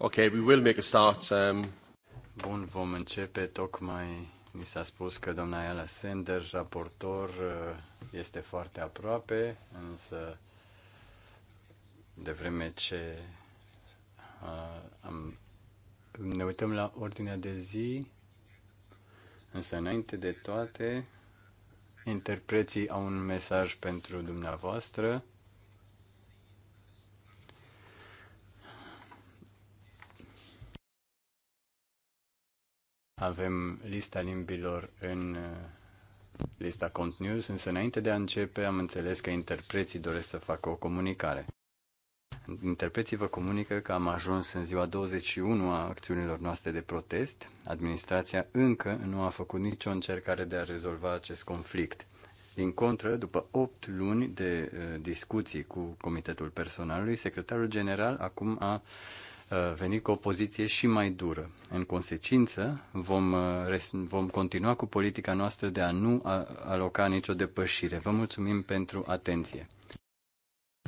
Okay, we will make a start. Um... Bun, vom începe. Tocmai mi s-a spus că doamna Ayala Sender, raportor, uh, este foarte aproape, însă de vreme ce uh, am, ne uităm la ordinea de zi, însă înainte de toate, interpreții au un mesaj pentru dumneavoastră. Avem lista limbilor în uh, lista Cont News, însă înainte de a începe am înțeles că interpreții doresc să facă o comunicare. Interpreții vă comunică că am ajuns în ziua 21 a acțiunilor noastre de protest. Administrația încă nu a făcut nicio încercare de a rezolva acest conflict. Din contră, după 8 luni de uh, discuții cu Comitetul Personalului, secretarul general acum a Uh, veni cu o poziție și mai dură. În consecință, vom, uh, vom continua cu politica noastră de a nu aloca nicio depășire. Vă mulțumim pentru atenție.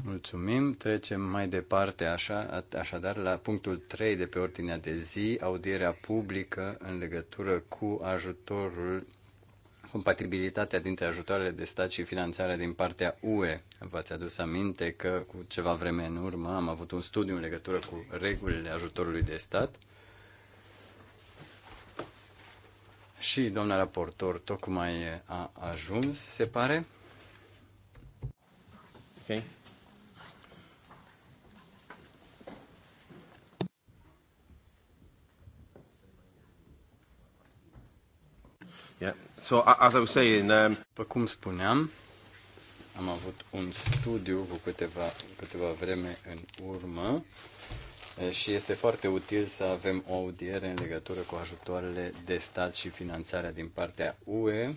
Mulțumim. Trecem mai departe, așa, așadar, la punctul 3 de pe ordinea de zi, audierea publică în legătură cu ajutorul compatibilitatea dintre ajutoarele de stat și finanțarea din partea UE. V-ați adus aminte că cu ceva vreme în urmă am avut un studiu în legătură cu regulile ajutorului de stat și doamna raportor tocmai a ajuns, se pare. Okay. Yeah. So, as I was saying, um... După cum spuneam, am avut un studiu cu câteva, câteva vreme în urmă și este foarte util să avem o audiere în legătură cu ajutoarele de stat și finanțarea din partea UE. Um,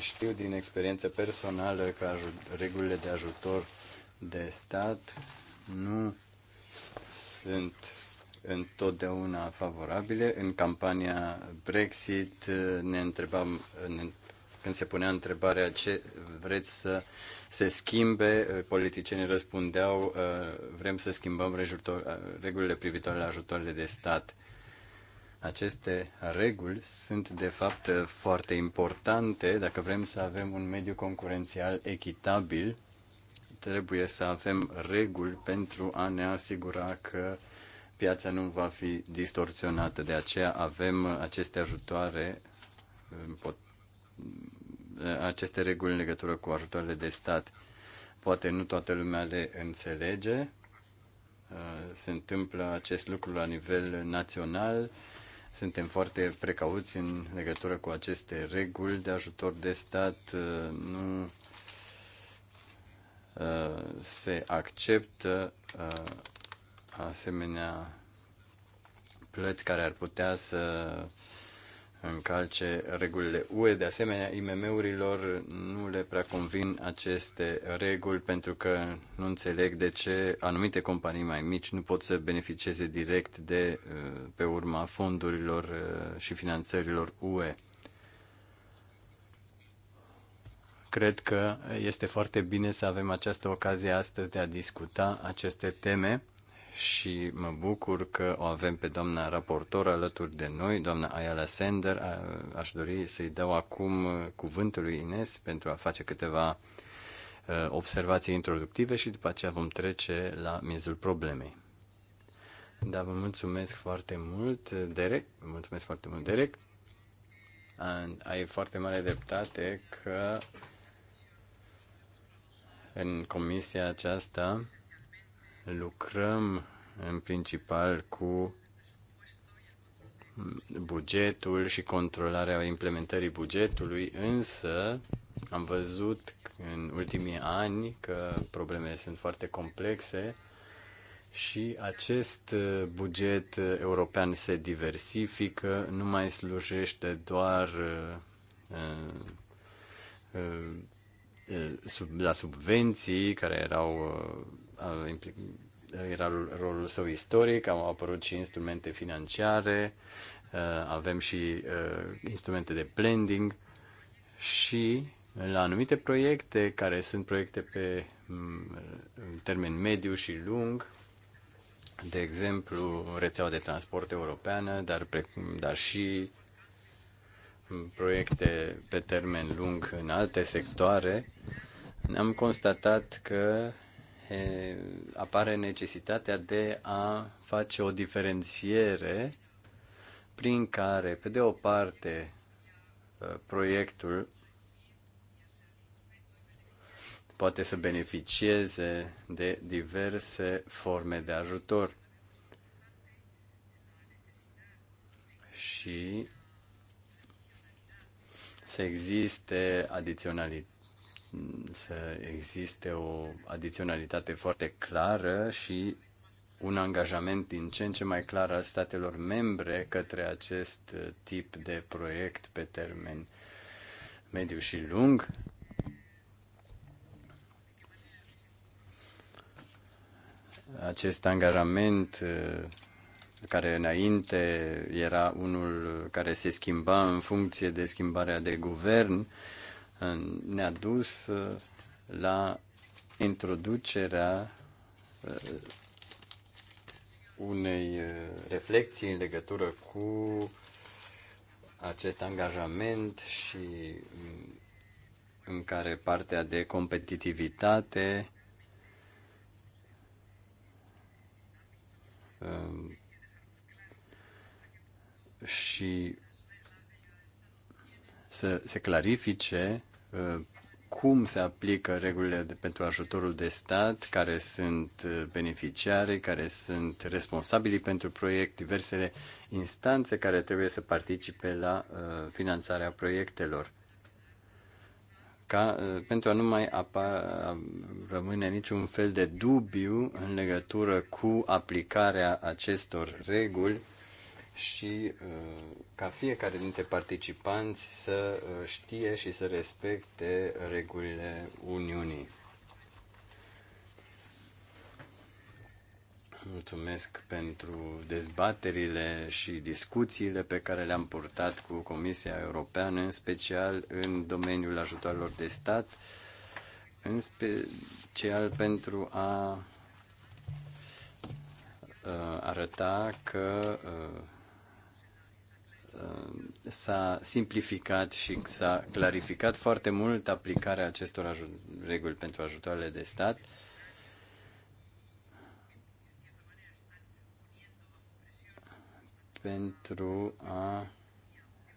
știu din experiență personală că regulile de ajutor de stat nu sunt întotdeauna favorabile. În campania Brexit uh, ne întrebam, uh, ne, când se punea întrebarea ce vreți să se schimbe, uh, politicienii răspundeau vrem să schimbăm regulile privitoare la ajutoarele de stat. Aceste reguli sunt, de fapt, foarte importante. Dacă vrem să avem un mediu concurențial echitabil, trebuie să avem reguli pentru a ne asigura că piața nu va fi distorsionată. De aceea avem aceste ajutoare, aceste reguli în legătură cu ajutoarele de stat. Poate nu toată lumea le înțelege. Uh, se întâmplă acest lucru la nivel național. Suntem foarte precauți în legătură cu aceste reguli de ajutor de stat. Uh, nu uh, se acceptă asemenea plăți care ar putea să încalce regulile UE. De asemenea, IMM-urilor nu le prea convin aceste reguli pentru că nu înțeleg de ce anumite companii mai mici nu pot să beneficieze direct de uh, pe urma fondurilor uh, și finanțărilor UE. Cred că este foarte bine să avem această ocazie astăzi de a discuta aceste teme și mă bucur că o avem pe doamna raportor alături de noi, doamna Ayala Sender. Aș dori să-i dau acum cuvântul lui Ines pentru a face câteva uh, observații introductive și după aceea vom trece la miezul problemei. Da, vă mulțumesc foarte mult, Derek. Vă mulțumesc foarte mult, Derek. Ai foarte mare dreptate că în comisia aceasta lucrăm în principal cu bugetul și controlarea implementării bugetului, însă am văzut în ultimii ani că problemele sunt foarte complexe și acest buget european se diversifică, nu mai slujește doar uh, uh, uh, la subvenții care erau era rolul său istoric, au apărut și instrumente financiare, uh, avem și uh, instrumente de blending și la anumite proiecte care sunt proiecte pe mm, termen mediu și lung, de exemplu rețeaua de transport europeană, dar, dar și mm, proiecte pe termen lung în alte sectoare, am constatat că apare necesitatea de a face o diferențiere prin care, pe de o parte, proiectul poate să beneficieze de diverse forme de ajutor. Și să existe adiționalitate să existe o adiționalitate foarte clară și un angajament din ce în ce mai clar al statelor membre către acest tip de proiect pe termen mediu și lung. Acest angajament uh, care înainte era unul care se schimba în funcție de schimbarea de guvern, ne-a dus uh, la introducerea uh, unei uh, reflexii în legătură cu acest angajament și în care partea de competitivitate um, și să se clarifice Uh, cum se aplică regulile de, pentru ajutorul de stat, care sunt uh, beneficiare, care sunt responsabili pentru proiect, diversele instanțe care trebuie să participe la uh, finanțarea proiectelor. Ca, uh, pentru a nu mai apa, rămâne niciun fel de dubiu în legătură cu aplicarea acestor reguli și uh, ca fiecare dintre participanți să uh, știe și să respecte regulile Uniunii. Mulțumesc pentru dezbaterile și discuțiile pe care le-am purtat cu Comisia Europeană, în special în domeniul ajutoarelor de stat, în special pentru a uh, arăta că Um, s-a simplificat și s-a clarificat foarte mult aplicarea acestor reguli pentru ajutoarele de stat. pentru a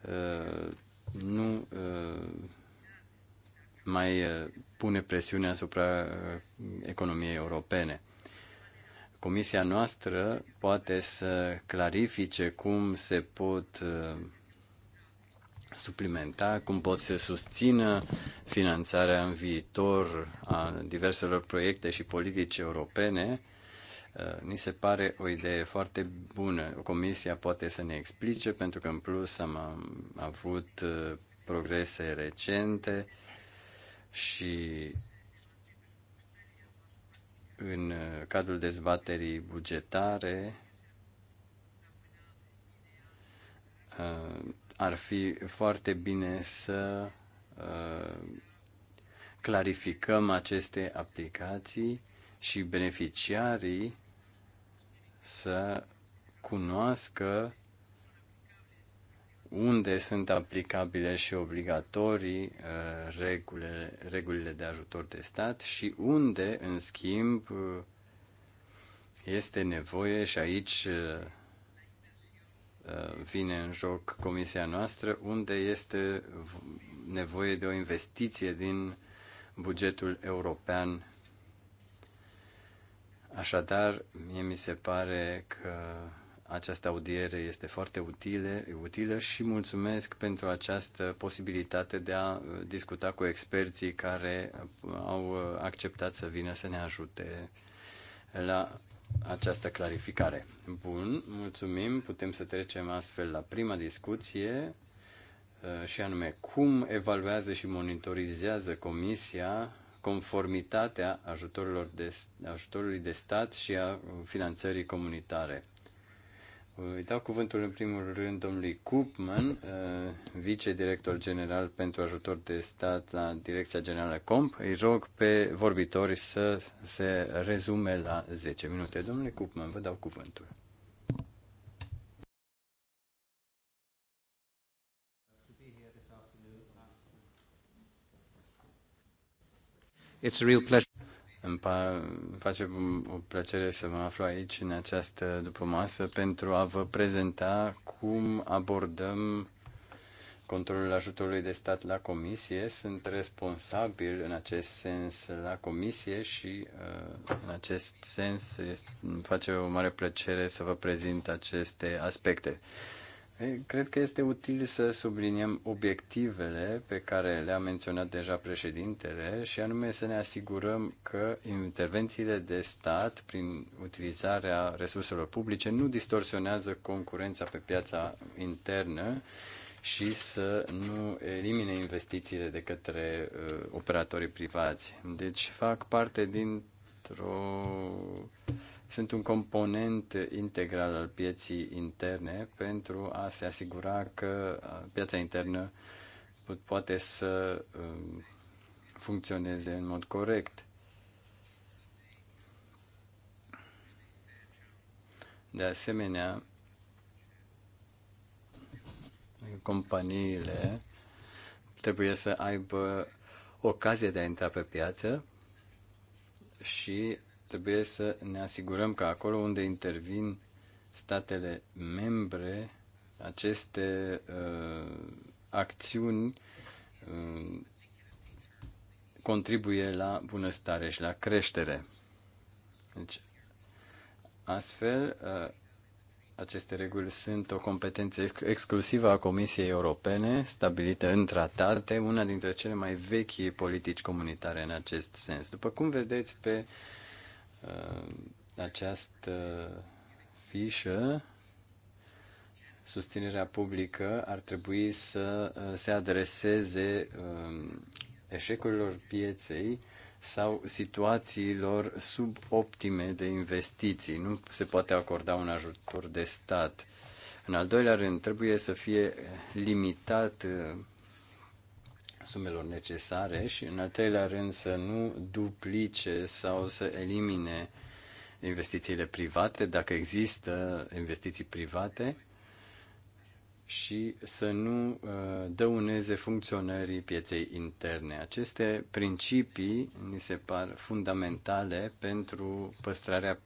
uh, nu uh, mai uh, pune presiune asupra uh, economiei europene. Comisia noastră poate să clarifice cum se pot uh, suplimenta, cum pot să susțină finanțarea în viitor a diverselor proiecte și politici europene, uh, ni se pare o idee foarte bună. Comisia poate să ne explice, pentru că în plus am avut uh, progrese recente și în uh, cadrul dezbaterii bugetare uh, ar fi foarte bine să uh, clarificăm aceste aplicații și beneficiarii să cunoască unde sunt aplicabile și obligatorii uh, regulile, regulile de ajutor de stat și unde, în schimb, uh, este nevoie și aici uh, vine în joc comisia noastră, unde este nevoie de o investiție din bugetul european. Așadar, mie mi se pare că această audiere este foarte utile, utilă și mulțumesc pentru această posibilitate de a uh, discuta cu experții care uh, au uh, acceptat să vină să ne ajute la această clarificare. Bun, mulțumim. Putem să trecem astfel la prima discuție și anume cum evaluează și monitorizează Comisia conformitatea ajutorilor de, ajutorului de stat și a finanțării comunitare. Îi dau cuvântul în primul rând domnului Koopman, uh, vicedirector general pentru ajutor de stat la Direcția Generală Comp. Îi rog pe vorbitori să se rezume la 10 minute. Domnule Cupman, vă dau cuvântul. It's a real pleasure. Îmi face o plăcere să mă aflu aici în această dupămasă pentru a vă prezenta cum abordăm controlul ajutorului de stat la comisie. Sunt responsabil în acest sens la comisie și uh, în acest sens îmi face o mare plăcere să vă prezint aceste aspecte. Cred că este util să subliniem obiectivele pe care le-a menționat deja președintele și anume să ne asigurăm că intervențiile de stat prin utilizarea resurselor publice nu distorsionează concurența pe piața internă și să nu elimine investițiile de către uh, operatorii privați. Deci fac parte dintr-o sunt un component integral al pieții interne pentru a se asigura că piața internă poate să um, funcționeze în mod corect. De asemenea, companiile trebuie să aibă ocazie de a intra pe piață și Trebuie să ne asigurăm că acolo unde intervin statele membre, aceste uh, acțiuni uh, contribuie la bunăstare și la creștere. Deci, astfel, uh, aceste reguli sunt o competență exclusivă a Comisiei Europene, stabilită în tratate, una dintre cele mai vechi politici comunitare în acest sens. După cum vedeți pe Uh, această fișă, susținerea publică ar trebui să uh, se adreseze um, eșecurilor pieței sau situațiilor suboptime de investiții. Nu se poate acorda un ajutor de stat. În al doilea rând, trebuie să fie limitat uh, sumelor necesare și, în al treilea rând, să nu duplice sau să elimine investițiile private, dacă există investiții private, și să nu uh, dăuneze funcționării pieței interne. Aceste principii ni se par fundamentale pentru păstrarea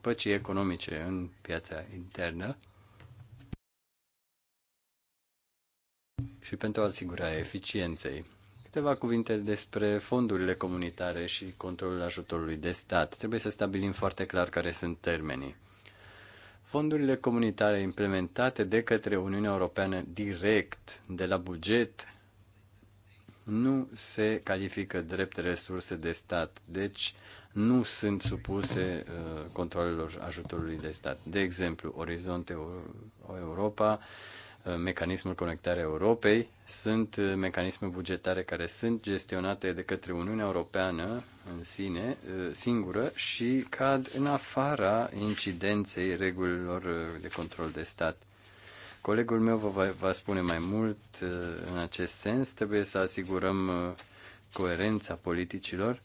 păcii economice în piața internă și pentru asigurarea eficienței. Câteva cuvinte despre fondurile comunitare și controlul ajutorului de stat. Trebuie să stabilim foarte clar care sunt termenii. Fondurile comunitare implementate de către Uniunea Europeană direct de la buget nu se califică drept resurse de stat, deci nu sunt supuse uh, controlelor ajutorului de stat. De exemplu, Orizont Europa Uh, mecanismul Conectarea Europei sunt uh, mecanisme bugetare care sunt gestionate de către Uniunea Europeană în sine, uh, singură, și cad în afara incidenței regulilor de control de stat. Colegul meu vă va, va spune mai mult în acest sens. Trebuie să asigurăm coerența politicilor.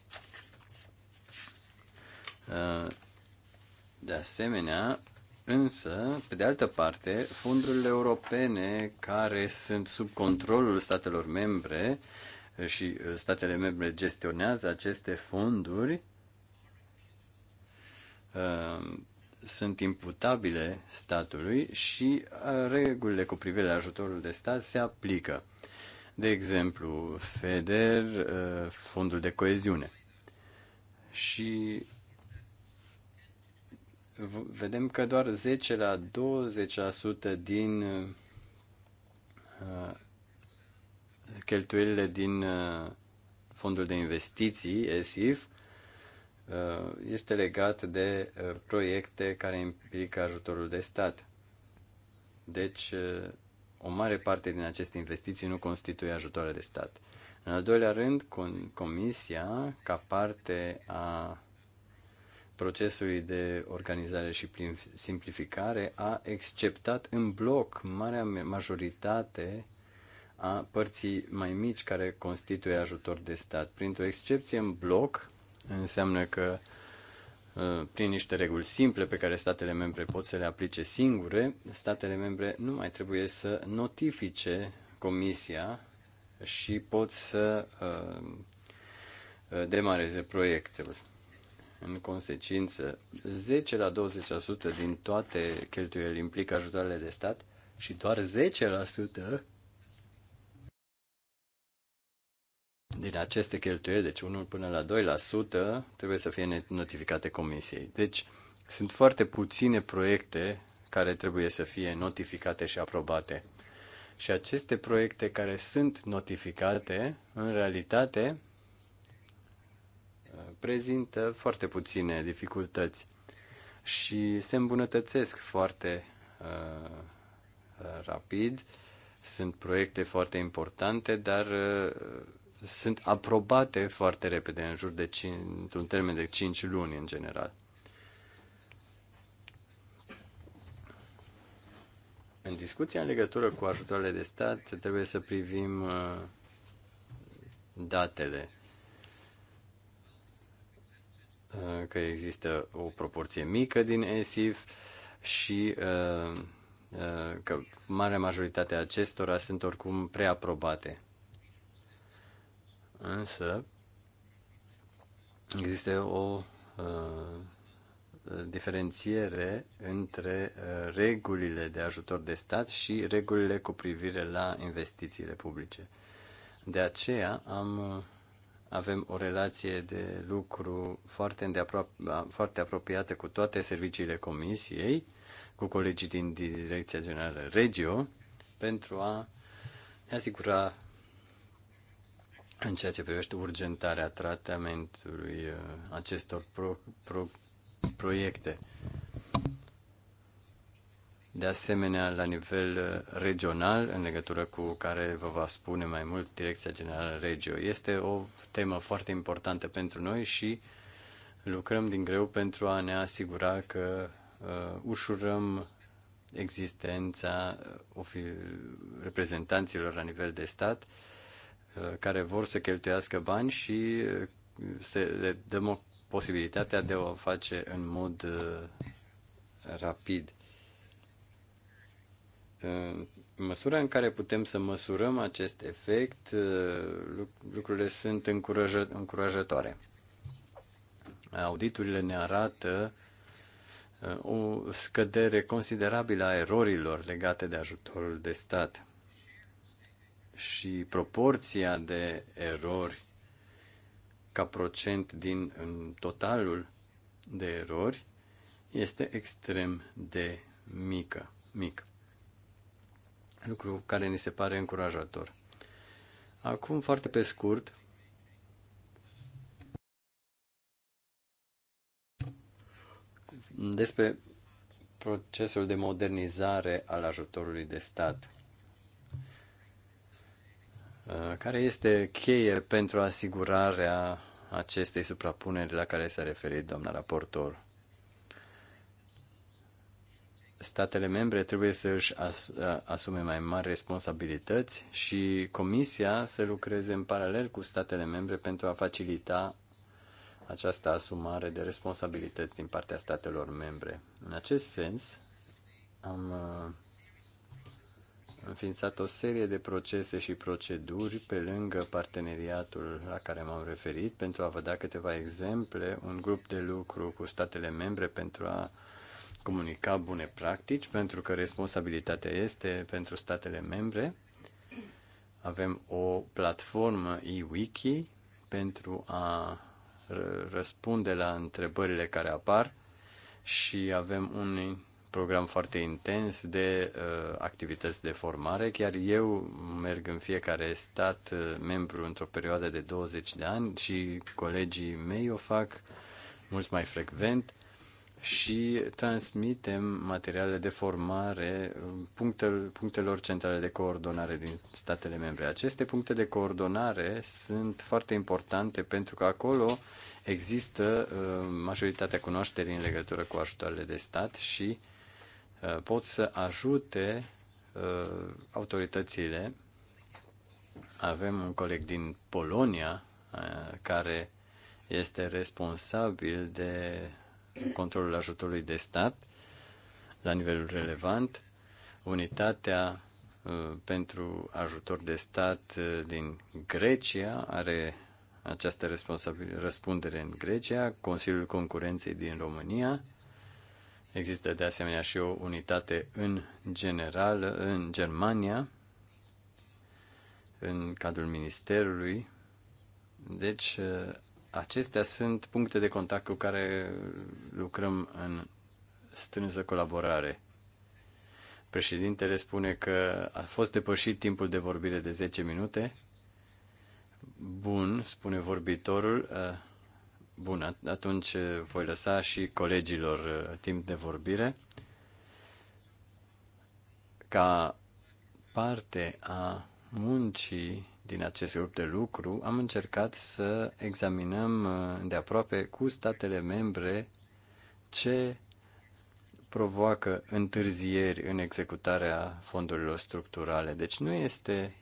De asemenea, Însă, pe de altă parte, fondurile europene care sunt sub controlul statelor membre eh, și eh, statele membre gestionează aceste fonduri eh, sunt imputabile statului și regulile cu privire la ajutorul de stat se aplică. De exemplu, FEDER, fondul de coeziune. Și vedem că doar 10 la 20% din uh, cheltuielile din uh, fondul de investiții, ESIF, uh, este legat de proiecte care implică ajutorul de stat. Deci, o mare parte din aceste investiții nu constituie ajutoare de stat. În al doilea rând, Comisia, ca parte a procesului de organizare și simplificare a exceptat în bloc marea majoritate a părții mai mici care constituie ajutor de stat. Printr-o excepție în bloc înseamnă că uh, prin niște reguli simple pe care statele membre pot să le aplice singure, statele membre nu mai trebuie să notifice comisia și pot să uh, uh demareze proiectele. În consecință, 10 la 20% din toate cheltuielile implică ajutoarele de stat și doar 10% din aceste cheltuieli, deci 1 până la 2%, trebuie să fie notificate comisiei. Deci sunt foarte puține proiecte care trebuie să fie notificate și aprobate. Și aceste proiecte care sunt notificate, în realitate, prezintă foarte puține dificultăți și se îmbunătățesc foarte uh, uh, rapid. Sunt proiecte foarte importante, dar uh, sunt aprobate foarte repede, în jur de 5, un termen de 5 luni în general. În discuția în legătură cu ajutoarele de stat, trebuie să privim uh, datele Uh, că există o proporție mică din ESIF și uh, uh, că marea majoritate a acestora sunt oricum preaprobate. Însă există o diferențiere între regulile de ajutor de stat și regulile cu privire la investițiile publice. De aceea am avem o relație de lucru foarte, îndeaproape, foarte apropiată cu toate serviciile comisiei, cu colegii din Direcția Generală Regio, pentru a ne asigura în ceea ce privește urgentarea tratamentului uh, acestor pro, pro, proiecte de asemenea la nivel uh, regional, în legătură cu care vă va spune mai mult Direcția Generală Regio. Este o temă foarte importantă pentru noi și lucrăm din greu pentru a ne asigura că uh, ușurăm existența uh, reprezentanților la nivel de stat uh, care vor să cheltuiască bani și uh, să le dăm o posibilitatea de a o face în mod uh, rapid în măsura în care putem să măsurăm acest efect, uh, lucrurile sunt încurajatoare. Auditurile ne arată uh, o scădere considerabilă a erorilor legate de ajutorul de stat și proporția de erori ca procent din în totalul de erori este extrem de mică, mică lucru care ni se pare încurajator. Acum, foarte pe scurt, despre procesul de modernizare al ajutorului de stat, uh, care este cheie pentru asigurarea acestei suprapuneri la care s-a referit doamna raportor statele membre trebuie să își as, asume mai mari responsabilități și Comisia să lucreze în paralel cu statele membre pentru a facilita această asumare de responsabilități din partea statelor membre. În acest sens, am înființat o serie de procese și proceduri pe lângă parteneriatul la care m-am referit pentru a vă da câteva exemple, un grup de lucru cu statele membre pentru a comunica bune practici, pentru că responsabilitatea este pentru statele membre. Avem o platformă e-wiki pentru a răspunde la întrebările care apar și avem un program foarte intens de uh, activități de formare. Chiar eu merg în fiecare stat uh, membru într-o perioadă de 20 de ani și colegii mei o fac mult mai frecvent și transmitem materiale de formare punctelor, punctelor centrale de coordonare din statele membre. Aceste puncte de coordonare sunt foarte importante pentru că acolo există uh, majoritatea cunoașterii în legătură cu ajutoarele de stat și uh, pot să ajute uh, autoritățile. Avem un coleg din Polonia care este responsabil de controlul ajutorului de stat la nivelul relevant, unitatea uh, pentru ajutor de stat uh, din Grecia are această răspundere în Grecia, Consiliul Concurenței din România. Există de asemenea și o unitate în general în Germania, în cadrul Ministerului. Deci uh, Acestea sunt puncte de contact cu care lucrăm în strânsă colaborare. Președintele spune că a fost depășit timpul de vorbire de 10 minute. Bun, spune vorbitorul. Bun, atunci uh, voi lăsa și colegilor uh, timp de vorbire. Ca parte a muncii din acest grup de lucru, am încercat să examinăm uh, de aproape cu statele membre ce provoacă întârzieri în executarea fondurilor structurale. Deci nu este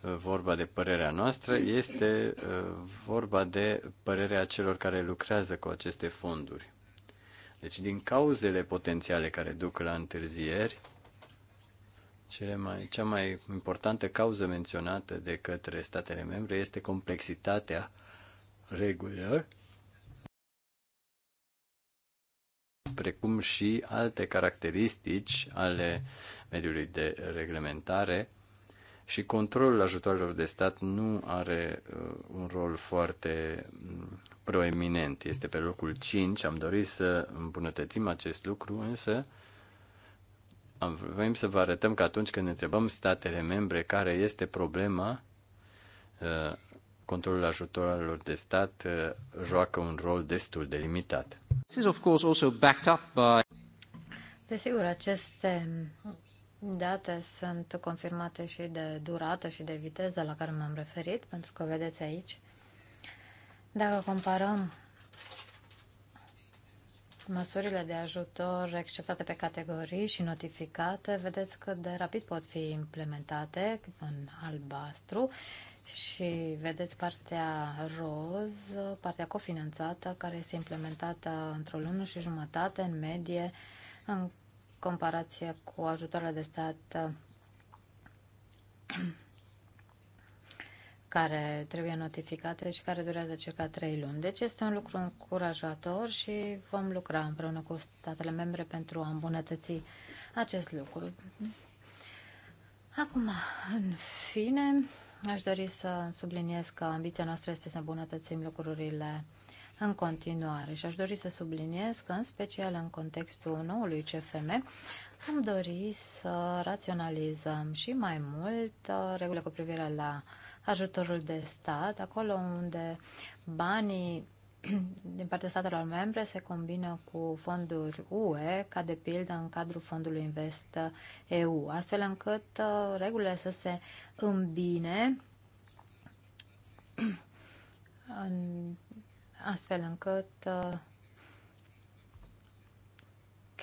uh, vorba de părerea noastră, este uh, vorba de părerea celor care lucrează cu aceste fonduri. Deci din cauzele potențiale care duc la întârzieri, cele mai, cea mai importantă cauză menționată de către statele membre este complexitatea regulilor, precum și alte caracteristici ale mediului de reglementare și controlul ajutoarelor de stat nu are uh, un rol foarte mm, proeminent. Este pe locul 5, am dorit să îmbunătățim acest lucru, însă am Vrem să vă arătăm că atunci când întrebăm statele membre care este problema, uh, controlul ajutorilor de stat uh, joacă un rol destul de limitat. Desigur, aceste date sunt confirmate și de durată și de viteză la care m-am referit, pentru că vedeți aici, dacă comparăm măsurile de ajutor acceptate pe categorii și notificate, vedeți cât de rapid pot fi implementate în albastru și vedeți partea roz, partea cofinanțată, care este implementată într-o lună și jumătate în medie în comparație cu ajutoarele de stat care trebuie notificate și care durează circa 3 luni. Deci este un lucru încurajator și vom lucra împreună cu statele membre pentru a îmbunătăți acest lucru. Acum, în fine, aș dori să subliniez că ambiția noastră este să îmbunătățim lucrurile în continuare și aș dori să subliniez că, în special în contextul noului CFM, am dori să raționalizăm și mai mult uh, regulile cu privire la ajutorul de stat, acolo unde banii din partea statelor membre se combină cu fonduri UE, ca de pildă în cadrul fondului Invest EU, astfel încât uh, regulile să se îmbine astfel încât uh,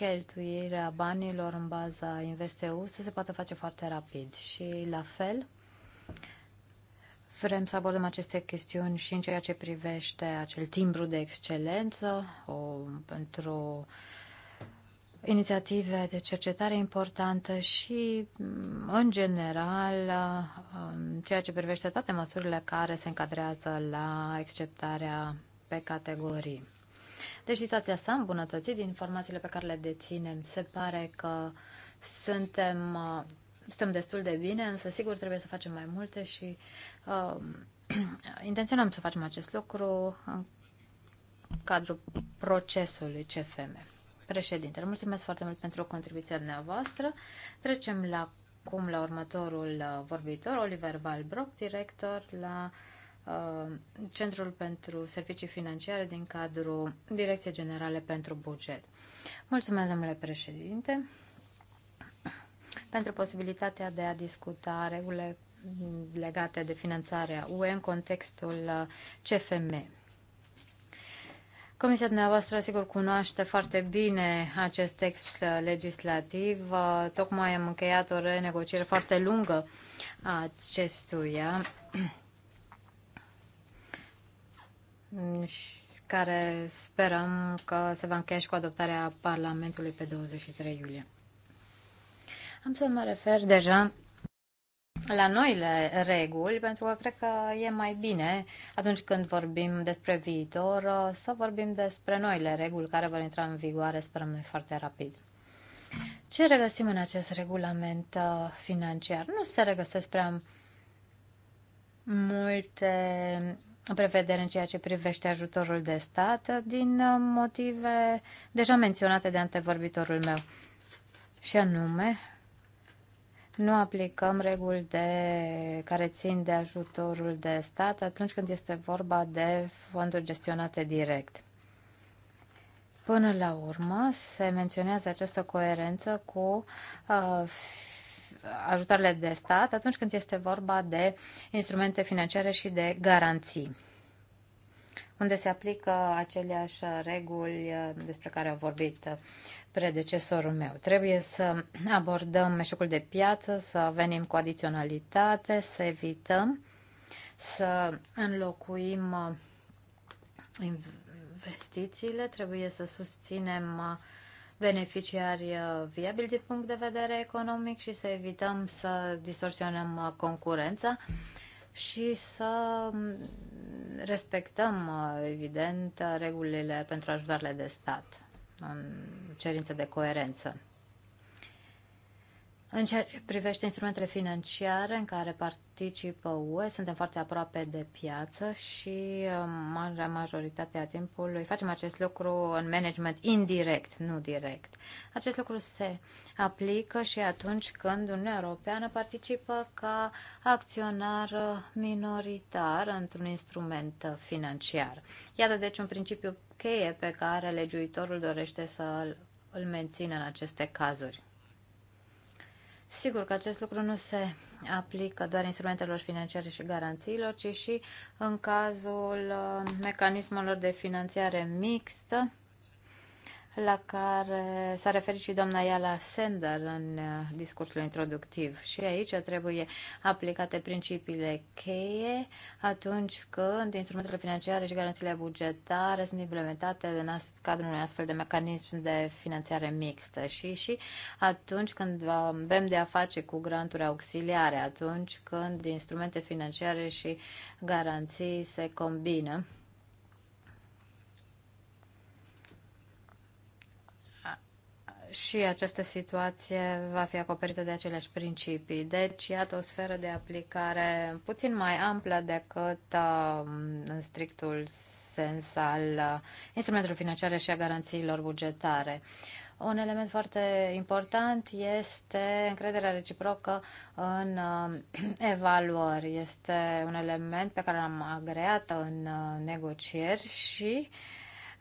cheltuirea banilor în baza InvestEU să se poată face foarte rapid. Și la fel, vrem să abordăm aceste chestiuni și în ceea ce privește acel timbru de excelență o, pentru inițiative de cercetare importantă și, mm, în general, în ceea ce privește toate măsurile care se încadrează la acceptarea pe categorii. Deci situația s-a îmbunătățit din informațiile pe care le deținem. Se pare că suntem, uh, stăm destul de bine, însă sigur trebuie să facem mai multe și uh, intenționăm să facem acest lucru în cadrul procesului CFM. Președinte. mulțumesc foarte mult pentru contribuția dumneavoastră. Trecem la cum la următorul uh, vorbitor, Oliver Valbrock, director la Uh, Centrul pentru Servicii Financiare din cadrul Direcției Generale pentru Buget. Mulțumesc, domnule președinte, pentru posibilitatea de a discuta regulile legate de finanțarea UE în contextul uh, CFM. Comisia dumneavoastră, sigur, cunoaște foarte bine acest text uh, legislativ. Tocmai am încheiat o renegociere foarte lungă a acestuia Mm, care sperăm că se va încheia și cu adoptarea Parlamentului pe 23 iulie. Am să mă refer deja la noile reguli, pentru că cred că e mai bine atunci când vorbim despre viitor să vorbim despre noile reguli care vor intra în vigoare, sperăm noi, foarte rapid. Ce regăsim în acest regulament uh, financiar? Nu se regăsesc prea multe prevedere în ceea ce privește ajutorul de stat din uh, motive deja menționate de antevorbitorul meu. Și anume, nu aplicăm reguli de, care țin de ajutorul de stat atunci când este vorba de fonduri gestionate direct. Până la urmă, se menționează această coerență cu uh, ajutoarele de stat atunci când este vorba de instrumente financiare și de garanții, unde se aplică aceleași reguli uh, despre care a vorbit uh, predecesorul meu. Trebuie să abordăm meșecul de piață, să venim cu adiționalitate, să evităm să înlocuim uh, investițiile, trebuie să susținem uh, beneficiari uh, viabili din punct de vedere economic și să evităm să distorsionăm uh, concurența și să mm, respectăm, uh, evident, regulile pentru ajutoarele de stat în cerință de coerență. În ceea ce privește instrumentele financiare în care participă UE, suntem foarte aproape de piață și uh, marea majoritate a timpului facem acest lucru în management indirect, nu direct. Acest lucru se aplică și atunci când Uniunea Europeană participă ca acționar minoritar într-un instrument financiar. Iată deci un principiu cheie pe care legiuitorul dorește să îl mențină în aceste cazuri. Sigur că acest lucru nu se aplică doar instrumentelor financiare și garanțiilor, ci și în cazul uh, mecanismelor de finanțare mixtă, la care s-a referit și doamna Iala Sender în uh, discursul introductiv. Și aici trebuie aplicate principiile cheie atunci când instrumentele financiare și garanțiile bugetare sunt implementate în cadrul unui astfel de mecanism de finanțare mixtă și, și atunci când avem de a face cu granturi auxiliare, atunci când instrumente financiare și garanții se combină și această situație va fi acoperită de aceleași principii. Deci, iată o sferă de aplicare puțin mai amplă decât um, în strictul sens al uh, instrumentelor financiare și a garanțiilor bugetare. Un element foarte important este încrederea reciprocă în uh, evaluări. Este un element pe care l-am agreat în uh, negocieri și uh,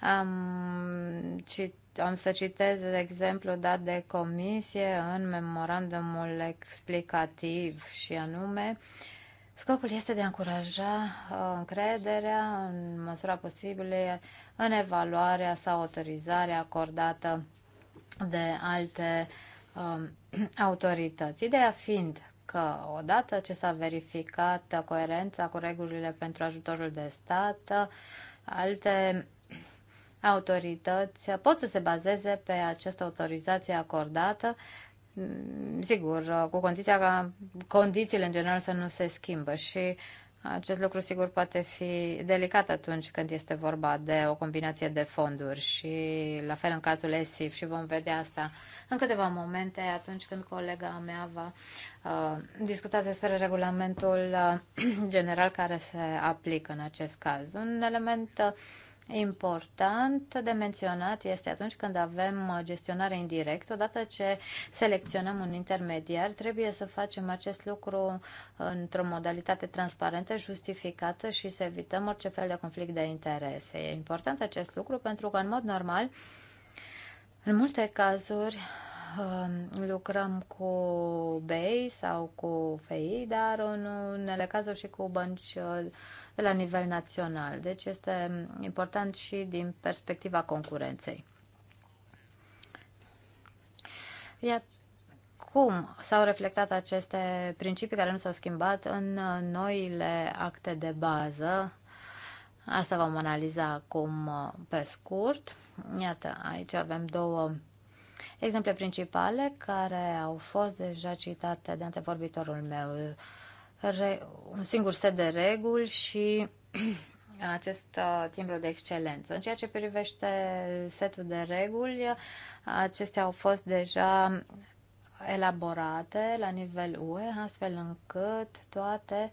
am, cit, am să citez exemplu dat de comisie în memorandumul explicativ și anume Scopul este de a încuraja uh, încrederea în măsura posibilă în evaluarea sau autorizarea acordată de alte um, autorități. Ideea fiind că odată ce s-a verificat coerența cu regulile pentru ajutorul de stat, alte autorități pot să se bazeze pe această autorizație acordată, mm, sigur, cu condiția ca condițiile în general să nu se schimbă și acest lucru sigur poate fi delicat atunci când este vorba de o combinație de fonduri și la fel în cazul ESIF și vom vedea asta în câteva momente atunci când colega mea va uh, discuta despre regulamentul uh, general care se aplică în acest caz. Un element uh, Important de menționat este atunci când avem gestionare indirectă, odată ce selecționăm un intermediar, trebuie să facem acest lucru într-o modalitate transparentă, justificată și să evităm orice fel de conflict de interese. E important acest lucru pentru că, în mod normal, în multe cazuri, Ehm, lucrăm cu BEI sau cu FEI, dar în unele cazuri și cu bănci uh, de la nivel național. Deci este important și din perspectiva concurenței. Iată cum s-au reflectat aceste principii care nu s-au schimbat în uh, noile acte de bază Asta vom analiza acum uh, pe scurt. Iată, aici avem două Exemple principale care au fost deja citate de antevorbitorul meu, Re, un singur set de reguli și acest uh, timbru de excelență. În ceea ce privește setul de reguli, acestea au fost deja elaborate la nivel UE, astfel încât toate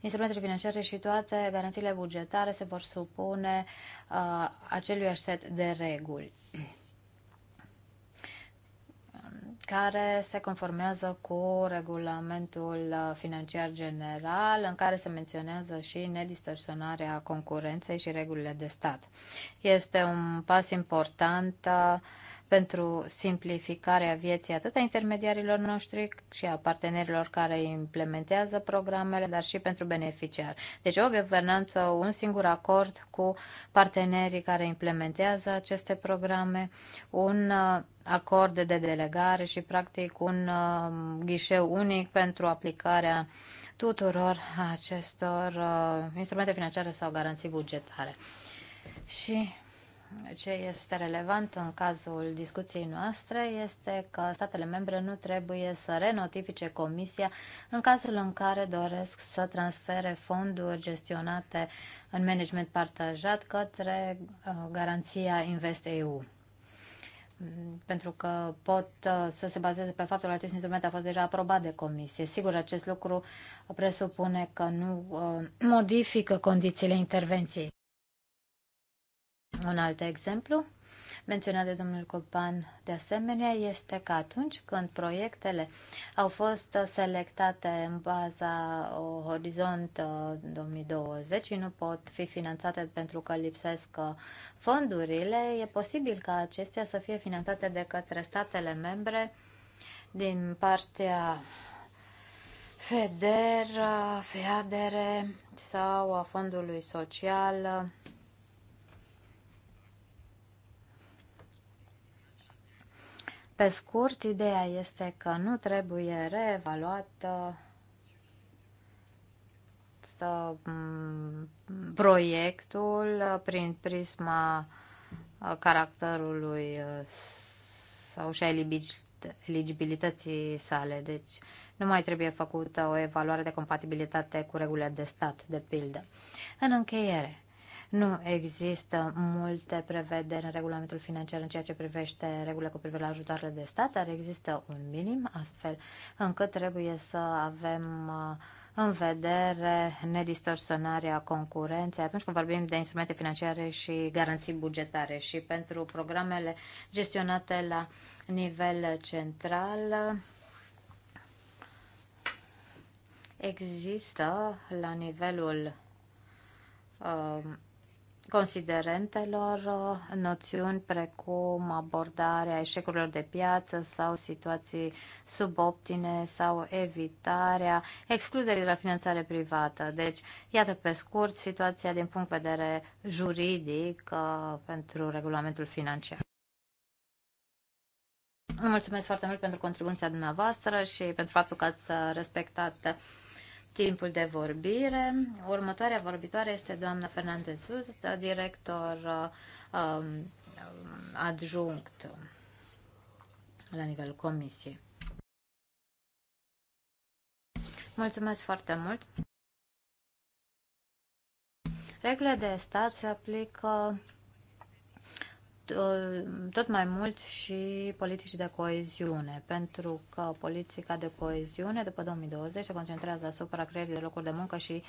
instrumentele financiare și toate garanțiile bugetare se vor supune uh, aceluiași set de reguli. care se conformează cu regulamentul uh, financiar general, în care se menționează și nedistorsionarea concurenței și regulile de stat. Este un pas important uh, pentru simplificarea vieții atât a intermediarilor noștri și a partenerilor care implementează programele, dar și pentru beneficiari. Deci o guvernanță, un singur acord cu partenerii care implementează aceste programe, un uh, acord de delegare și practic un uh, ghișeu unic pentru aplicarea tuturor acestor uh, instrumente financiare sau garanții bugetare. Și ce este relevant în cazul discuției noastre este că statele membre nu trebuie să renotifice Comisia în cazul în care doresc să transfere fonduri gestionate în management partajat către uh, garanția InvestEU. Pentru că pot uh, să se bazeze pe faptul că acest instrument a fost deja aprobat de Comisie. Sigur, acest lucru presupune că nu uh, modifică condițiile intervenției. Un alt exemplu menționat de domnul Copan de asemenea este că atunci când proiectele au fost selectate în baza Horizont 2020 și nu pot fi finanțate pentru că lipsesc uh, fondurile, e posibil ca acestea să fie finanțate de către statele membre din partea FEDER, uh, FEADERE sau a Fondului Social Pe scurt, ideea este că nu trebuie reevaluată uh, proiectul prin prisma caracterului uh, sau și a eligibilității sale. Deci nu mai trebuie făcută o evaluare de compatibilitate cu regulile de stat, de pildă. În încheiere, nu există multe prevederi în regulamentul financiar în ceea ce privește regulile cu privire la ajutoarele de stat, dar există un minim, astfel încât trebuie să avem uh, în vedere nedistorsionarea concurenței atunci când vorbim de instrumente financiare și garanții bugetare și pentru programele gestionate la nivel central există la nivelul uh, considerentelor uh, noțiuni precum abordarea eșecurilor de piață sau situații suboptine sau evitarea excluderii la finanțare privată. Deci, iată pe scurt situația din punct de vedere juridic uh, pentru regulamentul financiar. mulțumesc foarte mult pentru contribuția dumneavoastră și pentru faptul că ați respectat timpul de vorbire. Următoarea vorbitoare este doamna Fernandez Sus, director uh, um, adjunct la nivelul comisiei. Mulțumesc foarte mult! Regulile de stat se aplică Uh, tot mai mult și politici de coeziune, pentru că politica de coeziune după 2020 se concentrează asupra creierii de locuri de muncă și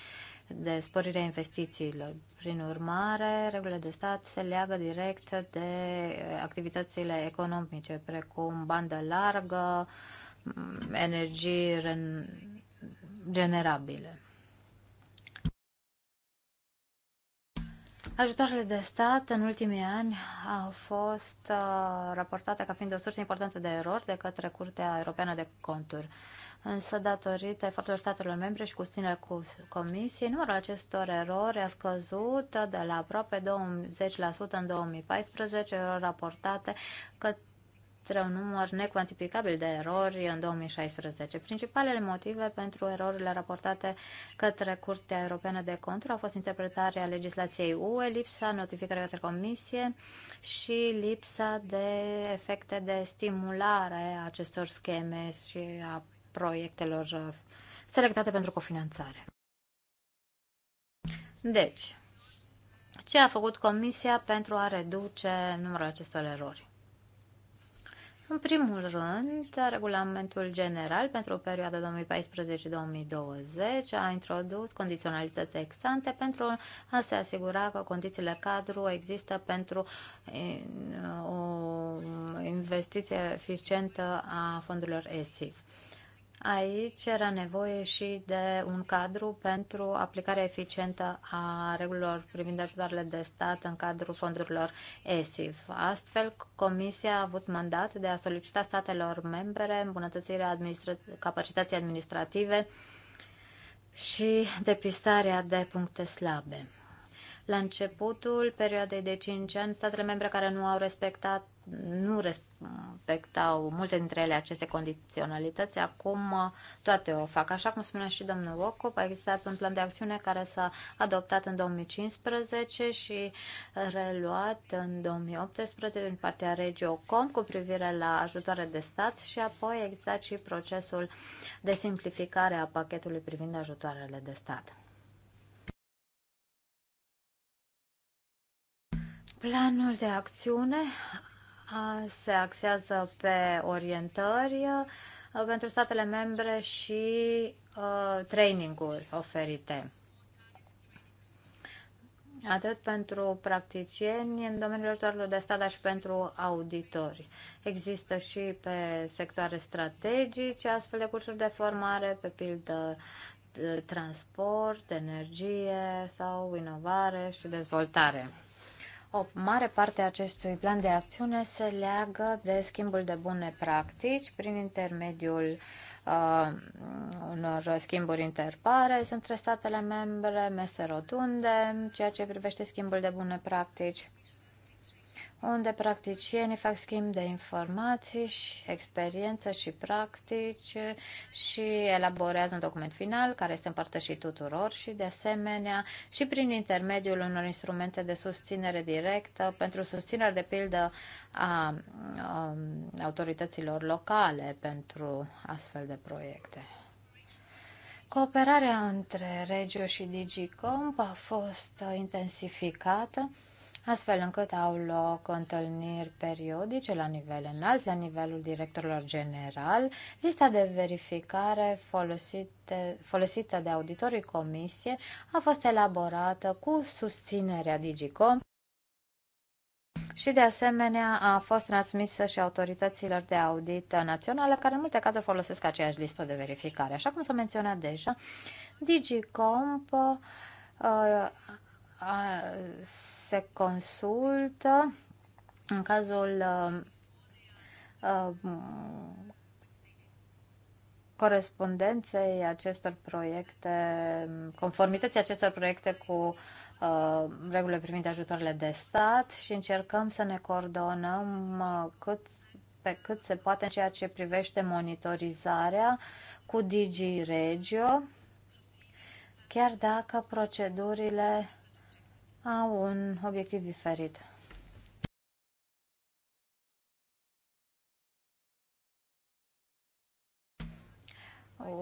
de sporirea investițiilor. Prin urmare, regulile de stat se leagă direct de activitățile economice, precum bandă largă, energii generabile. Ajutoarele de stat în ultimii ani au fost uh, raportate ca fiind o sursă importantă de erori de către Curtea Europeană de Conturi. Însă, datorită eforturilor statelor membre și cu susținerea cu Comisiei, numărul acestor erori a scăzut de la aproape 20% în 2014, erori raportate, că registră un număr necuantificabil de erori în 2016. Principalele motive pentru erorile raportate către Curtea Europeană de Conturi au fost interpretarea legislației UE, lipsa notificării către Comisie și lipsa de efecte de stimulare a acestor scheme și a proiectelor selectate pentru cofinanțare. Deci, ce a făcut Comisia pentru a reduce numărul acestor erori? În primul rând, regulamentul general pentru o perioadă 2014-2020 a introdus condiționalități exante pentru a se asigura că condițiile cadru există pentru o investiție eficientă a fondurilor ESIF. Aici era nevoie și de un cadru pentru aplicarea eficientă a regulilor privind ajutoarele de stat în cadrul fondurilor ESIF. Astfel, Comisia a avut mandat de a solicita statelor membre îmbunătățirea administra- capacității administrative și depistarea de puncte slabe. La începutul perioadei de 5 ani, statele membre care nu au respectat nu respectau multe dintre ele aceste condiționalități, acum uh, toate o fac. Așa cum spunea și domnul Ocup, a existat un plan de acțiune care s-a adoptat în 2015 și reluat în 2018 din partea Regiocom cu privire la ajutoare de stat și apoi a existat și procesul de simplificare a pachetului privind ajutoarele de stat. Planul de acțiune se axează pe orientări pentru statele membre și traininguri oferite. Atât pentru practicieni în domeniul ajutorilor de stat, dar și pentru auditori. Există și pe sectoare strategice astfel de cursuri de formare, pe pildă transport, energie sau inovare și dezvoltare. O mare parte a acestui plan de acțiune se leagă de schimbul de bune practici prin intermediul uh, unor schimburi interpare între statele membre, mese rotunde, ceea ce privește schimbul de bune practici unde practicienii fac schimb de informații și experiență și practici și elaborează un document final care este împărtășit tuturor și de asemenea și prin intermediul unor instrumente de susținere directă pentru susținere de pildă a, a um, autorităților locale pentru astfel de proiecte. Cooperarea între Regio și Digicomp a fost intensificată astfel încât au loc întâlniri periodice la nivel înalt, la nivelul directorilor general. Lista de verificare folosite, folosită de auditorii comisie a fost elaborată cu susținerea Digicom și de asemenea a fost transmisă și autorităților de audit naționale, care în multe cazuri folosesc aceeași listă de verificare. Așa cum s-a menționat deja, Digicomp uh, a, se consultă în cazul a, a, corespondenței acestor proiecte, conformității acestor proiecte cu uh, regulile privind ajutoarele de stat și încercăm să ne coordonăm cât, pe cât se poate în ceea ce privește monitorizarea cu DigiRegio, chiar dacă procedurile au un obiectiv diferit.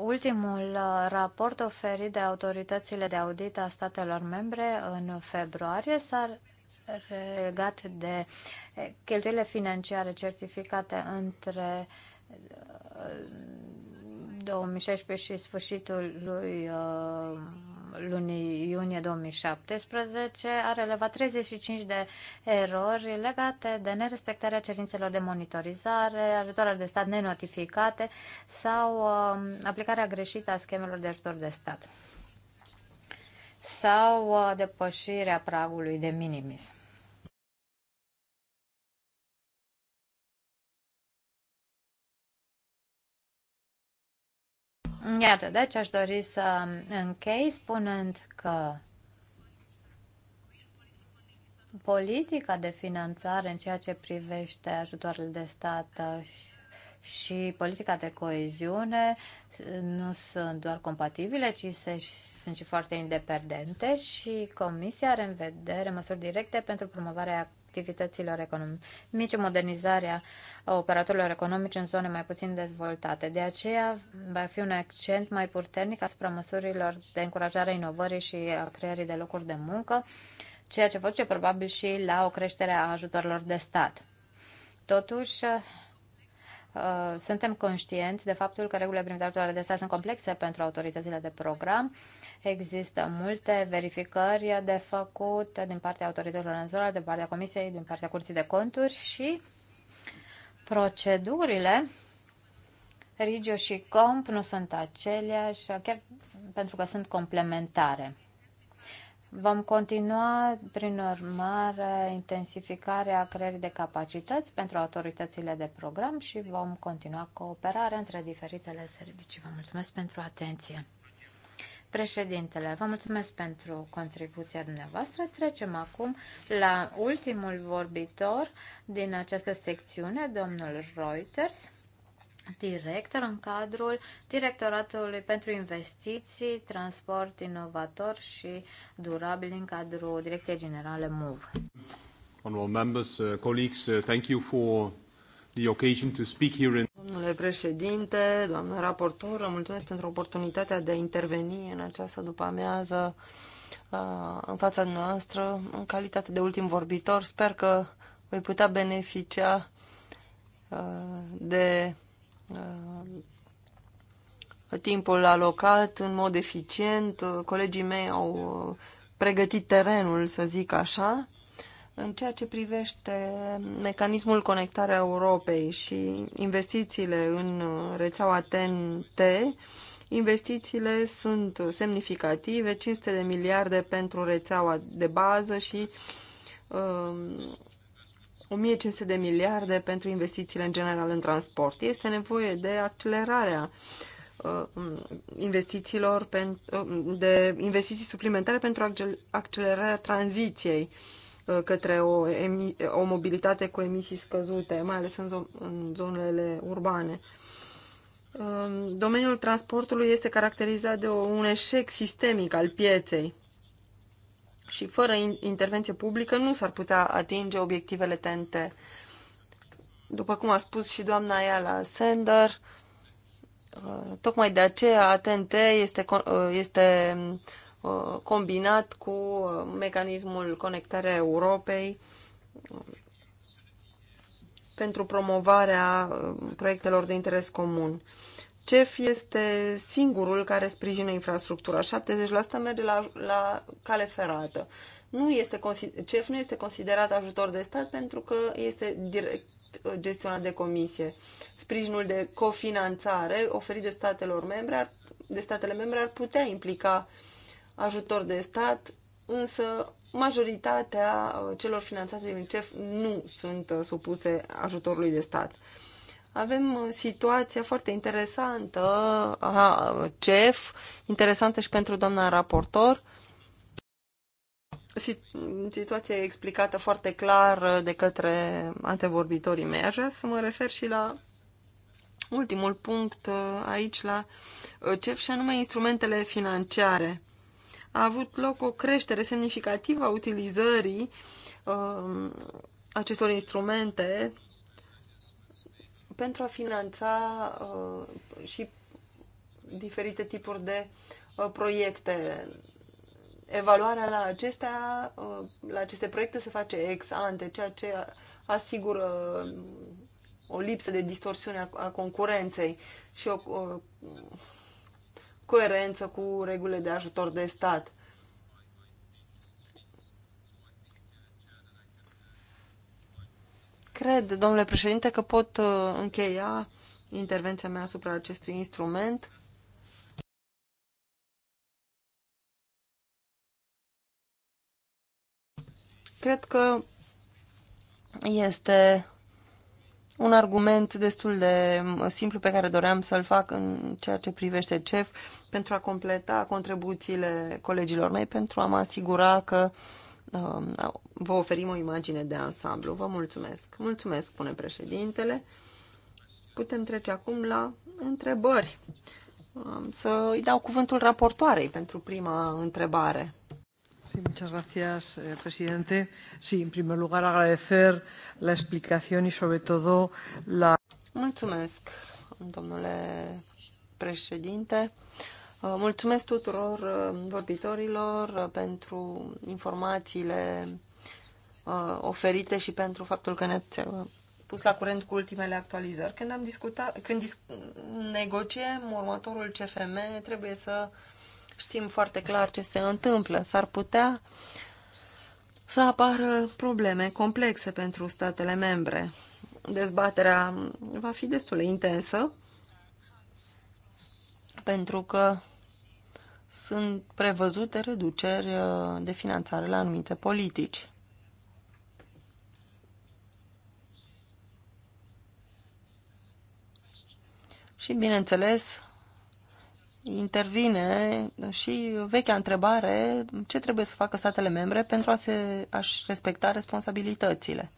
Ultimul uh, raport oferit de autoritățile de audit a statelor membre în februarie s-a legat de eh, cheltuielile financiare certificate între uh, 2016 și sfârșitul lui uh, lunii iunie 2017 a relevat 35 de erori legate de nerespectarea cerințelor de monitorizare, ajutoare de stat nenotificate sau uh, aplicarea greșită a schemelor de ajutor de stat sau uh, depășirea pragului de minimis. Iată, deci aș dori să închei spunând că politica de finanțare în ceea ce privește ajutoarele de stat și și politica de coeziune nu sunt doar compatibile, ci se, sunt și foarte independente și Comisia are în vedere măsuri directe pentru promovarea activităților economice, modernizarea operatorilor economice în zone mai puțin dezvoltate. De aceea va fi un accent mai puternic asupra măsurilor de încurajare a inovării și a creării de locuri de muncă, ceea ce face probabil și la o creștere a ajutorilor de stat. Totuși, Uh, suntem conștienți de faptul că regulile privind ajutoarele de stat sunt complexe pentru autoritățile de program. Există multe verificări de făcut din partea autorităților naționale, din partea Comisiei, din partea Curții de Conturi și procedurile Rigio și Comp nu sunt aceleași, chiar pentru că sunt complementare. Vom continua, prin urmare, intensificarea creării de capacități pentru autoritățile de program și vom continua cooperarea între diferitele servicii. Vă mulțumesc pentru atenție. Președintele, vă mulțumesc pentru contribuția dumneavoastră. Trecem acum la ultimul vorbitor din această secțiune, domnul Reuters director în cadrul Directoratului pentru Investiții, Transport Inovator și Durabil în cadrul Direcției Generale MOVE. Honorable members, uh, colleagues, uh, thank you for the occasion to speak here in... Domnule președinte, doamnă raportor, mulțumesc pentru oportunitatea de a interveni în această după-amiază uh, în fața noastră în calitate de ultim vorbitor. Sper că voi putea beneficia uh, de Uh, timpul alocat în mod eficient. Uh, colegii mei au uh, pregătit terenul, să zic așa. În ceea ce privește mecanismul conectarea Europei și investițiile în rețeaua TNT, investițiile sunt semnificative, 500 de miliarde pentru rețeaua de bază și 1500 de miliarde pentru investițiile în general în transport. Este nevoie de accelerarea uh, um, investițiilor, uh, de investiții suplimentare pentru accelerarea tranziției uh, către o, o mobilitate cu emisii scăzute, mai ales în, zo- în zonele urbane. Um, domeniul transportului este caracterizat de un eșec sistemic al pieței și fără intervenție publică nu s-ar putea atinge obiectivele TNT. După cum a spus și doamna Ayala Sender, uh, tocmai de aceea ATNT este, uh, este uh, combinat cu mecanismul conectarea Europei pentru promovarea proiectelor de interes comun. CEF este singurul care sprijină infrastructura. 70% merge la, la cale ferată. Nu este, CEF nu este considerat ajutor de stat pentru că este direct uh, gestionat de comisie. Sprijinul de cofinanțare oferit de, statelor membre ar, de statele membre ar putea implica ajutor de stat, însă majoritatea uh, celor finanțate din CEF nu sunt uh, supuse ajutorului de stat avem uh, situația foarte interesantă a uh, CEF, interesantă și pentru doamna raportor, situație explicată foarte clar uh, de către antevorbitorii mei. Aș vrea să mă refer și la ultimul punct aici, la CEF și anume instrumentele financiare. A avut loc o creștere semnificativă a utilizării acestor instrumente pentru a finanța uh, și diferite tipuri de uh, proiecte. Evaluarea la, acestea, uh, la aceste proiecte se face ex ante, ceea ce asigură o lipsă de distorsiune a concurenței și o coerență cu regulile de ajutor de stat. Cred, domnule președinte, că pot uh, încheia intervenția mea asupra acestui instrument. Cred că este un argument destul de simplu pe care doream să-l fac în ceea ce privește CEF pentru a completa contribuțiile colegilor mei, pentru a mă asigura că uh, vă oferim o imagine de ansamblu. Vă mulțumesc. Mulțumesc, spune președintele. Putem trece acum la întrebări. Să îi dau cuvântul raportoarei pentru prima întrebare. Sí, muchas gracias, eh, presidente. Sí, en primer lugar, agradecer la explicación y, sobre todo, la. Mulțumesc, domnule președinte. Uh, mulțumesc tuturor uh, vorbitorilor uh, pentru informațiile oferite și pentru faptul că ne-ați pus la curent cu ultimele actualizări. Când am discutat, când disc, negociem următorul CFM, trebuie să știm foarte clar ce se întâmplă. S-ar putea să apară probleme complexe pentru statele membre. Dezbaterea va fi destul de intensă pentru că sunt prevăzute reduceri uh, de finanțare la anumite politici. Și, bineînțeles, intervine și vechea întrebare ce trebuie să facă statele membre pentru a se, a respecta responsabilitățile.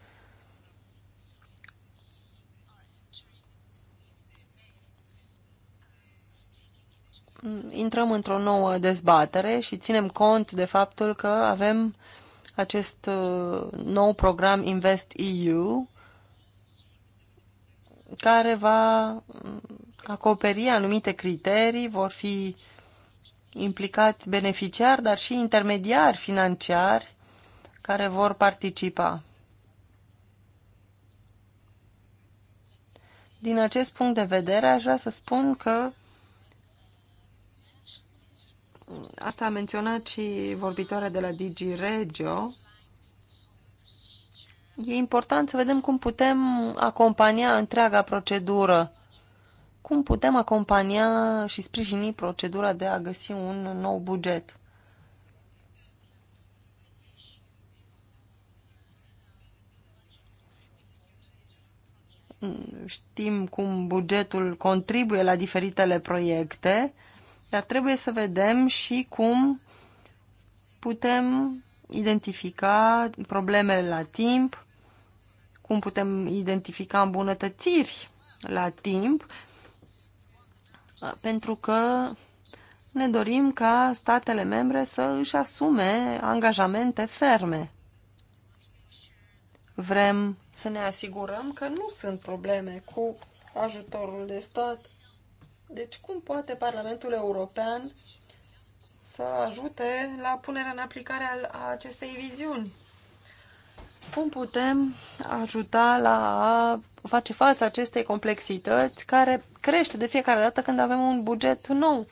intrăm într-o nouă dezbatere și ținem cont de faptul că avem acest uh, nou program Invest EU care va mm, acoperi anumite criterii, vor fi implicați beneficiari, dar și intermediari financiari care vor participa. Din acest punct de vedere, aș vrea să spun că Asta a menționat și vorbitoarea de la Digi Regio. E important să vedem cum putem acompania întreaga procedură. Cum putem acompania și sprijini procedura de a găsi un nou buget. Știm cum bugetul contribuie la diferitele proiecte dar trebuie să vedem și cum putem identifica problemele la timp, cum putem identifica îmbunătățiri la timp, pentru că ne dorim ca statele membre să își asume angajamente ferme. Vrem să ne asigurăm că nu sunt probleme cu ajutorul de stat deci cum poate Parlamentul European să ajute la punerea în aplicare a acestei viziuni? Cum putem ajuta la a face față acestei complexități care crește de fiecare dată când avem un buget nou?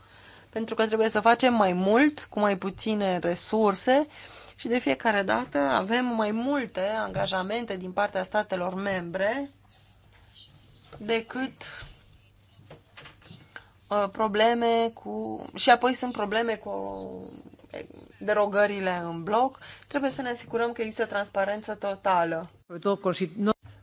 Pentru că trebuie să facem mai mult cu mai puține resurse și de fiecare dată avem mai multe angajamente din partea statelor membre decât Uh, probleme cu... și apoi sunt probleme cu eh, derogările în bloc, trebuie să ne asigurăm că există transparență totală.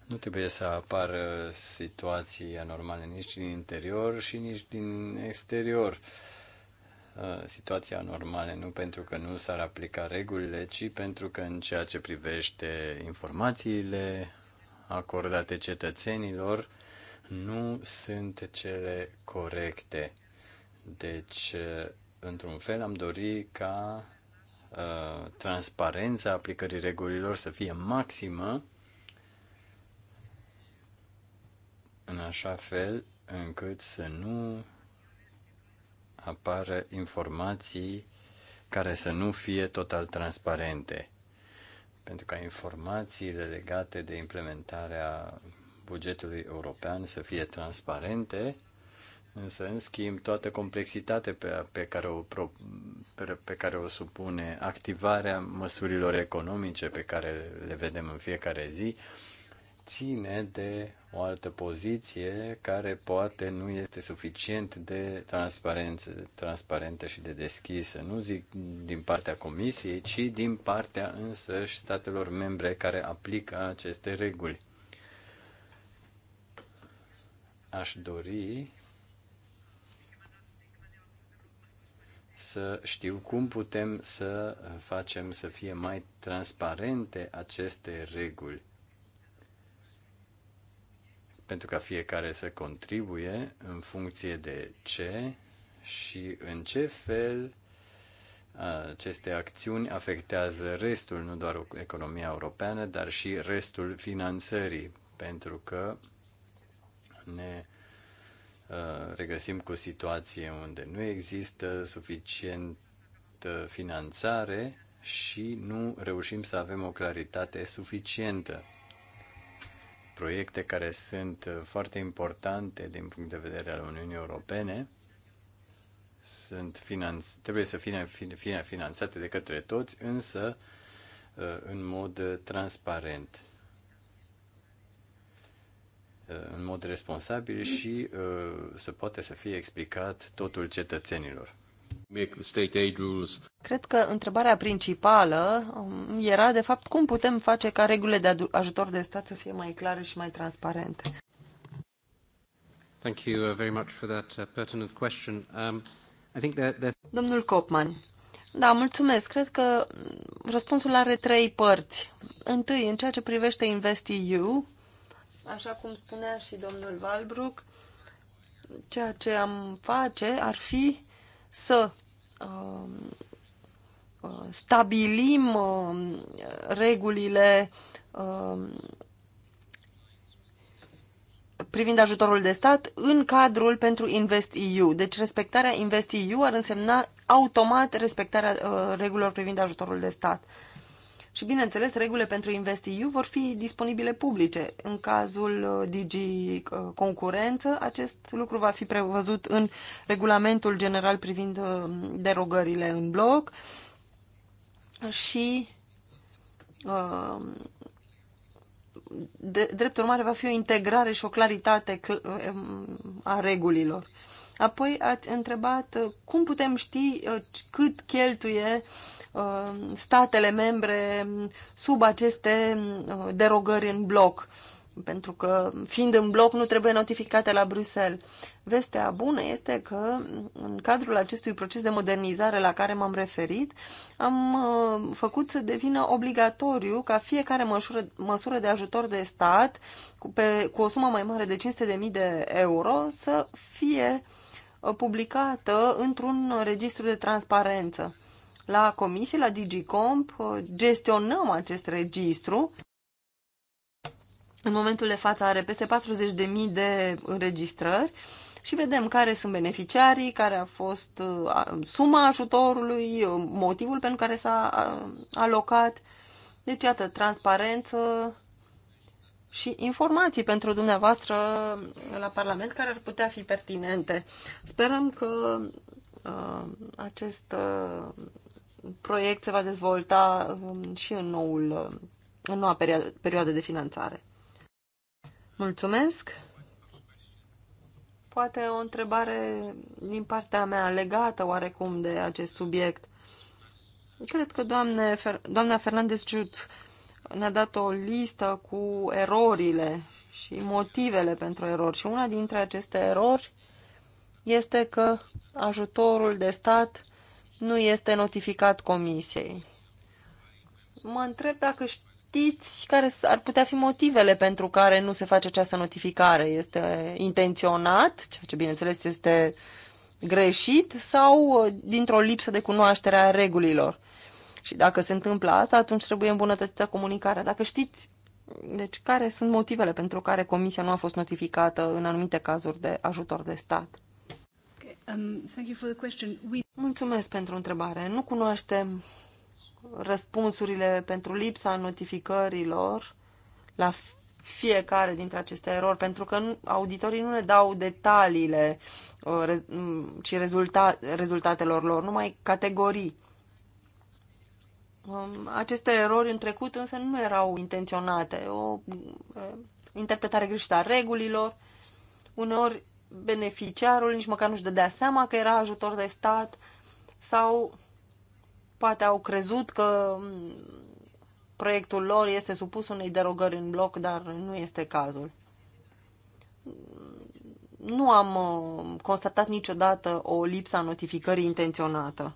Nu trebuie să apară situații anormale nici din interior și nici din exterior. Uh, situația anormale nu pentru că nu s-ar aplica regulile, ci pentru că în ceea ce privește informațiile acordate cetățenilor, nu sunt cele corecte. Deci, uh, într-un fel, am dori ca uh, transparența aplicării regulilor să fie maximă, în așa fel încât să nu apară informații care să nu fie total transparente. Pentru ca informațiile legate de implementarea bugetului european să fie transparente, însă, în schimb, toată complexitatea pe, pe, care o, pe, pe care o supune activarea măsurilor economice pe care le vedem în fiecare zi, ține de o altă poziție care poate nu este suficient de transparență, transparentă și de deschisă. Nu zic din partea Comisiei, ci din partea însăși statelor membre care aplică aceste reguli aș dori să știu cum putem să facem să fie mai transparente aceste reguli pentru ca fiecare să contribuie în funcție de ce și în ce fel aceste acțiuni afectează restul, nu doar economia europeană, dar și restul finanțării, pentru că ne uh, regăsim cu situație unde nu există suficientă finanțare și nu reușim să avem o claritate suficientă. Proiecte care sunt foarte importante din punct de vedere al Uniunii Europene sunt finanț- trebuie să fie, fie finanțate de către toți, însă uh, în mod transparent în mod responsabil și uh, să poate să fie explicat totul cetățenilor. Cred că întrebarea principală um, era, de fapt, cum putem face ca regulile de ajutor de stat să fie mai clare și mai transparente. Thank you uh, very much for that uh, pertinent question. Um, I think that, that... Domnul Copman, da, mulțumesc. Cred că mm, răspunsul are trei părți. Întâi, în ceea ce privește InvestEU, Așa cum spunea și domnul Valbruc, ceea ce am face ar fi să um, uh, stabilim uh, regulile um, privind ajutorul de stat în cadrul pentru InvestEU. Deci respectarea InvestEU ar însemna automat respectarea uh, regulilor privind ajutorul de stat. Uh, și, bineînțeles, regulile pentru InvestEU vor fi disponibile publice. În cazul uh, DG uh, Concurență, acest lucru va fi prevăzut în regulamentul general privind uh, derogările în bloc și de, drept urmare va fi o integrare și o claritate um, a regulilor. Apoi ați întrebat cum putem ști cât cheltuie uh, Uh, statele membre sub aceste uh, derogări în bloc, pentru că fiind în bloc nu trebuie notificate la Bruxelles. Vestea bună este că în cadrul acestui proces de modernizare la care m-am referit, am uh, făcut să devină obligatoriu ca fiecare măsură, măsură de ajutor de stat cu, pe, cu o sumă mai mare de 500.000 de euro să fie publicată într-un registru de transparență la comisie, la DigiComp, gestionăm acest registru. În momentul de față are peste 40.000 de înregistrări și vedem care sunt beneficiarii, care a fost suma ajutorului, motivul pentru care s-a alocat. Deci, iată, transparență și informații pentru dumneavoastră la Parlament care ar putea fi pertinente. Sperăm că uh, acest uh, proiect se va dezvolta um, și în, noul, um, în noua perioadă, perioadă de finanțare. Mulțumesc! Poate o întrebare din partea mea legată oarecum de acest subiect. Cred că doamne, doamna Fernandez Jut ne-a dat o listă cu erorile și motivele pentru erori și una dintre aceste erori este că ajutorul de stat nu este notificat comisiei. Mă întreb dacă știți care ar putea fi motivele pentru care nu se face această notificare. Este intenționat, ceea ce bineînțeles este greșit, sau uh, dintr-o lipsă de cunoaștere a regulilor. Și dacă se întâmplă asta, atunci trebuie îmbunătățită comunicarea. Dacă știți, deci care sunt motivele pentru care comisia nu a fost notificată în anumite cazuri de ajutor de stat? Um, Mulțumesc pentru întrebare. Nu cunoaștem răspunsurile pentru lipsa notificărilor la fiecare dintre aceste erori, pentru că auditorii nu ne dau detaliile, uh, mm, ci rezulta, rezultatelor lor, numai categorii. Um, aceste erori în trecut însă nu erau intenționate. O uh, interpretare greșită a regulilor, uneori beneficiarul nici măcar nu-și dădea seama că era ajutor de stat sau poate au crezut că proiectul lor este supus unei derogări în bloc, dar nu este cazul. Nu am uh, constatat niciodată o lipsă a notificării intenționată.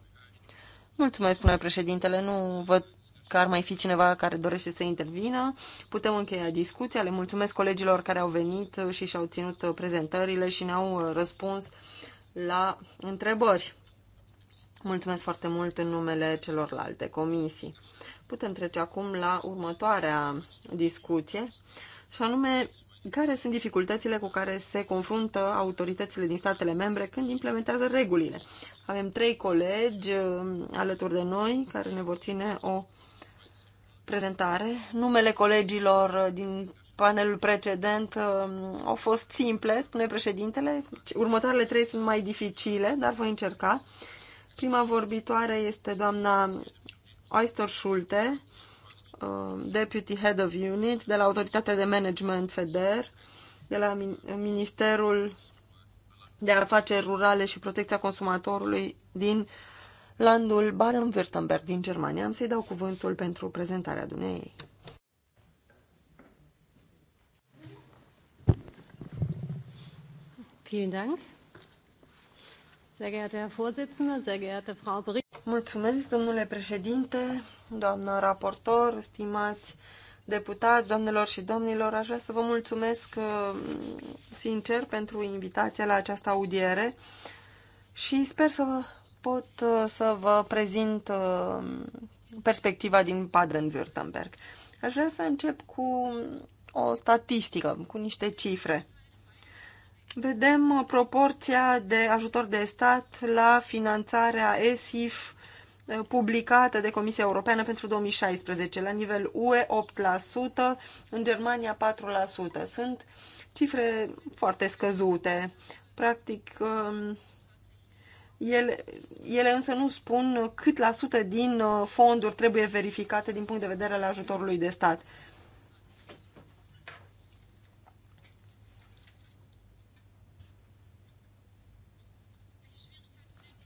Mulțumesc, spune președintele, nu văd că ar mai fi cineva care dorește să intervină. Putem încheia discuția. Le mulțumesc colegilor care au venit și și-au ținut prezentările și ne-au răspuns la întrebări. Mulțumesc foarte mult în numele celorlalte comisii. Putem trece acum la următoarea discuție, și anume care sunt dificultățile cu care se confruntă autoritățile din statele membre când implementează regulile. Avem trei colegi um, alături de noi care ne vor ține o prezentare. Numele colegilor din panelul precedent um, au fost simple, spune președintele. Următoarele trei sunt mai dificile, dar voi încerca. Prima vorbitoare este doamna Oyster Schulte, um, Deputy Head of Unit de la Autoritatea de Management FEDER, de la Ministerul de Afaceri Rurale și Protecția Consumatorului din landul Baden-Württemberg din Germania. Am să-i dau cuvântul pentru prezentarea dumneei. Vielen Dank. Sehr geehrter Herr Vorsitzender, sehr geehrte Frau Mulțumesc, domnule președinte, doamnă raportor, stimați deputați, domnilor și domnilor, aș vrea să vă mulțumesc uh, sincer pentru invitația la această audiere și sper să început uh, să vă prezint uh, perspectiva din Baden-Württemberg. Aș vrea să încep cu o statistică, cu niște cifre. Vedem uh, proporția de ajutor de stat la finanțarea ESIF publicată de Comisia Europeană pentru 2016. La nivel UE 8%, în Germania 4%. Sunt cifre foarte scăzute. Practic, um, ele, ele însă nu spun cât la sută din uh, fonduri trebuie verificate din punct de vedere al ajutorului de stat.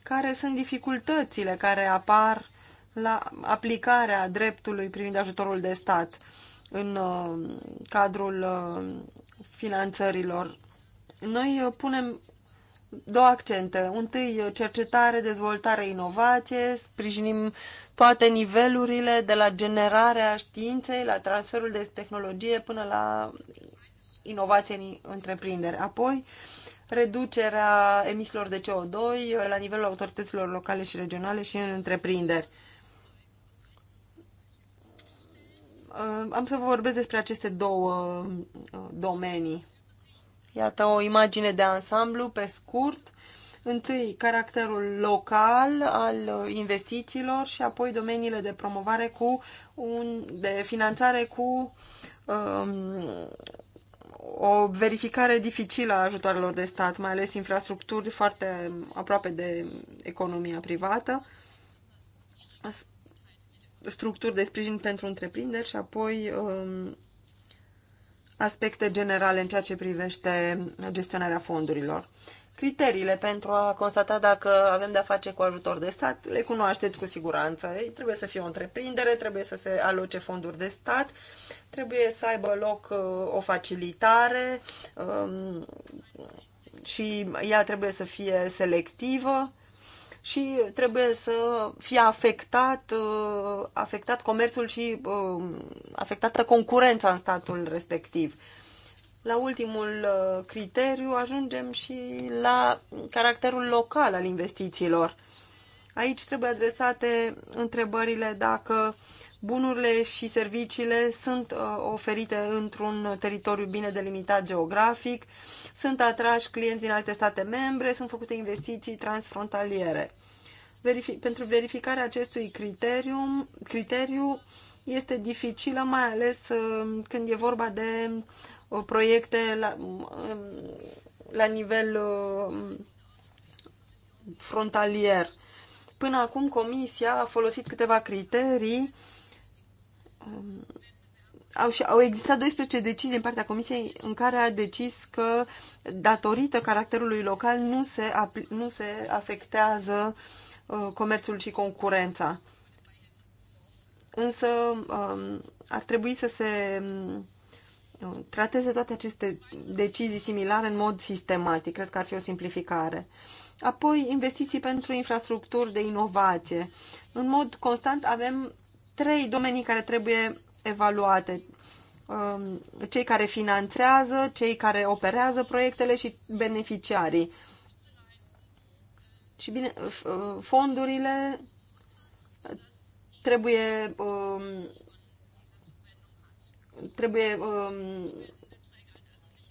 Care sunt dificultățile care apar la aplicarea dreptului privind ajutorul de stat în uh, cadrul uh, finanțărilor? Noi punem două accente. Întâi, cercetare, dezvoltare, inovație, sprijinim toate nivelurile, de la generarea științei, la transferul de tehnologie până la inovație în întreprindere. Apoi, reducerea emisiilor de CO2 la nivelul autorităților locale și regionale și în întreprinderi. Am să vorbesc despre aceste două uh, domenii. Iată o imagine de ansamblu pe scurt. Întâi, caracterul local al investițiilor și apoi domeniile de promovare cu un, de finanțare cu um, o verificare dificilă a ajutoarelor de stat, mai ales infrastructuri foarte aproape de economia privată, structuri de sprijin pentru întreprinderi și apoi um, aspecte generale în ceea ce privește gestionarea fondurilor. Criteriile pentru a constata dacă avem de-a face cu ajutor de stat le cunoașteți cu siguranță. Ei, trebuie să fie o întreprindere, trebuie să se aloce fonduri de stat, trebuie să aibă loc uh, o facilitare um, și ea trebuie să fie selectivă și trebuie să fie afectat, uh, afectat comerțul și uh, afectată concurența în statul respectiv. La ultimul uh, criteriu ajungem și la caracterul local al investițiilor. Aici trebuie adresate întrebările dacă bunurile și serviciile sunt oferite într-un teritoriu bine delimitat geografic, uh, sunt atrași clienți din alte state membre, sunt făcute investiții transfrontaliere. Verific- pentru verificarea acestui criteriu, criteriu este dificilă, mai ales uh, când e vorba de uh, proiecte la, um, la nivel uh, frontalier. Până acum Comisia a folosit câteva criterii um, au, au existat 12 decizii din partea Comisiei în care a decis că, datorită caracterului local, nu se, nu se afectează uh, comerțul și concurența. Însă uh, ar trebui să se uh, trateze toate aceste decizii similare în mod sistematic. Cred că ar fi o simplificare. Apoi, investiții pentru infrastructuri de inovație. În mod constant avem trei domenii care trebuie evaluate. Um, cei care finanțează, cei care operează proiectele și beneficiarii. Și bine, uh, fondurile trebuie um, trebuie um,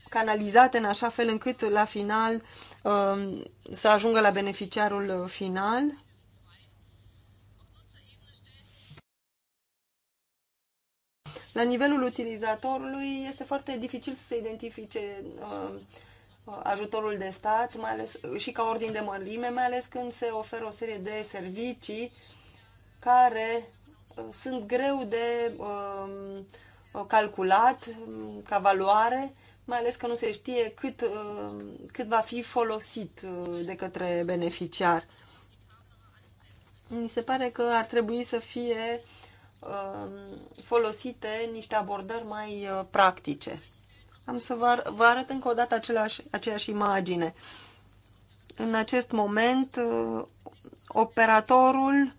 canalizate în așa fel încât la final să ajungă la beneficiarul final la nivelul utilizatorului este foarte dificil să se identifice um, ajutorul de stat mai ales, și ca ordin de mărime, mai ales când se oferă o serie de servicii care uh, sunt greu de uh, calculat um, ca valoare, mai ales că nu se știe cât, cât va fi folosit uh, de către beneficiar. Mi se pare că ar trebui să fie Um, folosite niște abordări mai uh, practice. Am să vă, ar vă arăt încă o dată aceleași, aceeași imagine. În acest moment, uh, operatorul,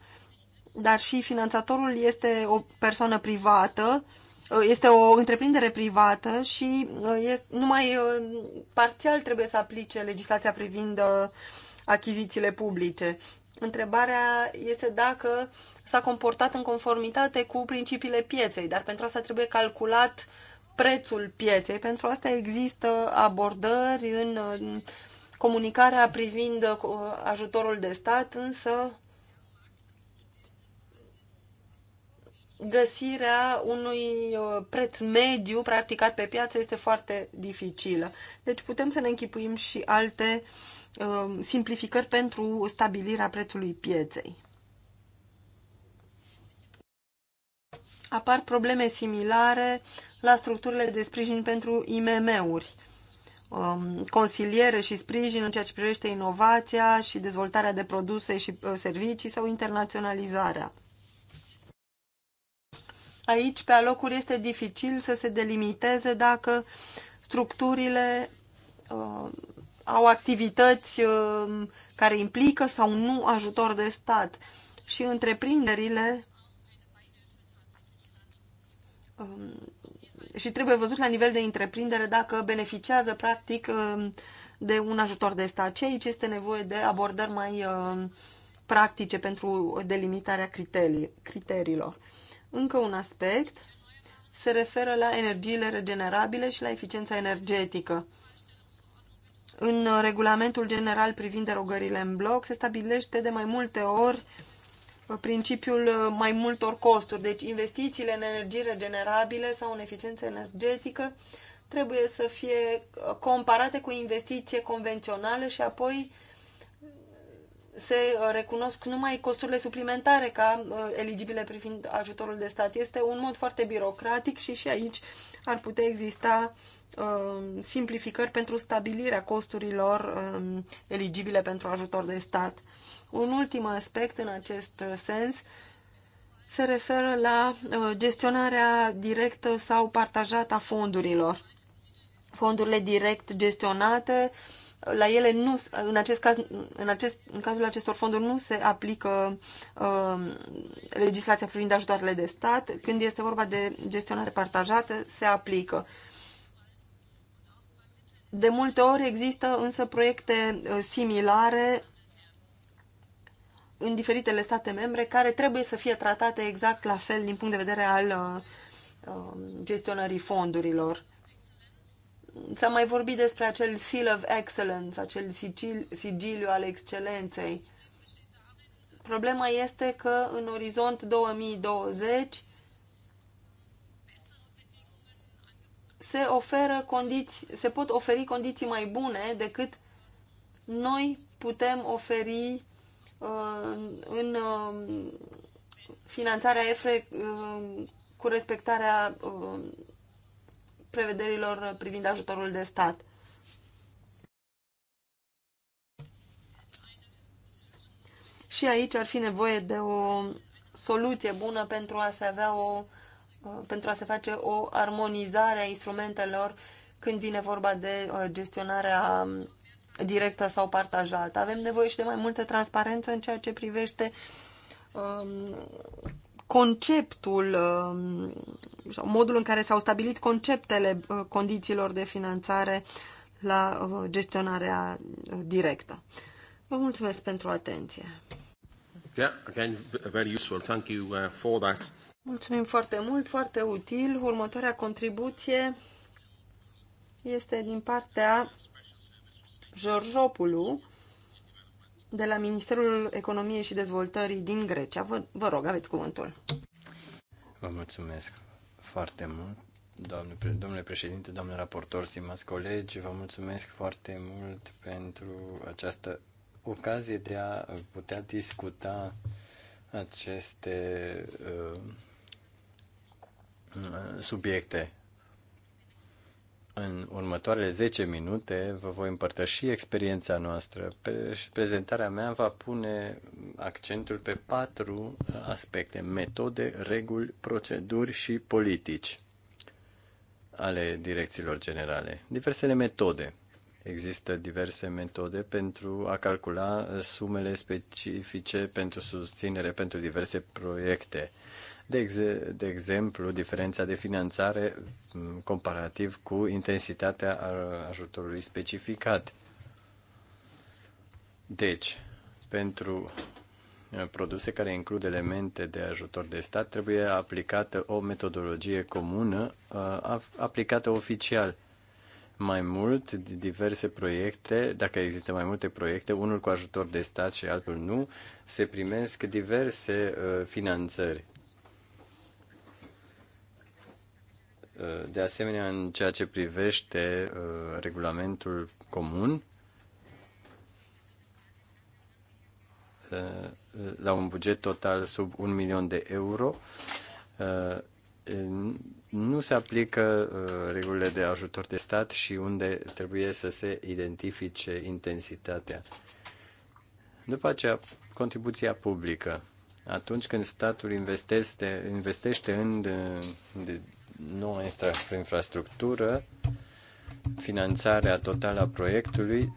dar și finanțatorul este o persoană privată, uh, este o întreprindere privată și este, numai parțial trebuie să aplice legislația privind achizițiile publice. Întrebarea este dacă uh, s-a comportat în conformitate cu principiile pieței, dar pentru asta trebuie calculat prețul pieței. Pentru asta există abordări în comunicarea privind uh, ajutorul de stat, însă găsirea unui uh, preț mediu practicat pe piață este foarte dificilă. Deci putem să ne închipuim și alte uh, simplificări pentru stabilirea prețului pieței. apar probleme similare la structurile de sprijin pentru IMM-uri. Um, consiliere și sprijin în ceea ce privește inovația și dezvoltarea de produse și uh, servicii sau internaționalizarea. Aici, pe alocuri, este dificil să se delimiteze dacă structurile uh, au activități uh, care implică sau nu ajutor de stat și întreprinderile Um, și trebuie văzut la nivel de întreprindere dacă beneficiază practic um, de un ajutor de stat. Ce aici este nevoie de abordări mai um, practice pentru delimitarea criteriilor. Încă un aspect se referă la energiile regenerabile și la eficiența energetică. În regulamentul general privind derogările în bloc se stabilește de mai multe ori uh, principiul uh, mai multor costuri. Deci investițiile în energii regenerabile sau în eficiență energetică trebuie să fie uh, comparate cu investiție convențională și apoi se uh, recunosc numai costurile suplimentare ca eligibile privind ajutorul de stat. Este un mod foarte birocratic și și aici ar putea exista Um, simplificări pentru stabilirea costurilor um, eligibile pentru ajutor de stat. Un ultim aspect în acest sens se referă la uh, gestionarea directă sau partajată a fondurilor. Fondurile direct gestionate, la ele nu, în, acest caz, în, acest, în cazul acestor fonduri nu se aplică um, legislația privind ajutoarele de stat. Când este vorba de gestionare partajată, se aplică. De multe ori există însă proiecte uh, similare în diferitele state membre care trebuie să fie tratate exact la fel din punct de vedere al uh, um, gestionării fondurilor. S-a mai vorbit despre acel Seal of Excellence, acel sigil, sigiliu al excelenței. Problema este că în orizont 2020 se, oferă condiții, se pot oferi condiții mai bune decât noi putem oferi uh, în uh, finanțarea EFRE uh, cu respectarea uh, prevederilor privind ajutorul de stat. Și aici ar fi nevoie de o soluție bună pentru a se avea o uh, Uh, pentru a se face o armonizare a instrumentelor când vine vorba de uh, gestionarea um, directă sau partajată. Avem nevoie și de mai multă transparență în ceea ce privește um, conceptul um, sau um, modul în care s-au stabilit conceptele uh, condițiilor de finanțare la uh, gestionarea uh, directă. Vă mulțumesc pentru atenție. Yeah, again, very useful. Thank you uh, for that. Mulțumim foarte mult, foarte util. Următoarea contribuție este din partea Georgopulu de la Ministerul Economiei și Dezvoltării din Grecia. Vă, vă rog, aveți cuvântul. Vă mulțumesc foarte mult, doamne, domnule președinte, domnule raportor, stimați colegi, vă mulțumesc foarte mult pentru această ocazie de a putea discuta aceste uh, subiecte. În următoarele 10 minute vă voi împărtăși experiența noastră. prezentarea mea va pune accentul pe patru aspecte: metode, reguli, proceduri și politici ale direcțiilor generale. Diversele metode. Există diverse metode pentru a calcula sumele specifice pentru susținere pentru diverse proiecte de, ex- de exemplu, diferența de finanțare comparativ cu intensitatea ajutorului specificat. Deci, pentru uh, produse care includ elemente de ajutor de stat, trebuie aplicată o metodologie comună uh, aplicată oficial. Mai mult, diverse proiecte, dacă există mai multe proiecte, unul cu ajutor de stat și altul nu, se primesc diverse uh, finanțări. De asemenea, în ceea ce privește uh, regulamentul comun, uh, la un buget total sub un milion de euro, uh, nu se aplică regulile de ajutor de stat și unde trebuie să se identifice intensitatea. După aceea, contribuția publică. Atunci când statul investește, investește în de, de noua infrastructură, finanțarea totală a proiectului.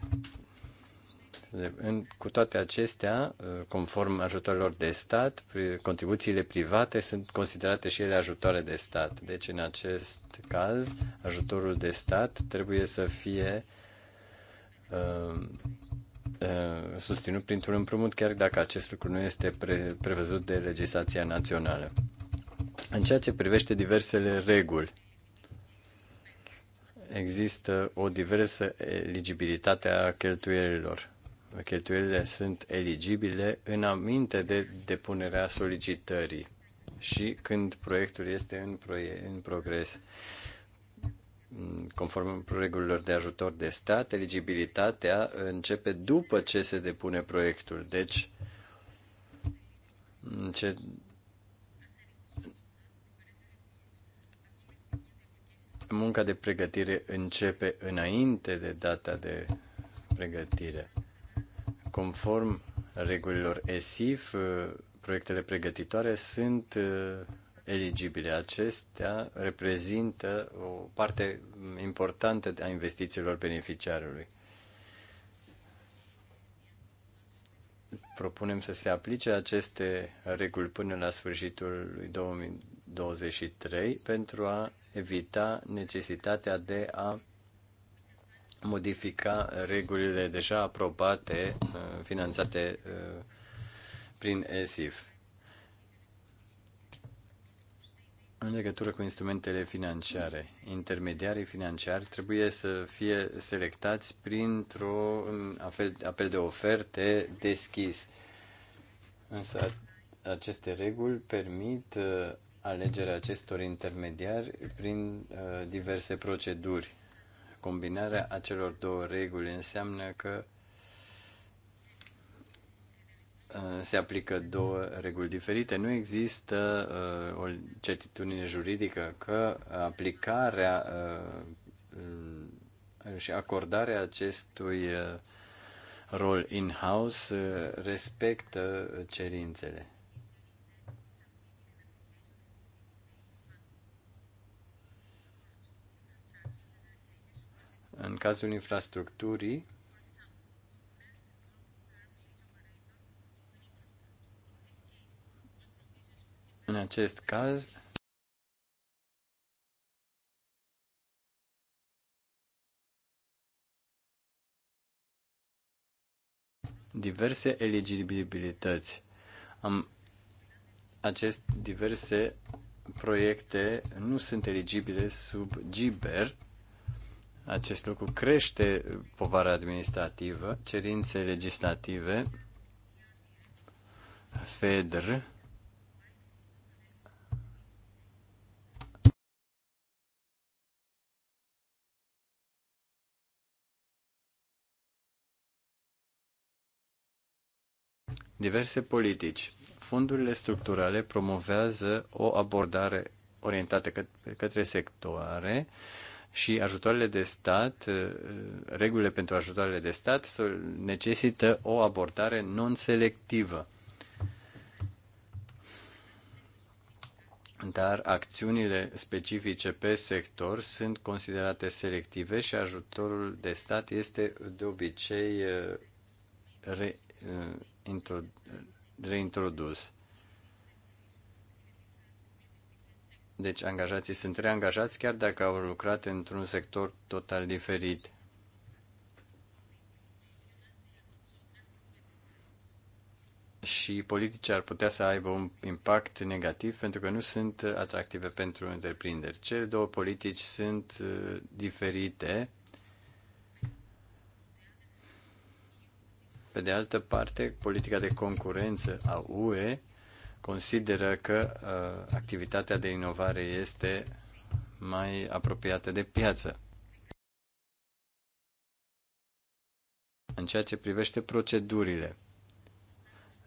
Cu toate acestea, ă, conform ajutorilor de stat, contribuțiile private sunt considerate și ele ajutoare de stat. Deci, în acest caz, ajutorul de stat trebuie să fie uh, uh, susținut printr-un împrumut, chiar dacă acest lucru nu este pre- prevăzut de legislația națională. În ceea ce privește diversele reguli, există o diversă eligibilitate a cheltuielilor. Cheltuielile sunt eligibile înainte de depunerea solicitării și când proiectul este în, proie- în progres. Conform regulilor de ajutor de stat, eligibilitatea începe după ce se depune proiectul. Deci, ce Munca de pregătire începe înainte de data de pregătire. Conform regulilor ESIF, uh, proiectele pregătitoare sunt uh, eligibile. Acestea reprezintă o parte importantă a investițiilor beneficiarului. Propunem să se aplice aceste reguli până la sfârșitul lui 2023 pentru a evita necesitatea de a modifica regulile deja aprobate, uh, finanțate uh, prin ESIF. În legătură cu instrumentele financiare, intermediarii financiari trebuie să fie selectați printr-un apel, apel de oferte deschis. Însă aceste reguli permit uh, alegerea acestor intermediari prin uh, diverse proceduri. Combinarea acelor două reguli înseamnă că uh, se aplică două reguli diferite. Nu există uh, o certitudine juridică că aplicarea uh, și acordarea acestui uh, rol in-house uh, respectă cerințele. În cazul infrastructurii, în acest caz, diverse eligibilități. Am acest diverse proiecte nu sunt eligibile sub GBER. Acest lucru crește povara administrativă, cerințe legislative, FEDR, diverse politici. Fondurile structurale promovează o abordare orientată către sectoare, și ajutoarele de stat, uh, uh, regulile pentru ajutoarele de stat necesită o abordare non-selectivă. Dar acțiunile specifice pe sector sunt considerate selective și ajutorul de stat este de obicei uh, reintrodus. Deci angajații sunt reangajați chiar dacă au lucrat într-un sector total diferit. Și politice ar putea să aibă un impact negativ pentru că nu sunt atractive pentru întreprinderi. Cele două politici sunt uh, diferite. Pe de altă parte, politica de concurență a UE consideră că uh, activitatea de inovare este mai apropiată de piață. În ceea ce privește procedurile,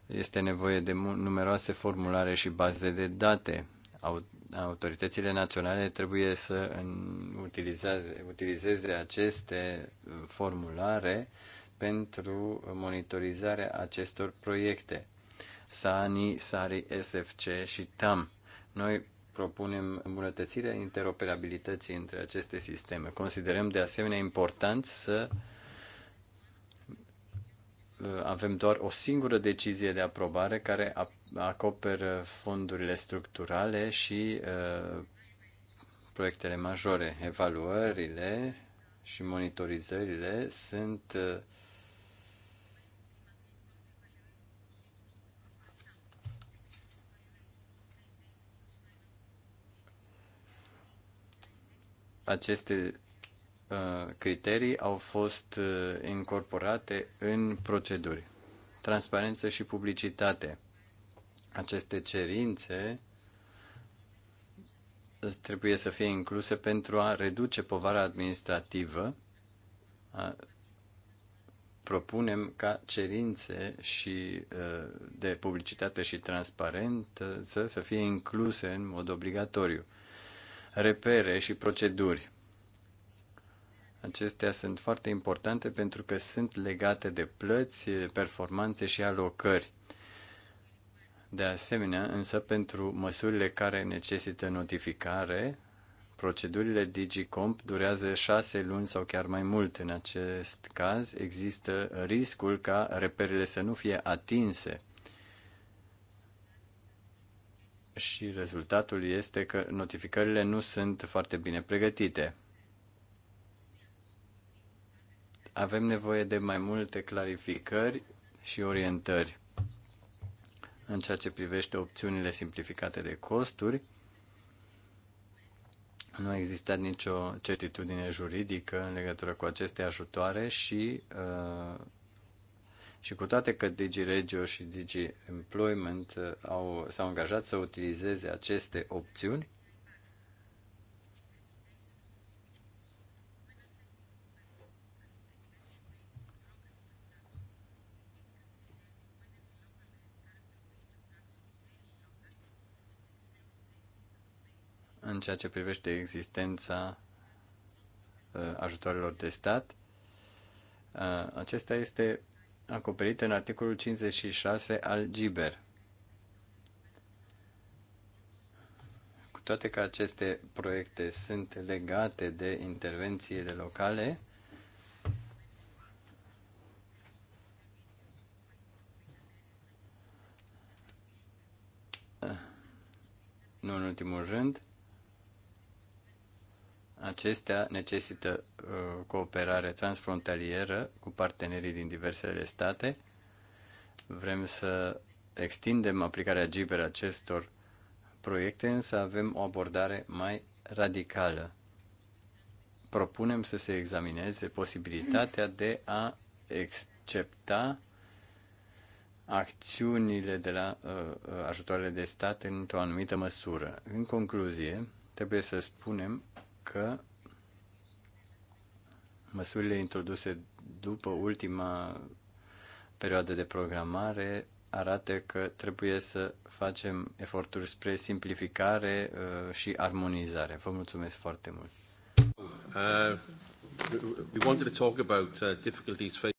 este nevoie de numeroase formulare și baze de date. Autoritățile naționale trebuie să utilizeze, aceste formulare pentru monitorizarea acestor proiecte. SANI, SARI, SFC și TAM. Noi propunem îmbunătățirea interoperabilității între aceste sisteme. Considerăm de asemenea important să uh, avem doar o singură decizie de aprobare care acoperă fondurile structurale și uh, proiectele majore. Evaluările și monitorizările sunt uh, Aceste uh, criterii au fost uh, incorporate în proceduri. Transparență și publicitate. Aceste cerințe uh, trebuie să fie incluse pentru a reduce povara administrativă. Propunem ca cerințe și de publicitate și transparență să fie incluse în mod obligatoriu repere și proceduri. Acestea sunt foarte importante pentru că sunt legate de plăți, performanțe și alocări. De asemenea, însă pentru măsurile care necesită notificare, procedurile DigiComp durează șase luni sau chiar mai mult. În acest caz există riscul ca reperele să nu fie atinse și rezultatul este că notificările nu sunt foarte bine pregătite. Avem nevoie de mai multe clarificări și orientări în ceea ce privește opțiunile simplificate de costuri. Nu a existat nicio certitudine juridică în legătură cu aceste ajutoare și uh, și cu toate că DigiRegio și Digi Employment uh, au, s-au angajat să utilizeze aceste opțiuni, în ceea ce privește existența uh, ajutoarelor de stat. Uh, acesta este acoperite în articolul 56 al GIBER. Cu toate că aceste proiecte sunt legate de intervențiile locale, nu în ultimul rând, acestea necesită Uh, cooperare transfrontalieră cu partenerii din diversele state. Vrem să extindem aplicarea GIBER acestor proiecte, însă avem o abordare mai radicală. Propunem să se examineze posibilitatea de a excepta acțiunile de la uh, uh, ajutoarele de stat într-o anumită măsură. În concluzie, trebuie să spunem că Măsurile introduse după ultima perioadă de programare arată că trebuie să facem eforturi spre simplificare uh, și armonizare. Vă mulțumesc foarte mult. Uh, uh,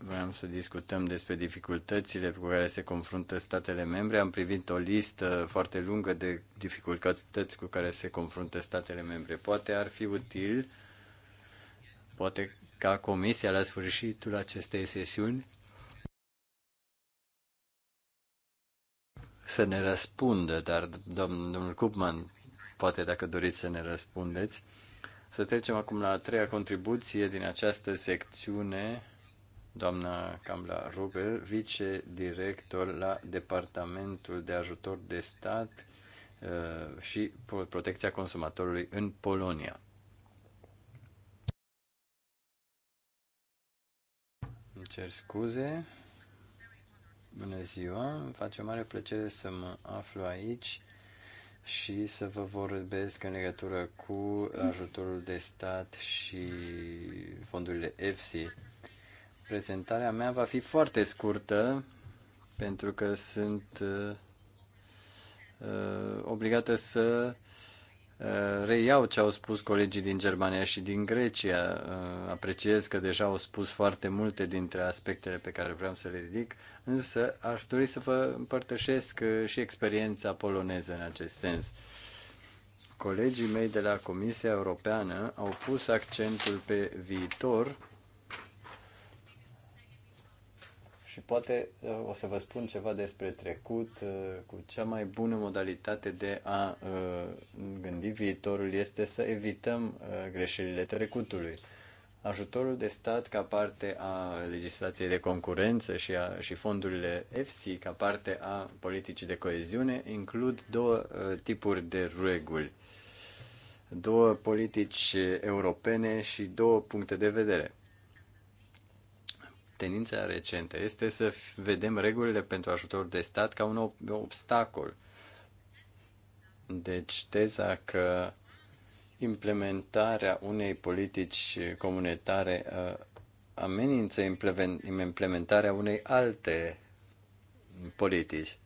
Vreau să discutăm despre dificultățile cu care se confruntă statele membre. Am privit o listă foarte lungă de dificultăți cu care se confruntă statele membre. Poate ar fi util uh, Poate ca comisia la sfârșitul acestei sesiuni să ne răspundă, dar domnul Cupman, poate dacă doriți să ne răspundeți. Să trecem acum la a treia contribuție din această secțiune, doamna Camla Rubel, vice-director la Departamentul de Ajutor de Stat uh, și Protecția Consumatorului în Polonia. Îmi cer scuze. Bună ziua. Îmi face mare plăcere să mă aflu aici și să vă vorbesc în legătură cu ajutorul de stat și fondurile EFSI. Prezentarea mea va fi foarte scurtă pentru că sunt uh, uh obligată să Eh, reiau ce au spus colegii din Germania și din Grecia. Eh, apreciez că deja au spus foarte multe dintre aspectele pe care vreau să le ridic, însă aș dori să vă împărtășesc eh, și experiența poloneză în acest sens. Colegii mei de la Comisia Europeană au pus accentul pe viitor și poate uh, o să vă spun ceva despre trecut. Uh, cu cea mai bună modalitate de a uh, gândi viitorul este să evităm greșelile trecutului. Ajutorul de stat ca parte a legislației de concurență și, a, și fondurile EFSI ca parte a politicii de coeziune includ două tipuri de reguli, două politici europene și două puncte de vedere tendința recentă este să vedem regulile pentru ajutor de stat ca un obstacol. Deci teza că implementarea unei politici comunitare uh, amenință implementarea unei alte politici.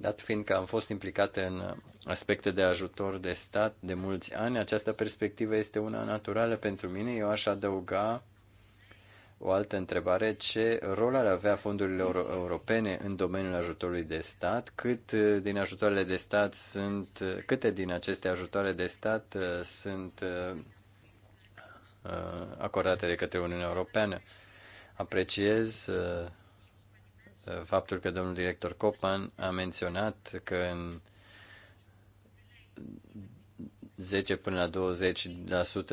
Dat fiind că am fost implicată în aspecte de ajutor de stat de mulți ani, această perspectivă este una naturală pentru mine. Eu aș adăuga o altă întrebare. Ce rol ar avea fondurile euro- europene în domeniul ajutorului de stat? Cât uh, din ajutoarele de stat sunt, uh, câte din aceste ajutoare de stat uh, sunt acordate de către Uniunea Europeană? Apreciez faptul că domnul director Copan a menționat că în 10 până la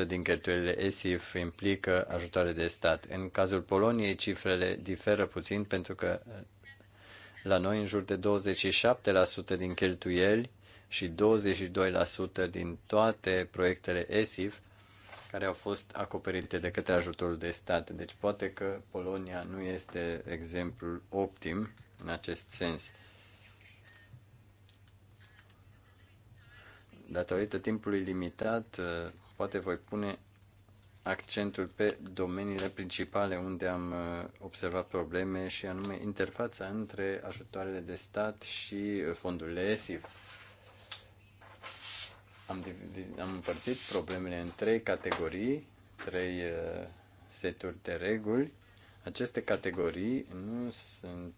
20% din cheltuielile ESIF implică ajutoare de stat. În cazul Poloniei, cifrele diferă puțin pentru că la noi în jur de 27% din cheltuieli și 22% din toate proiectele ESIF care au fost acoperite de către ajutorul de stat. Deci poate că Polonia nu este exemplul optim în acest sens. Datorită timpului limitat, uh, poate voi pune accentul pe domeniile principale unde am uh, observat probleme și anume interfața între ajutoarele de stat și uh, fondurile ESIF am, am împărțit problemele în trei categorii, trei uh, seturi de reguli. Aceste categorii nu sunt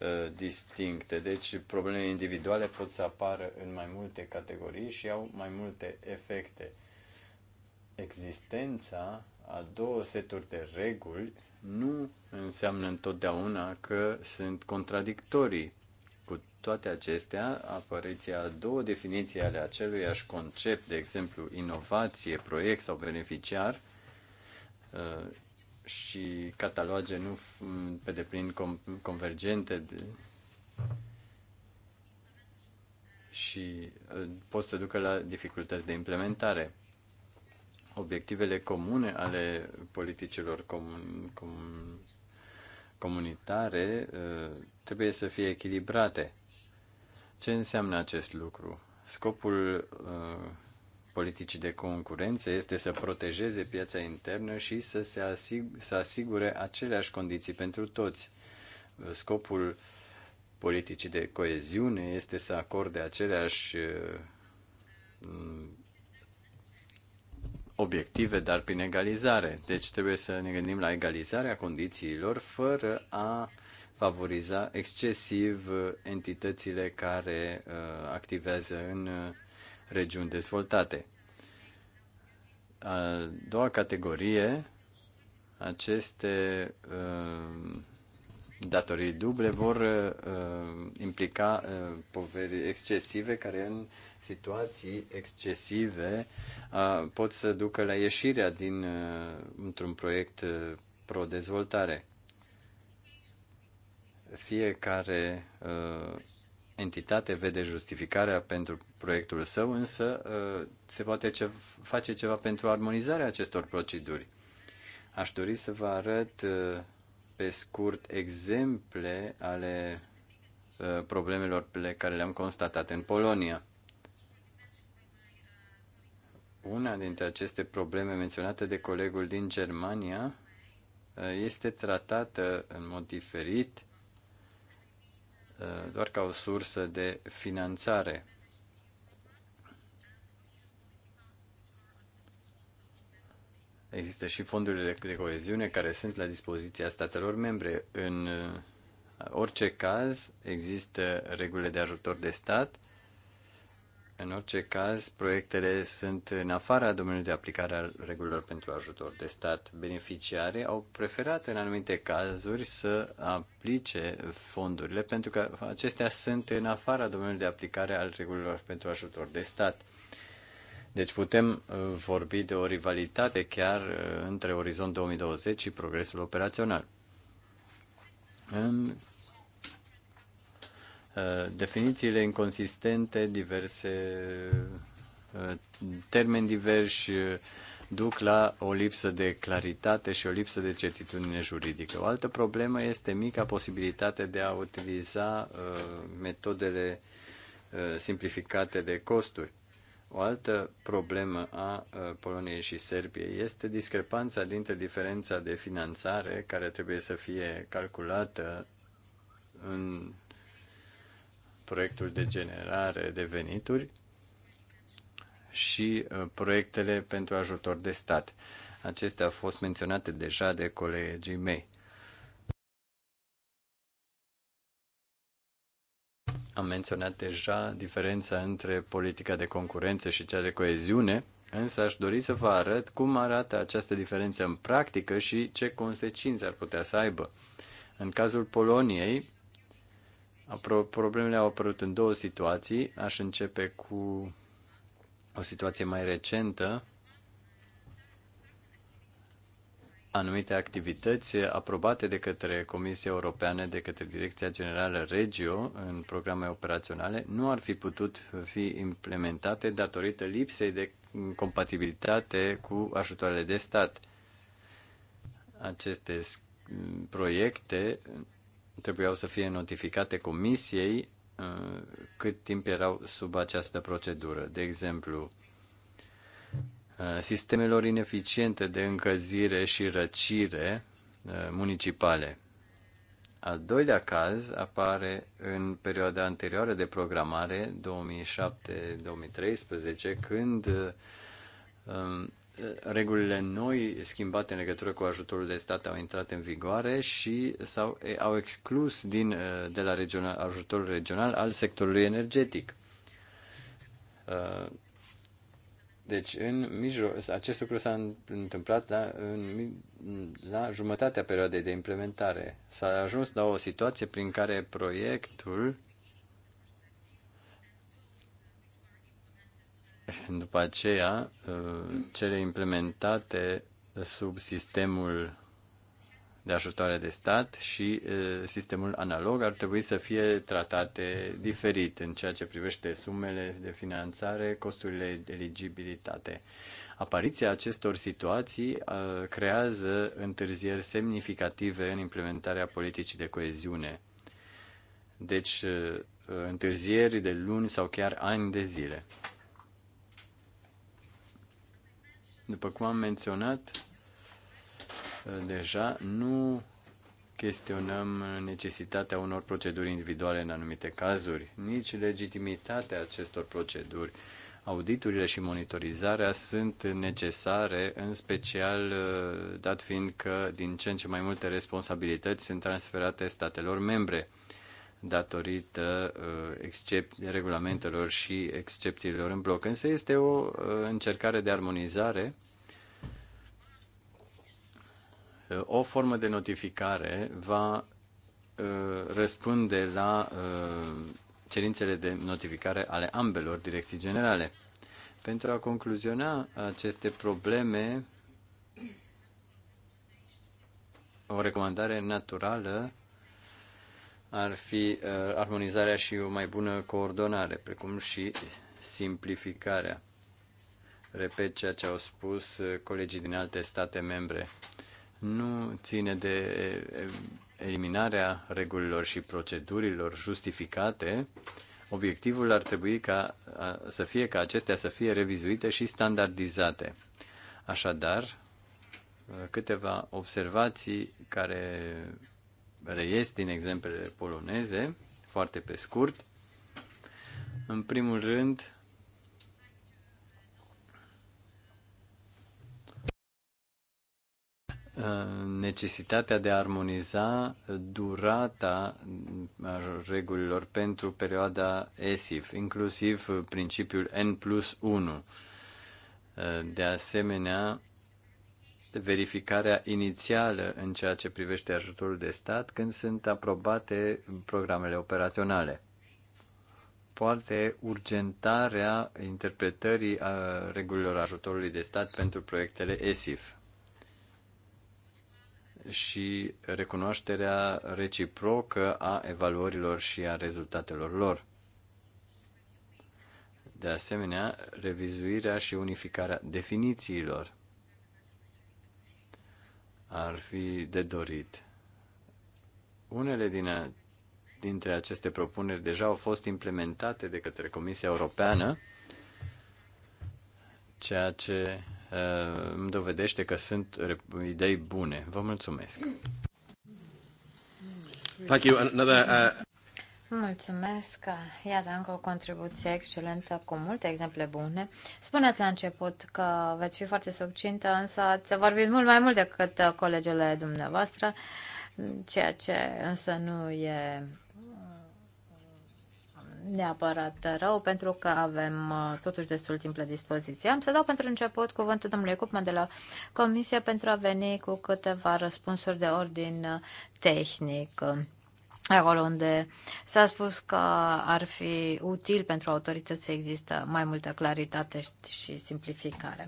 uh, distincte. Deci problemele individuale pot să apară în mai multe categorii și au mai multe efecte. Existența a două seturi de reguli nu înseamnă întotdeauna că sunt contradictorii toate acestea, apariția două definiții ale aceluiași concept, de exemplu, inovație, proiect sau beneficiar, uh, și cataloge nu mm, pe deplin convergente de, și uh, pot să ducă la dificultăți de implementare. Obiectivele comune ale politicilor comun, comun, comunitare uh, trebuie să fie echilibrate ce înseamnă acest lucru? Scopul uh, politicii de concurență este să protejeze piața internă și să se asig- să asigure aceleași condiții pentru toți. Scopul politicii de coeziune este să acorde aceleași uh, obiective, dar prin egalizare. Deci trebuie să ne gândim la egalizarea condițiilor fără a uh, favoriza excesiv uh, entitățile care uh, activează în uh, regiuni dezvoltate. A doua categorie, aceste datorii duble vor uh, implica uh, poveri excesive care în situații excesive uh, pot să ducă la ieșirea din uh, într-un proiect uh, pro-dezvoltare. Fiecare uh, entitate vede justificarea pentru proiectul său, însă uh, se poate ce- face ceva pentru armonizarea acestor proceduri. Aș dori să vă arăt uh, pe scurt exemple ale uh, problemelor pe care le-am constatat în Polonia. Una dintre aceste probleme menționate de colegul din Germania uh, este tratată în mod diferit Uh, doar ca o sursă de finanțare. Există și fondurile de coeziune care sunt la dispoziția statelor membre. În uh, orice caz, există regulile de ajutor de stat în orice caz, proiectele sunt în afara domeniului de aplicare al regulilor pentru ajutor de stat. Beneficiare au preferat în anumite cazuri să aplice fondurile pentru că acestea sunt în afara domeniului de aplicare al regulilor pentru ajutor de stat. Deci putem uh, vorbi de o rivalitate chiar uh, între Orizont 2020 și progresul operațional. În Uh, definițiile inconsistente, diverse uh, termeni diversi uh, duc la o lipsă de claritate și o lipsă de certitudine juridică. O altă problemă este mica posibilitate de a utiliza metodele simplificate de costuri. O altă problemă a Poloniei și Serbiei este discrepanța dintre diferența de finanțare care trebuie să fie calculată în proiectul de generare de venituri și uh, proiectele pentru ajutor de stat. Acestea au fost menționate deja de colegii mei. Am menționat deja diferența între politica de concurență și cea de coeziune, însă aș dori să vă arăt cum arată această diferență în practică și ce consecințe ar putea să aibă. În cazul Poloniei, Problemele au apărut în două situații. Aș începe cu o situație mai recentă. Anumite activități aprobate de către Comisia Europeană, de către Direcția Generală Regio în programe operaționale, nu ar fi putut fi implementate datorită lipsei de compatibilitate cu ajutoarele de stat. Aceste proiecte trebuiau să fie notificate comisiei uh, cât timp erau sub această procedură. De exemplu, uh, sistemelor ineficiente de încălzire și răcire uh, municipale. Al doilea caz apare în perioada anterioară de programare, 2007-2013, când um, regulile noi schimbate în legătură cu ajutorul de stat au intrat în vigoare și sau au exclus din, de la regional, ajutorul regional al sectorului energetic. Deci, în mijlo- acest lucru s-a întâmplat la, da, în, la jumătatea perioadei de implementare. S-a ajuns la o situație prin care proiectul După aceea, uh, cele implementate sub sistemul de ajutoare de stat și uh, sistemul analog ar trebui să fie tratate diferit în ceea ce privește sumele de finanțare, costurile de eligibilitate. Apariția acestor situații uh, creează întârzieri semnificative în implementarea politicii de coeziune. Deci, întârzieri de luni sau chiar ani de zile. După cum am menționat, uh, deja nu chestionăm necesitatea unor proceduri individuale în anumite cazuri, nici legitimitatea acestor proceduri. Auditurile și monitorizarea sunt necesare, în special uh, dat fiind că din ce în ce mai multe responsabilități sunt transferate statelor membre datorită uh, excep- regulamentelor și excepțiilor în bloc. Însă este o uh, încercare de armonizare, uh, o formă de notificare va răspunde la cerințele de notificare ale ambelor direcții generale. Pentru a concluziona aceste probleme, o recomandare naturală ar fi uh, armonizarea și o mai bună coordonare, precum și simplificarea. Repet ceea ce au spus uh, colegii din alte state membre. Nu ține de eliminarea regulilor și procedurilor justificate, obiectivul ar trebui ca, să fie ca acestea să fie revizuite și standardizate. Așadar, uh, câteva observații care reiesc din exemplele poloneze, foarte pe scurt. În primul rând, necesitatea de a armoniza durata regulilor pentru perioada ESIF, inclusiv principiul N plus 1. De asemenea, verificarea inițială în ceea ce privește ajutorul de stat când sunt aprobate programele operaționale. Poate urgentarea interpretării a regulilor ajutorului de stat pentru proiectele ESIF și recunoașterea reciprocă a evaluărilor și a rezultatelor lor. De asemenea, revizuirea și unificarea definițiilor ar fi de dorit. Unele din, dintre aceste propuneri deja au fost implementate de către Comisia Europeană, ceea ce uh, îmi dovedește că sunt idei bune. Vă mulțumesc! Thank you. Another, uh... Mulțumesc! Iată încă o contribuție excelentă cu multe exemple bune. Spuneți la început că veți fi foarte succintă, însă ați vorbit mult mai mult decât colegele dumneavoastră, ceea ce însă nu e neapărat rău, pentru că avem uh, totuși destul timp la dispoziție. Am să dau pentru început cuvântul domnului Cupman de la Comisie pentru a veni cu câteva răspunsuri de ordin uh, tehnic acolo unde s-a spus că ar fi util pentru autorități să există mai multă claritate și simplificare.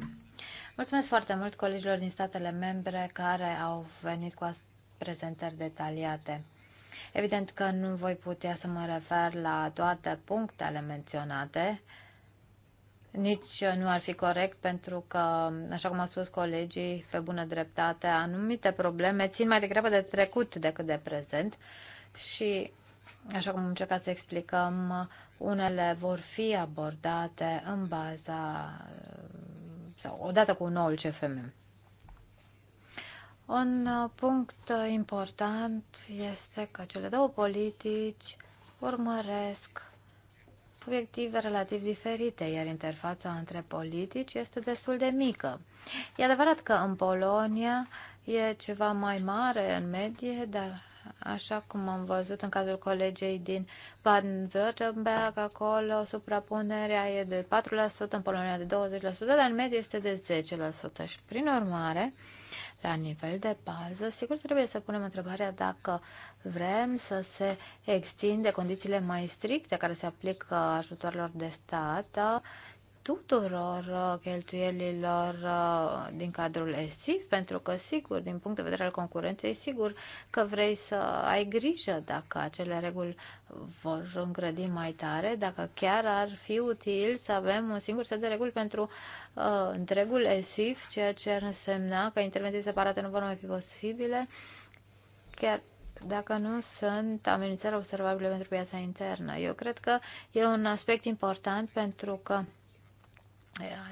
Mulțumesc foarte mult colegilor din statele membre care au venit cu prezentări detaliate. Evident că nu voi putea să mă refer la toate punctele menționate, nici nu ar fi corect pentru că, așa cum au spus colegii, pe bună dreptate, anumite probleme țin mai degrabă de trecut decât de prezent și, așa cum am încercat să explicăm, unele vor fi abordate în baza sau odată cu noul CFM. Un punct important este că cele două politici urmăresc obiective relativ diferite, iar interfața între politici este destul de mică. E adevărat că în Polonia e ceva mai mare în medie, dar Așa cum am văzut în cazul colegei din Baden-Württemberg, acolo suprapunerea e de 4%, în Polonia de 20%, dar în medie este de 10%. Și prin urmare, la nivel de bază, sigur trebuie să punem întrebarea dacă vrem să se extinde condițiile mai stricte care se aplică ajutorilor de stat tuturor uh, cheltuielilor uh, din cadrul ESIF, pentru că, sigur, din punct de vedere al concurenței, sigur că vrei să ai grijă dacă acele reguli vor îngrădi mai tare, dacă chiar ar fi util să avem un singur set de reguli pentru uh, întregul ESIF, ceea ce ar însemna că intervenții separate nu vor mai fi posibile, chiar dacă nu sunt amenințări observabile pentru piața internă. Eu cred că e un aspect important pentru că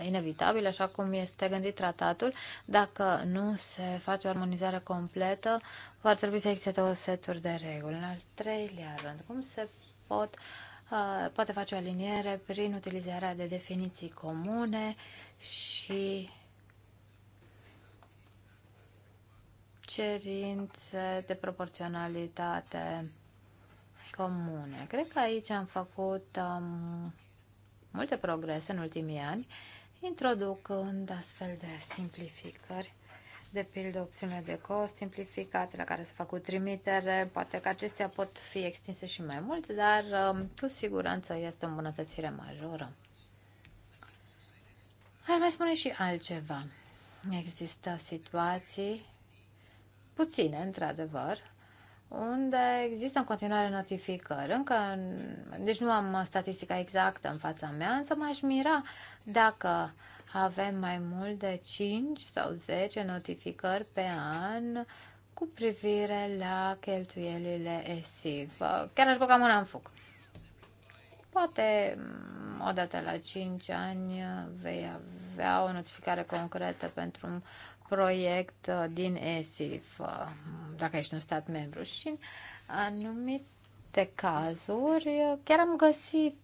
inevitabil, așa cum este gândit tratatul. Dacă nu se face o armonizare completă, va trebui să existe două seturi de reguli. În al treilea rând, cum se pot, uh, poate face o aliniere prin utilizarea de definiții comune și cerințe de proporționalitate comune. Cred că aici am făcut um, multe progrese în ultimii ani, introducând astfel de simplificări, de pildă opțiunile de cost simplificate la care se fac o trimitere, poate că acestea pot fi extinse și mai mult, dar um, cu siguranță este o îmbunătățire majoră. Ar mai spune și altceva. Există situații puține, într-adevăr, unde există în continuare notificări. Încă, deci nu am statistica exactă în fața mea, însă m-aș mira dacă avem mai mult de 5 sau 10 notificări pe an cu privire la cheltuielile ESIV. Chiar aș băga mâna în foc. Poate mm, odată la 5 ani vei avea o notificare concretă pentru proiect uh, din ESIF, uh, dacă ești un stat membru. Și în anumite cazuri uh, chiar am găsit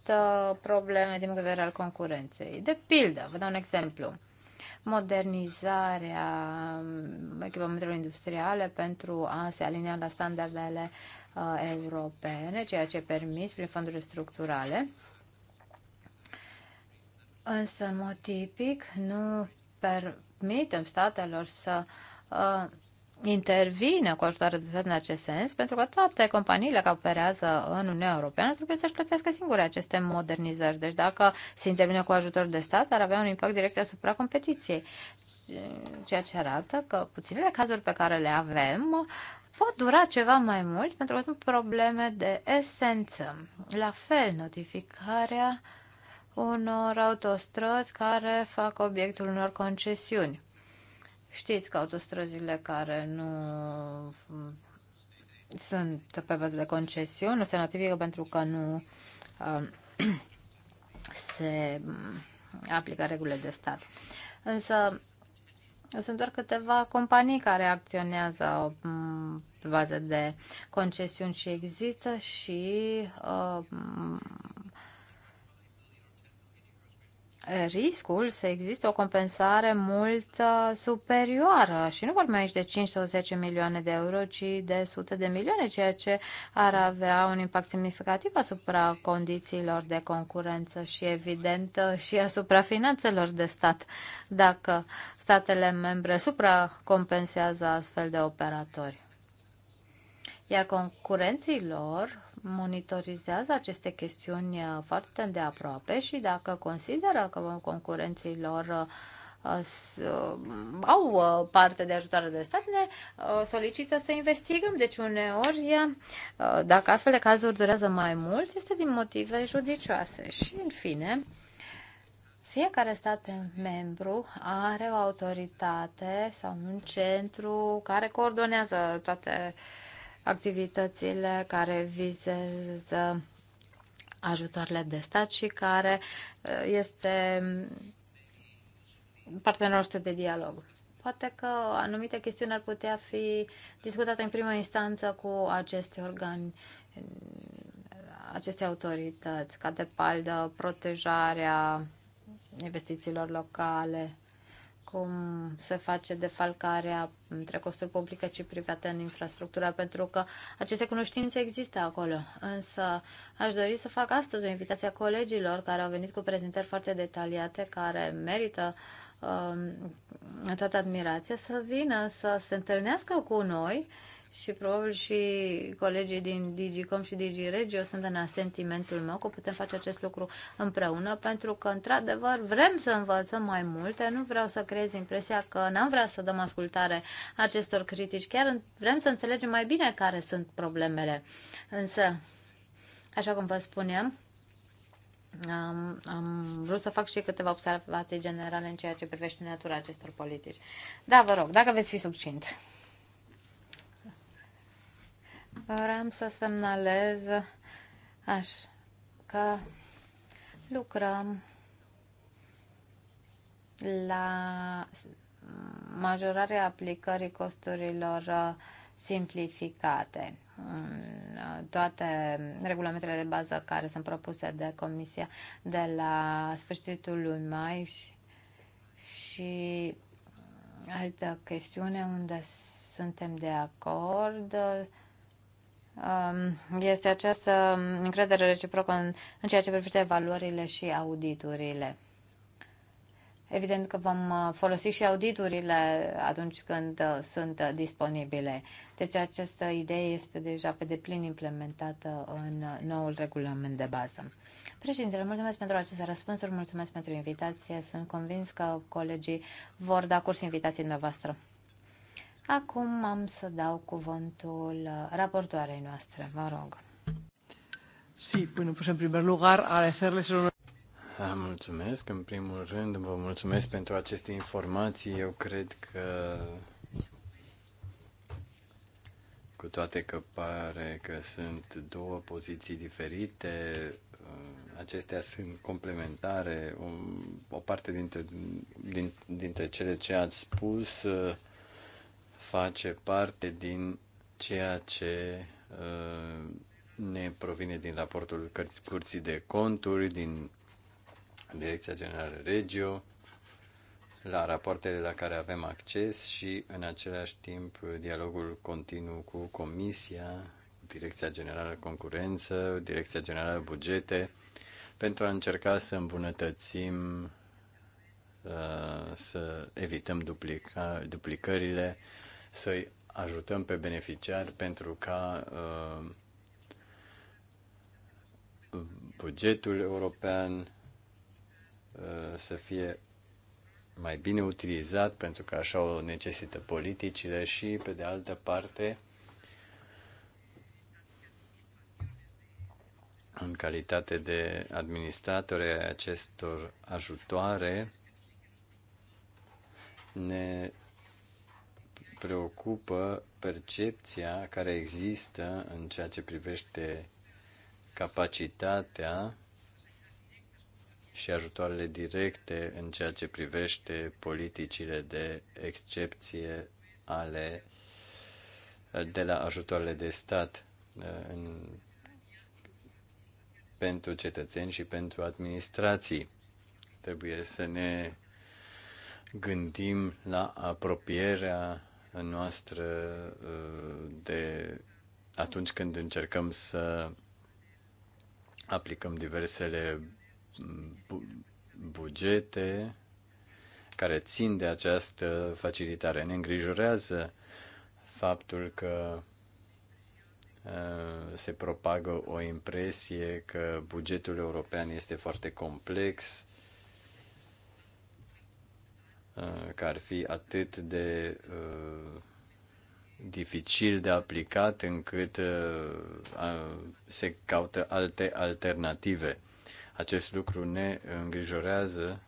probleme din vedere al concurenței. De pildă, vă dau un exemplu modernizarea um, echipamentelor industriale pentru a se alinia la standardele uh, europene, ceea ce e permis prin fondurile structurale. Însă, în mod tipic, nu per, permitem statelor să uh, intervină cu ajutoare de stat în acest sens, pentru că toate companiile care operează în Uniunea Europeană trebuie să-și plătească singure aceste modernizări. Deci dacă se intervine cu ajutor de stat, ar avea un impact direct asupra competiției, ceea ce arată că puținele cazuri pe care le avem pot dura ceva mai mult pentru că sunt probleme de esență. La fel, notificarea uh, unor autostrăzi care fac obiectul unor concesiuni. Știți că autostrăzile care nu sunt pe bază de concesiuni nu se notifică pentru că nu um, se aplică regulile de stat. Însă sunt doar câteva companii care acționează mm, pe bază de concesiuni și există și uh, riscul să existe o compensare mult superioară și nu vorbim aici de 5 sau 10 milioane de euro, ci de sute de milioane, ceea ce ar avea un impact semnificativ asupra condițiilor de concurență și evident și asupra finanțelor de stat, dacă statele membre supracompensează astfel de operatori. Iar concurenții lor monitorizează aceste chestiuni uh, foarte de aproape și dacă consideră că concurenții lor uh, uh, au parte de ajutoare de stat, ne solicită să investigăm. Deci uneori, dacă astfel de cazuri durează mai mult, este din motive judicioase. Și în fine, fiecare stat membru are o autoritate sau un centru care coordonează toate uh, activitățile care vizează ajutoarele de stat și care uh, este partenerul nostru de dialog. Poate că anumite chestiuni ar putea fi discutate în primă instanță cu aceste organi, aceste autorități, ca de paldă protejarea investițiilor locale, cum se face defalcarea între costuri publice și private în infrastructura, pentru că aceste cunoștințe există acolo. Însă aș dori să fac astăzi o invitație a colegilor care au venit cu prezentări foarte detaliate, care merită uh, um, toată admirația, să vină să se întâlnească cu noi uh, și probabil și colegii din DigiCom și DigiRegio sunt în asentimentul meu că putem face acest lucru împreună, pentru că, într-adevăr, vrem să învățăm mai multe, nu vreau să creez impresia că n-am vrea să dăm ascultare acestor critici, chiar vrem să înțelegem mai bine care sunt problemele. Însă, așa cum vă spuneam, am, am vrut să fac și câteva observații generale în ceea ce privește natura acestor politici. Da, vă rog, dacă veți fi succint. Vreau să semnalez aș, că lucrăm la majorarea aplicării costurilor uh, simplificate. Uh, toate regulamentele de bază care sunt propuse de Comisia de la sfârșitul lui mai și, și altă chestiune unde suntem de acord uh, Um, este această încredere reciprocă în, în ceea ce privește valorile și auditurile. Evident că vom uh, folosi și auditurile atunci când uh, sunt disponibile. Deci această idee este deja pe deplin implementată în uh, noul regulament de bază. Președintele, mulțumesc pentru aceste răspunsuri, mulțumesc pentru invitație. Sunt convins că colegii vor da curs invitației noastre. Acum am să dau cuvântul uh, raportoarei noastre, vă rog. Si, până pues en primer lugar agradecerles ah, Mulțumesc. În primul rând, vă mulțumesc pentru aceste informații. Eu cred că cu toate că pare că sunt două poziții diferite, uh, acestea sunt complementare. Um, o, parte dintre, dintre cele ce ați spus uh, face parte din ceea ce uh, ne provine din raportul Curții de Conturi, din Direcția Generală Regio, la rapoartele la care avem acces și, în același timp, dialogul continuu cu Comisia, Direcția Generală Concurență, Direcția Generală Bugete, pentru a încerca să îmbunătățim, uh, să evităm duplica, duplicările, să-i ajutăm pe beneficiari pentru ca uh, bugetul european uh, să fie mai bine utilizat pentru că așa o necesită politicile și pe de altă parte în calitate de administratore acestor ajutoare ne preocupă percepția care există în ceea ce privește capacitatea și ajutoarele directe în ceea ce privește politicile de excepție ale de la ajutoarele de stat uh, în, pentru cetățeni și pentru administrații. Trebuie să ne gândim la apropierea noastră uh, de atunci când încercăm să aplicăm diversele mm, bu- bugete care țin de această facilitare. Ne îngrijorează faptul că uh, se propagă o impresie că bugetul european este foarte complex, Uh, care ar fi atât de uh, dificil de aplicat încât uh, se caută alte alternative. Acest lucru ne îngrijorează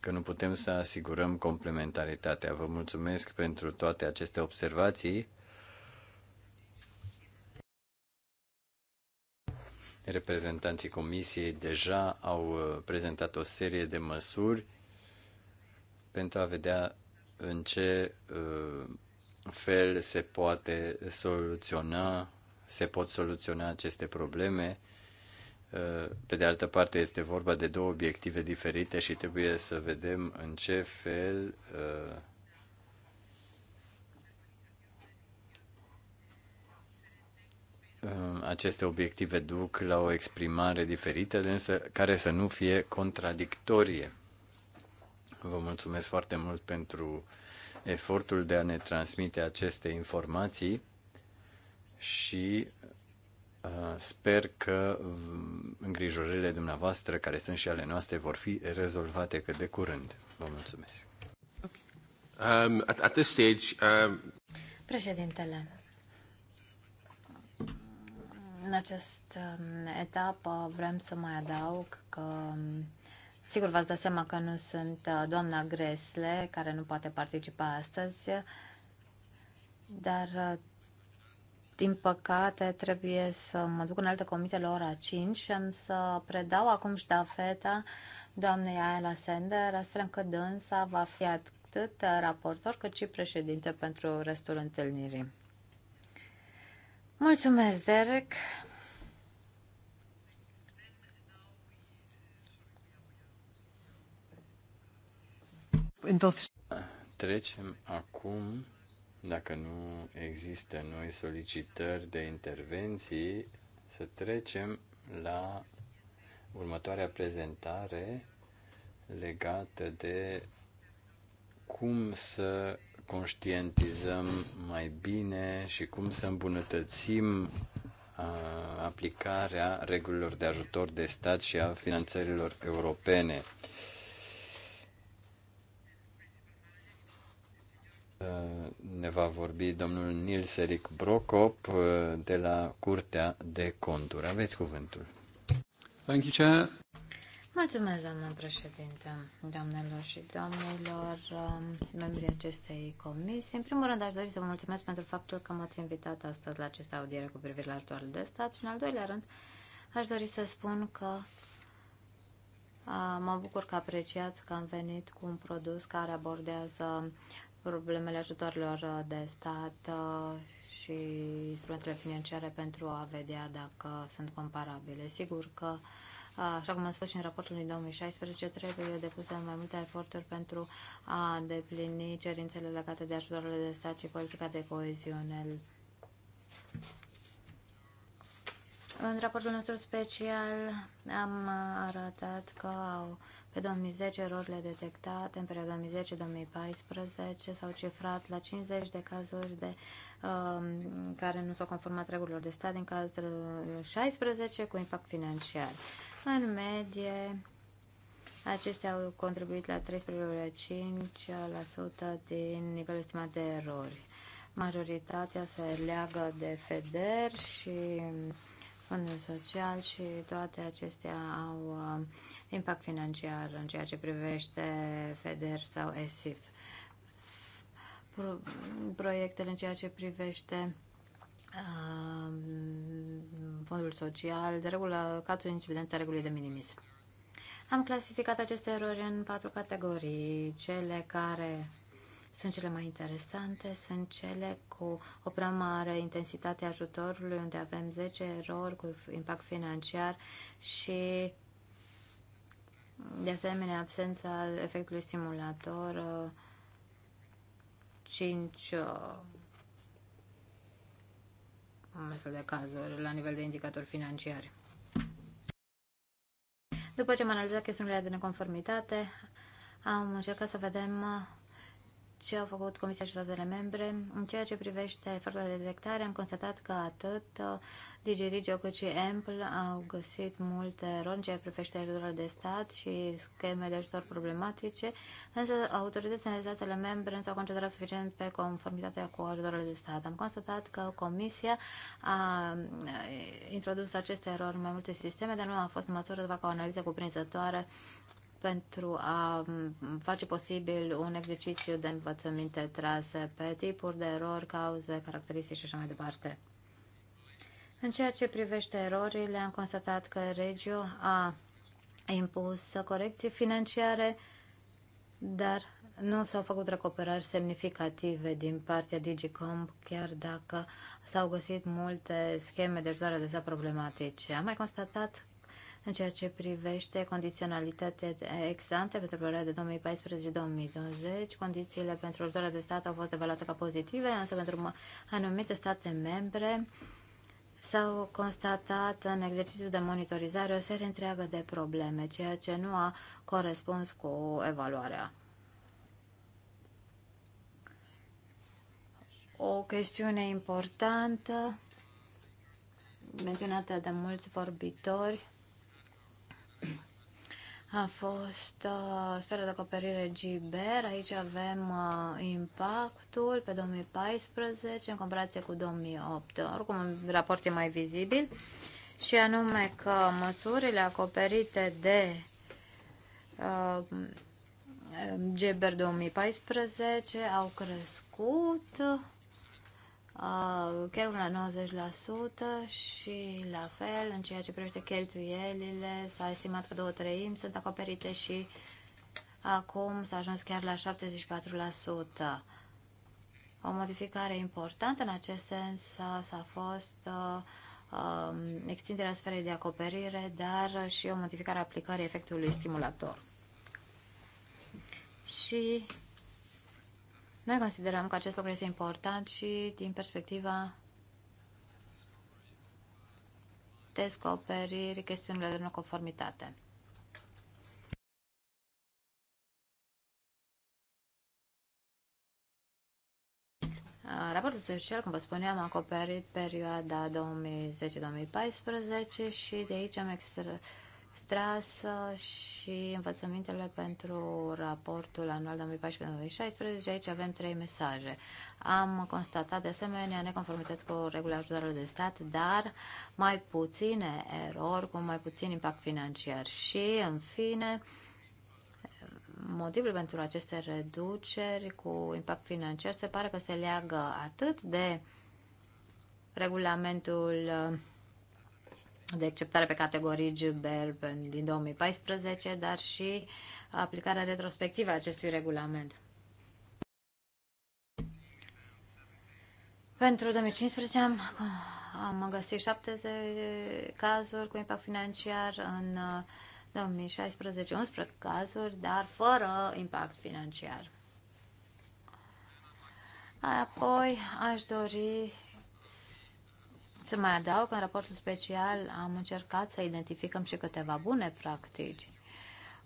că nu putem să asigurăm complementaritatea. Vă mulțumesc pentru toate aceste observații. Reprezentanții Comisiei deja au prezentat o serie de măsuri pentru a vedea în ce uh, fel se poate soluționa, se pot soluționa aceste probleme. Uh, pe de altă parte, este vorba de două obiective diferite și trebuie să vedem în ce fel uh, aceste obiective duc la o exprimare diferită, însă care să nu fie contradictorie. Vă mulțumesc foarte mult pentru efortul de a ne transmite aceste informații și uh, sper că îngrijorările dumneavoastră, care sunt și ale noastre, vor fi rezolvate cât de curând. Vă mulțumesc. Um, at, at this stage, um... Președintele, în această um, etapă vrem să mai adaug că um, Sigur, v-ați dat seama că nu sunt uh, doamna Gresle, care nu poate participa astăzi, dar uh, din păcate trebuie să mă duc în altă comisie la ora 5 și am să predau acum ștafeta doamnei Ayala Sender, astfel încât dânsa va fi atât raportor cât și președinte pentru restul întâlnirii. Mulțumesc, Derek! Entonces... Trecem acum, dacă nu există noi solicitări de intervenții, să trecem la următoarea prezentare legată de cum să conștientizăm mai bine și cum să îmbunătățim aplicarea regulilor de ajutor de stat și a finanțărilor europene. Ne va vorbi domnul Nils Eric Brocop uh, de la Curtea de Conturi. Aveți cuvântul. Thank you, Chair. Mulțumesc, doamnă președinte, doamnelor și domnilor, um, membrii acestei comisii. În primul rând, aș dori să vă mulțumesc pentru faptul că m-ați invitat astăzi la această audiere cu privire la actualul de stat și, în al doilea rând, aș dori să spun că uh, mă bucur că apreciați că am venit cu un produs care abordează problemele ajutoarelor de stat uh, și instrumentele financiare pentru a vedea dacă sunt comparabile. Sigur că, uh, așa cum am spus și în raportul din 2016, trebuie depuse mai multe eforturi pentru a îndeplini cerințele legate de ajutoarele de stat și politica de coeziune În raportul nostru special am arătat că au, pe 2010 erorile detectate în perioada 2010-2014 s-au cifrat la 50 de cazuri de, uh, care nu s-au conformat regulilor de stat, din cadrul 16 cu impact financiar. În medie, acestea au contribuit la 13,5% din nivelul estimat de erori majoritatea se leagă de FEDER și fondul social și toate acestea au uh, impact financiar în ceea ce privește FEDER sau ESIF. Pro proiectele în ceea ce privește uh, fondul social, de regulă cadrul incidența regulii de minimis. Am clasificat aceste erori în patru categorii, cele care sunt cele mai interesante, sunt cele cu o prea mare intensitate ajutorului, unde avem 10 erori cu impact financiar și de asemenea absența efectului stimulator 5 uh, uh, astfel de cazuri la nivel de indicatori financiari. După ce am analizat chestiunile de neconformitate, am încercat să vedem uh, ce au făcut Comisia și statele membre. În ceea ce privește efortul de detectare, am constatat că atât uh, DigiRigio cât și Ample au găsit multe erori în ceea ce privește ajutorul de stat și scheme de ajutor problematice, însă autoritățile de statele membre nu s-au concentrat suficient pe conformitatea cu ajutorul de stat. Am constatat că Comisia a uh, introdus aceste erori în mai multe sisteme, dar nu a fost în măsură să facă o analiză cuprinzătoare pentru a face posibil un exercițiu de învățăminte trase pe tipuri de erori, cauze, caracteristici și așa mai departe. În ceea ce privește erorile, am constatat că Regio a impus corecții financiare, dar nu s-au făcut recuperări semnificative din partea Digicom, chiar dacă s-au găsit multe scheme de ajutoare de problematice. Am mai constatat în ceea ce privește condiționalitatea ex-ante pentru perioada de 2014-2020. Condițiile pentru ajutoare de stat au fost evaluate ca pozitive, însă pentru anumite state membre s-au constatat în exercițiul de monitorizare o serie întreagă de probleme, ceea ce nu a corespuns cu evaluarea. O chestiune importantă menționată de mulți vorbitori a fost uh, sfera de acoperire GBER. Aici avem uh, impactul pe 2014 în comparație cu 2008. Oricum, raport e mai vizibil și anume că măsurile acoperite de uh, GBER 2014 au crescut chiar la 90% și la fel în ceea ce privește cheltuielile s-a estimat că două treimi sunt acoperite și acum s-a ajuns chiar la 74%. O modificare importantă în acest sens s-a fost extinderea sferei de acoperire, dar și o modificare a aplicării efectului stimulator. Și noi considerăm că acest lucru este important și din perspectiva descoperirii chestiunilor de neconformitate. Raportul special, cum vă spuneam, a acoperit perioada 2010-2014 și de aici am extras trasă și învățămintele pentru raportul anual 2014-2016. Aici avem trei mesaje. Am constatat de asemenea neconformități cu regulile ajutorului de stat, dar mai puține erori cu mai puțin impact financiar și, în fine, motivul pentru aceste reduceri cu impact financiar se pare că se leagă atât de regulamentul de acceptare pe categorii GBL din 2014, dar și aplicarea retrospectivă a acestui regulament. Pentru 2015 am, am găsit 70 cazuri cu impact financiar în 2016, uh, 11 cazuri, dar fără impact financiar. Apoi aș dori să mai adaug, în raportul special am încercat să identificăm și câteva bune practici.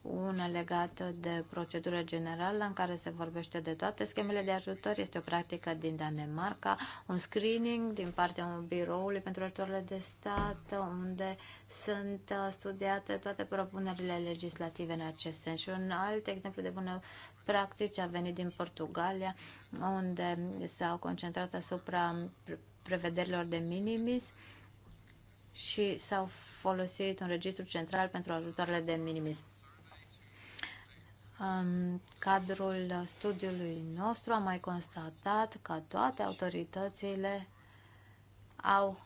Una legată de procedură generală în care se vorbește de toate schemele de ajutor este o practică din Danemarca, un screening din partea biroului pentru ajutorile de stat, unde sunt uh, studiate toate propunerile legislative în acest sens. Și un alt exemplu de bună practici a venit din Portugalia, unde s-au concentrat asupra prevederilor de minimis și s-au folosit un registru central pentru ajutoarele de minimis. În cadrul studiului nostru am mai constatat că toate autoritățile au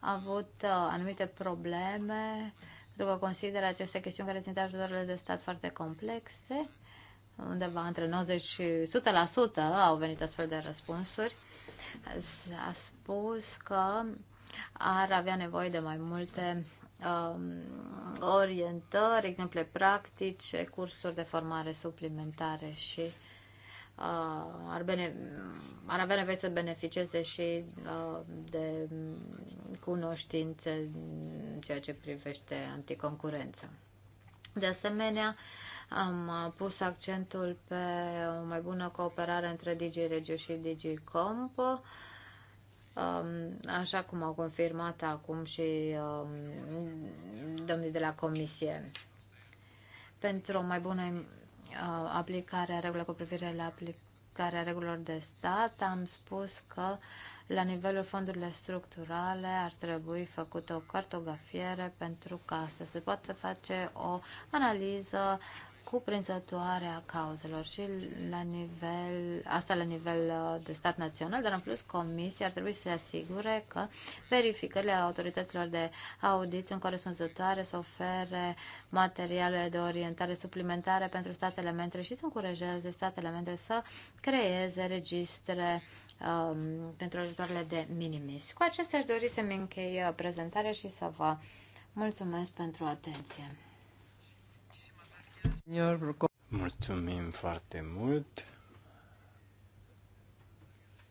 avut uh, anumite probleme pentru că consideră aceste chestiuni care țin de ajutoarele de stat foarte complexe. Undeva între 90 și 100% au venit astfel de răspunsuri a spus că ar avea nevoie de mai multe uh, orientări, exemple practice, cursuri de formare suplimentare și uh, ar, bene- ar avea nevoie să beneficieze și uh, de cunoștințe în ceea ce privește anticoncurența. De asemenea, uh, am uh, pus accentul pe o mai bună cooperare între DigiRegio și DigiComp, um, așa cum au confirmat acum și um, domnii de la Comisie. Pentru o mai bună uh, aplicare a regulilor cu privire la aplicarea regulilor de stat, am spus că la nivelul fondurilor structurale ar trebui făcută o cartografiere pentru ca să se poată face o analiză uh, cuprinzătoare a cauzelor și la nivel, asta la nivel uh, de stat național, dar în plus comisia ar trebui să se asigure că verificările autorităților de audit sunt corespunzătoare, să ofere materiale de orientare suplimentare pentru statele membre și să încurajeze statele membre să creeze registre um, pentru ajutoarele de minimis. Cu acestea aș dori să-mi închei uh, prezentarea și să vă mulțumesc pentru atenție. Mulțumim foarte mult.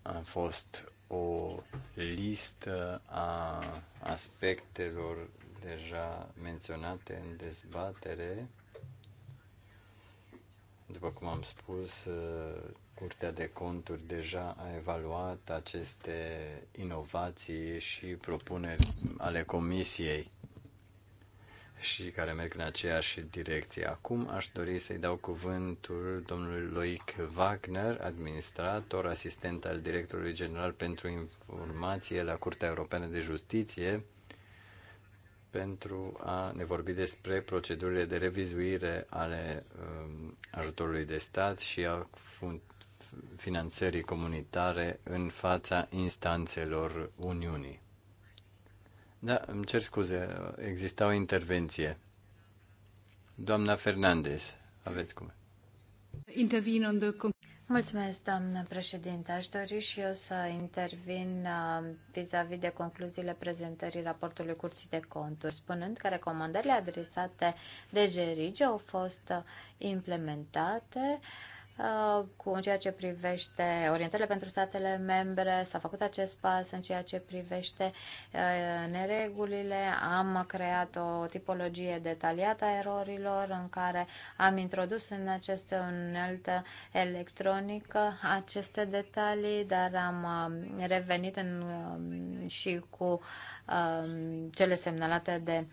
A fost o listă a aspectelor deja menționate în dezbatere. După cum am spus, uh, Curtea de Conturi deja a evaluat aceste inovații și propuneri ale Comisiei și care merg în aceeași direcție. Acum aș dori să-i dau cuvântul domnului Loic Wagner, administrator, asistent al directorului general pentru informație la Curtea Europeană de Justiție, pentru a ne vorbi despre procedurile de revizuire ale um, ajutorului de stat și a finanțării comunitare în fața instanțelor Uniunii. Da, îmi cer scuze, exista o intervenție. Doamna Fernandez, aveți cum. Intervin în the... Mulțumesc, doamnă președinte. Aș dori și eu să intervin uh, vis-a-vis -vis de concluziile prezentării raportului Curții de Conturi, spunând că recomandările adresate de Gerige au fost uh, implementate uh, Uh, cu în ceea ce privește orientările pentru statele membre, s-a făcut acest pas în ceea ce privește uh, neregulile, am creat o tipologie detaliată a erorilor în care am introdus în această unealtă electronică aceste detalii, dar am uh, revenit în, um, și cu um, cele semnalate de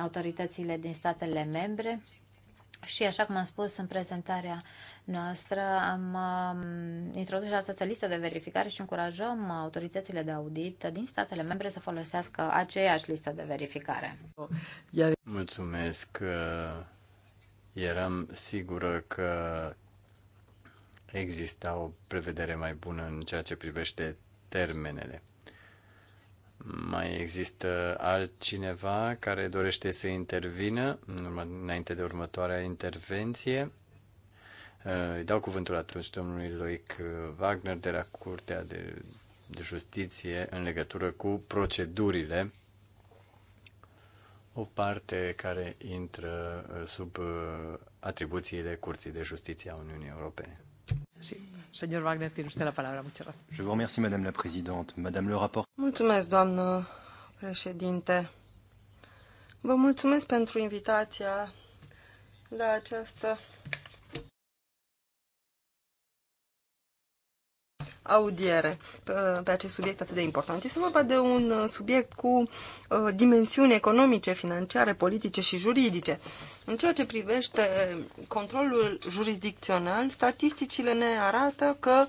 autoritățile din statele membre. Și așa cum am spus în prezentarea noastră, am um, introdus și această listă de verificare și încurajăm autoritățile de audit din statele membre să folosească aceeași listă de verificare. Mulțumesc! Eram sigură că exista o prevedere mai bună în ceea ce privește termenele. Mai există altcineva care dorește să intervină înainte de următoarea intervenție? Uh, îi dau cuvântul atunci domnului Loic Wagner de la Curtea de, de Justiție în legătură cu procedurile. O parte care intră uh, sub uh, atribuțiile Curții de Justiție a Uniunii Europene. Señor Wagner, tiene usted la palabra. Muchas gracias. Je vous remercie, Madame la Présidente. Madame le rapport. Mulțumesc, doamnă președinte. Vă mulțumesc pentru invitația la această audiere pe, acest subiect atât de important. Este vorba de un uh, subiect cu uh, dimensiuni economice, financiare, politice și juridice. În ceea ce privește controlul jurisdicțional, statisticile ne arată că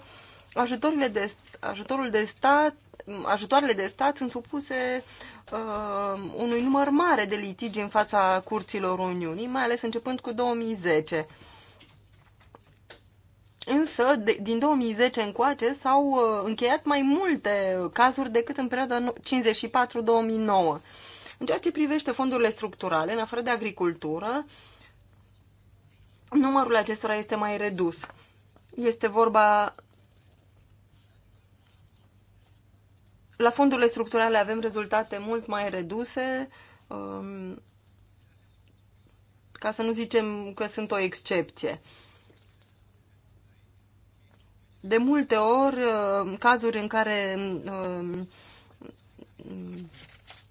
ajutorile de, ajutorul de stat, ajutoarele de stat sunt supuse uh, unui număr mare de litigi în fața curților Uniunii, mai ales începând cu 2010. Însă, de, din 2010 încoace s-au uh, încheiat mai multe cazuri decât în perioada 54-2009. În ceea ce privește fondurile structurale, în afară de agricultură, numărul acestora este mai redus. Este vorba la fondurile structurale avem rezultate mult mai reduse, um, ca să nu zicem că sunt o excepție de multe ori uh, cazuri în care um,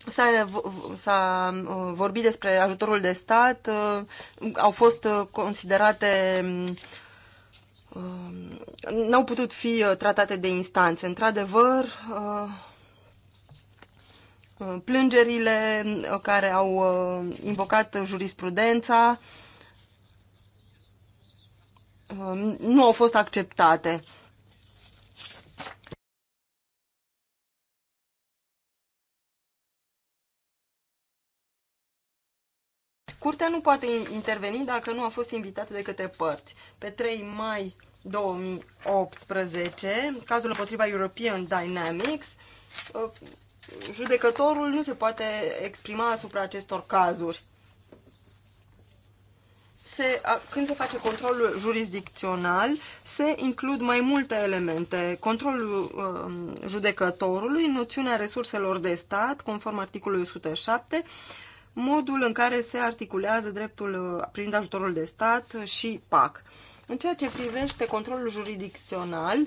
S-a, s-a uh, vorbit despre ajutorul de stat, uh, au fost considerate, um, n-au putut fi tratate de instanțe. Într-adevăr, plângerile care au invocat jurisprudența nu au fost acceptate. Curtea nu poate interveni dacă nu a fost invitată de câte părți. Pe 3 mai 2018, cazul împotriva European Dynamics, uh, judecătorul nu se poate exprima asupra acestor cazuri. Se, când se face controlul jurisdicțional, se includ mai multe elemente. Controlul uh, judecătorului, noțiunea resurselor de stat, conform articolului 107, modul în care se articulează dreptul uh, prin ajutorul de stat și PAC. În ceea ce privește controlul jurisdicțional,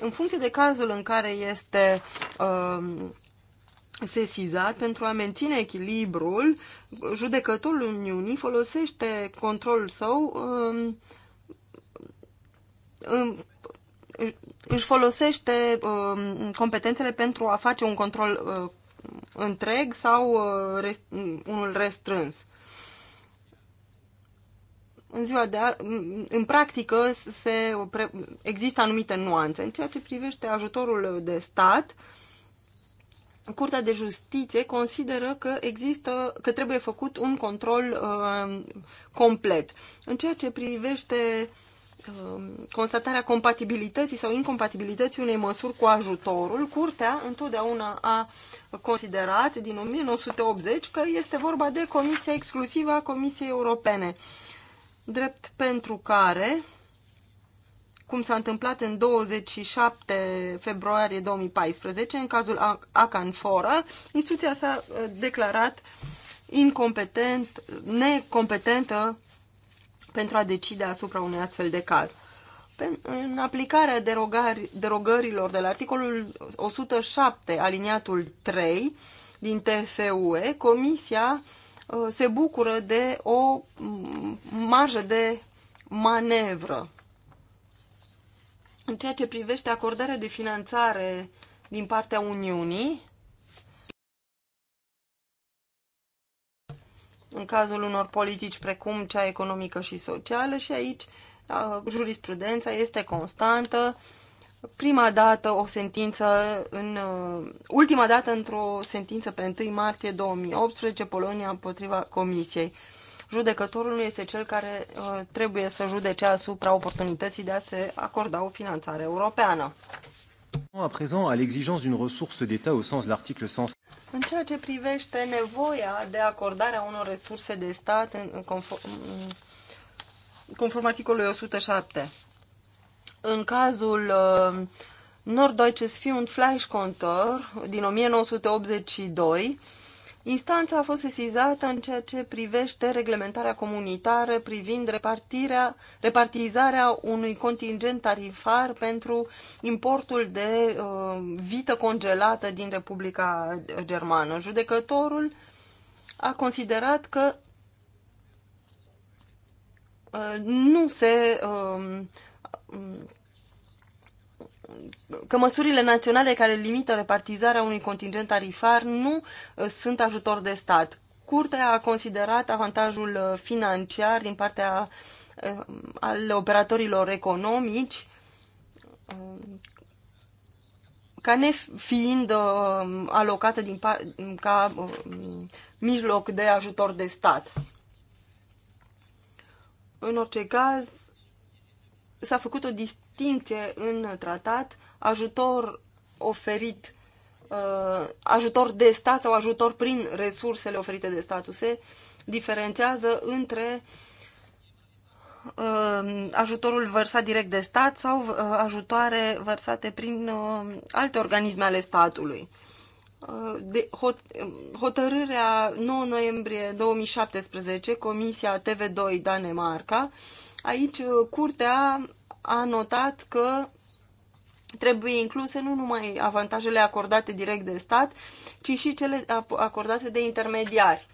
în funcție de cazul în care este uh, sesizat, pentru a menține echilibrul, judecătorul Uniunii folosește controlul său uh, își folosește um, competențele pentru a face un control uh, întreg sau uh, rest, unul restrâns. În ziua de a, în practică se, există anumite nuanțe. În ceea ce privește ajutorul de stat, Curtea de Justiție consideră că există, că trebuie făcut un control uh, complet. În ceea ce privește uh, Um, constatarea compatibilității sau incompatibilității unei măsuri cu ajutorul, Curtea întotdeauna a considerat din 1980 că este vorba de comisia exclusivă a Comisiei Europene, drept pentru care, cum s-a întâmplat în 27 februarie 2014, în cazul Acanfora, instituția s-a uh, declarat incompetent, necompetentă pentru a decide asupra unui astfel de caz. În aplicarea derogărilor de la articolul 107, aliniatul 3 din TFUE, Comisia uh, se bucură de o mm, marjă de manevră. În ceea ce privește acordarea de finanțare din partea Uniunii, în cazul unor politici precum cea economică și socială și aici da, jurisprudența este constantă. Prima dată o sentință în uh, ultima dată într-o sentință pe 1 martie 2018 Polonia împotriva Comisiei. Judecătorul nu este cel care uh, trebuie să judece asupra oportunității de a se acorda o finanțare europeană. À présent, à l'exigence d'une ressource d'État au sens de l'article 100. În ceea ce privește nevoia de acordarea unor resurse de stat în conform, conform articolului 107, în cazul uh, Norddeutsches Film flash Fleischkontor din 1982, Instanța a fost sesizată în ceea ce privește reglementarea comunitară privind repartirea, repartizarea unui contingent tarifar pentru importul de uh, vită congelată din Republica Germană. Judecătorul a considerat că uh, nu se uh, că măsurile naționale care limită repartizarea unui contingent tarifar nu uh, sunt ajutor de stat. Curtea a considerat avantajul uh, financiar din partea uh, al operatorilor economici ca ne fiind alocată din ca mijloc de ajutor de stat. În orice caz, s-a făcut o distinție distincție în tratat ajutor oferit, uh, ajutor de stat sau ajutor prin resursele oferite de statul. Se diferențează între uh, ajutorul vărsat direct de stat sau uh, ajutoare vărsate prin alte organisme ale statului. De hot, hotărârea 9 noiembrie 2017, Comisia TV2 Danemarca, aici curtea a notat că trebuie incluse nu numai avantajele acordate direct de stat, ci și cele acordate de intermediari.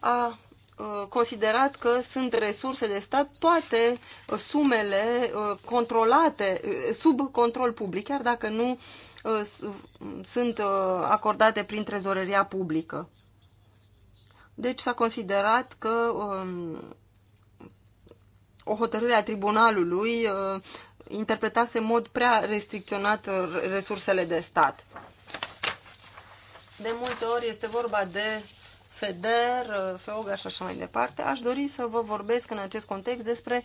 A uh, considerat că sunt resurse de stat toate uh, sumele uh, controlate sub control public, chiar dacă nu sunt acordate prin trezoreria publică. Deci s-a considerat că um, o hotărâre a tribunalului uh, interpretase în mod prea restricționat uh, resursele de stat. De multe ori este vorba de FEDER, uh, FEOGA și așa mai departe. Aș dori să vă vorbesc în acest context despre,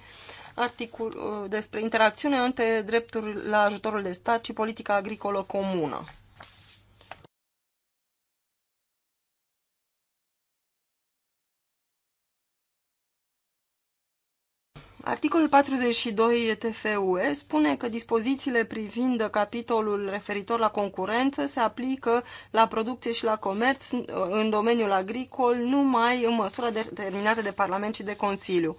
articul, despre interacțiunea între dreptul la ajutorul de stat și politica agricolă comună. Articolul 42 TFUE spune că dispozițiile privind capitolul referitor la concurență se aplică la producție și la comerț în domeniul agricol numai în măsura determinată de Parlament și de Consiliu.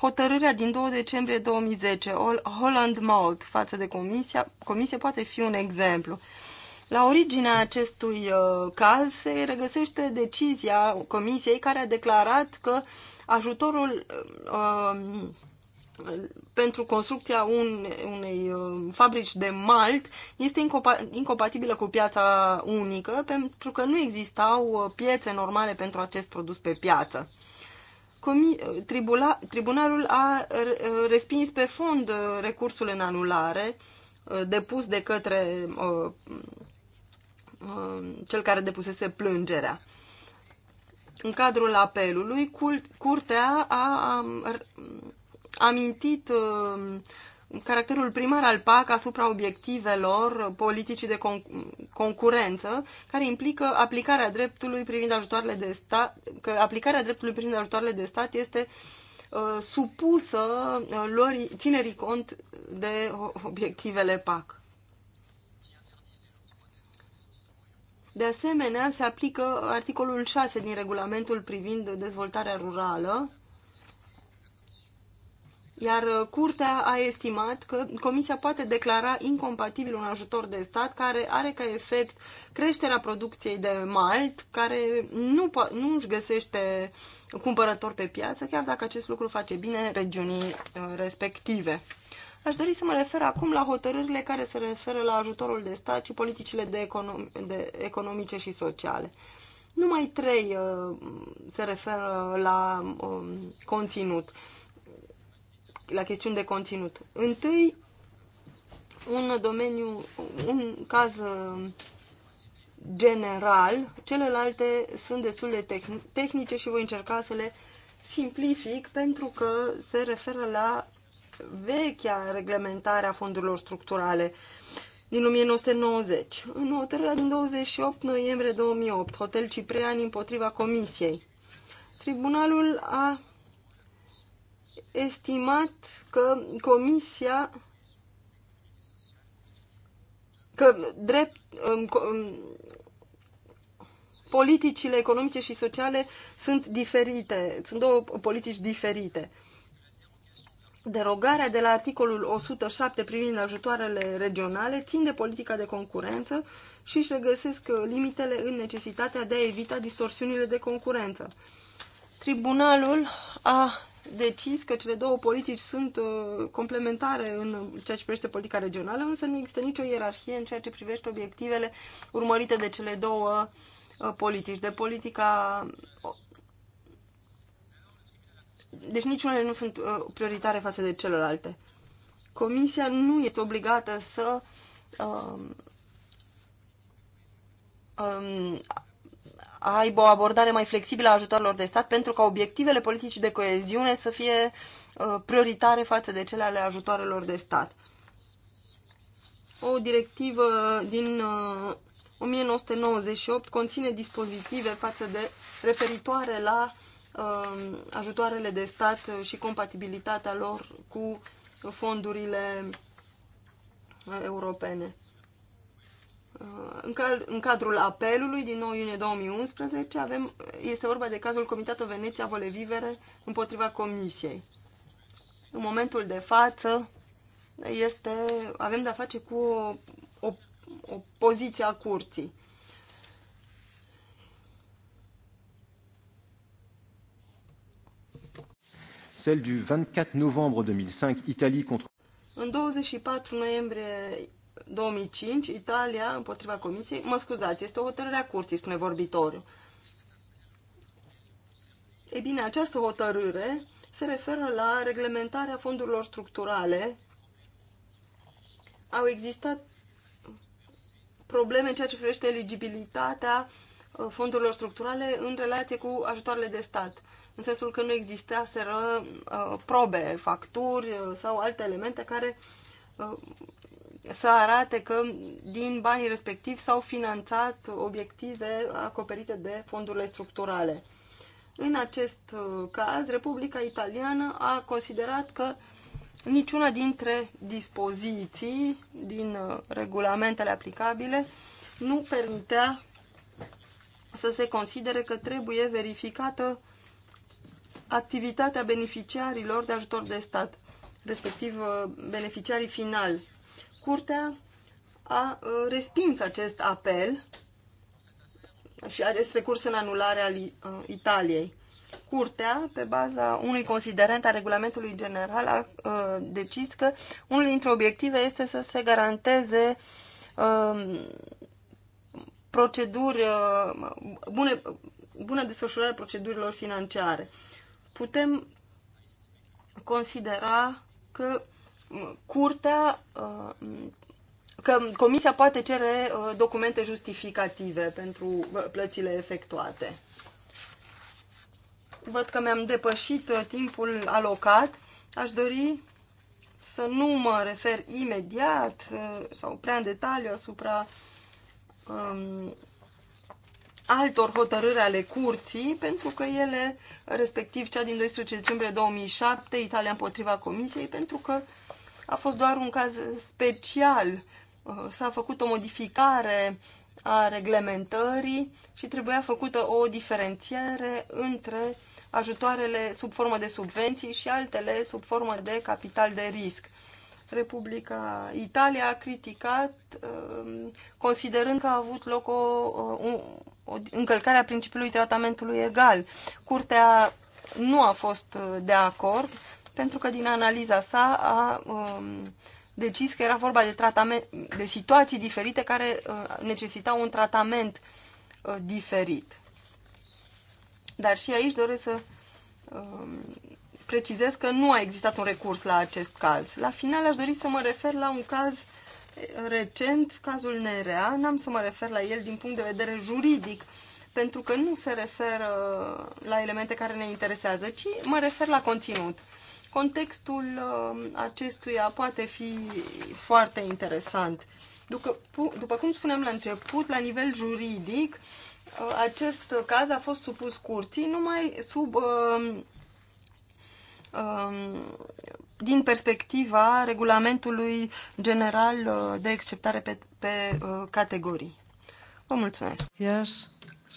Hotărârea din 2 decembrie 2010, Holland Malt, față de comisia, Comisia poate fi un exemplu. La originea acestui uh, caz se regăsește decizia comisiei care a declarat că uh, ajutorul um, pentru construcția unei, um, fabrici de malt este incompatibilă cu piața unică pentru că nu existau uh, piețe normale pentru acest produs pe piață. tribula, tribunalul a respins pe fond uh, recursul în anulare uh, depus de către uh, uh, cel care depusese plângerea. În cadrul apelului, curtea a amintit uh, caracterul primar al PAC asupra obiectivelor politicii de con- concurență, care implică aplicarea dreptului privind ajutoarele de stat, că aplicarea dreptului privind ajutoarele de stat este uh, supusă uh, lor, ținerii cont de uh, obiectivele PAC. De asemenea, se aplică articolul 6 din regulamentul privind dezvoltarea rurală, iar uh, curtea a estimat că Comisia poate declara incompatibil un ajutor de stat care are ca efect creșterea producției de malt, care nu, nu își găsește cumpărător pe piață, chiar dacă acest lucru face bine regiunii uh, respective. Aș dori să mă refer acum la hotărârile care se referă la ajutorul de stat și politicile de econom- de economice și sociale. Numai trei uh, se referă la um, conținut, la chestiuni de conținut. Întâi, un domeniu, un caz uh, general, celelalte sunt destul de tehnice și voi încerca să le simplific pentru că se referă la vechea reglementare a fondurilor structurale din 1990. În hotărârea din 28 noiembrie 2008, Hotel Ciprian împotriva Comisiei, tribunalul a estimat că Comisia că drept um, um, politicile economice și sociale sunt diferite, sunt două politici diferite. Derogarea de la articolul 107 privind ajutoarele regionale țin de politica de concurență și își regăsesc uh, limitele în necesitatea de a evita distorsiunile de concurență. Tribunalul a decis că cele două politici sunt uh, complementare în ceea ce privește politica regională, însă nu există nicio ierarhie în ceea ce privește obiectivele urmărite de cele două uh, politici, de politica deci niciunele nu sunt uh, prioritare față de celelalte. Comisia nu este obligată să um, um, aibă o abordare mai flexibilă a ajutorilor de stat pentru ca obiectivele politicii de coeziune să fie uh, prioritare față de cele ale ajutoarelor de stat. O directivă din uh, 1998 conține dispozitive față de referitoare la Um, ajutoarele de stat și compatibilitatea lor cu fondurile uh, europene. Uh, în, cadrul apelului din 9 iunie 2011 avem, este vorba de cazul Comitato Veneția Volevivere împotriva Comisiei. În momentul de față este, avem de-a face cu o, o, o poziție a curții. celle du 24 novembre 2005, Italie contre... În 24 noiembrie 2005, Italia împotriva Comisiei... Mă scuzați, este o hotărâre a curții, spune vorbitorul. Ei bine, această hotărâre se referă la reglementarea fondurilor structurale. Au existat probleme în ceea ce privește eligibilitatea uh, fondurilor structurale în relație cu ajutoarele de stat în sensul că nu existaseră uh, probe, facturi uh, sau alte elemente care uh, să arate că din banii respectivi s-au finanțat obiective acoperite de fondurile structurale. În acest caz, Republica Italiană a considerat că niciuna dintre dispoziții din regulamentele aplicabile nu permitea să se considere că trebuie verificată activitatea beneficiarilor de ajutor de stat, respectiv uh, beneficiarii finali. Curtea a uh, respins acest apel și acest recurs în anularea uh, Italiei. Curtea, pe baza unui considerent a regulamentului general, a, decis că unul dintre obiective este să se garanteze um, proceduri, bune, bună desfășurare a procedurilor financiare putem considera că curtea, uh, că comisia poate cere uh, documente justificative pentru uh, plățile efectuate. Văd că mi-am depășit timpul alocat. Aș dori să nu mă refer imediat sau prea în detaliu asupra um, altor hotărâri ale curții, pentru că ele, respectiv cea din 12 decembrie 2007, Italia împotriva Comisiei, pentru că a fost doar un caz special. Uh, s-a făcut o modificare a reglementării și trebuia făcută o diferențiere între ajutoarele sub formă de subvenții și altele sub formă de capital de risc. Republica Italia a criticat, um, considerând că a avut loc o, o, o încălcare a principiului tratamentului egal. Curtea nu a fost uh, de acord, pentru că din analiza sa a um, decis că era vorba de, tratament, de situații diferite care uh, necesitau un tratament uh, diferit. Dar și aici doresc să um, precizez că nu a existat un recurs la acest caz. La final aș dori să mă refer la un caz eh, recent, cazul Nerea. N-am să mă refer la el din punct de vedere juridic, pentru că nu se referă la elemente care ne interesează, ci mă refer la conținut. Contextul eh, acestuia poate fi foarte interesant. După, cum spuneam la început, la nivel juridic, eh, acest caz a fost supus curții numai sub uh, Um, din perspectiva regulamentului general uh, de exceptare pe, pe uh, categorii. Vă mulțumesc. Yes.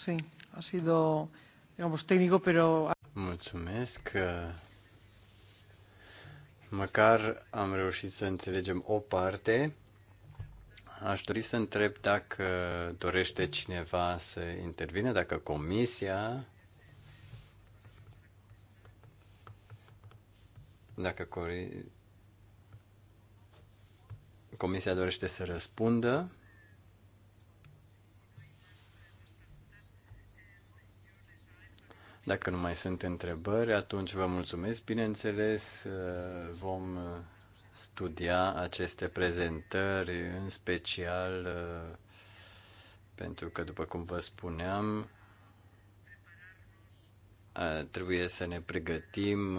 Sí, A sido, digamos, técnico, pero... Mulțumesc. Măcar am reușit să înțelegem o parte. Aș dori să întreb dacă dorește cineva să intervine, dacă comisia Dacă Comisia dorește să răspundă, Dacă nu mai sunt întrebări, atunci vă mulțumesc. Bineînțeles, vom studia aceste prezentări, în special pentru că, după cum vă spuneam, trebuie să ne pregătim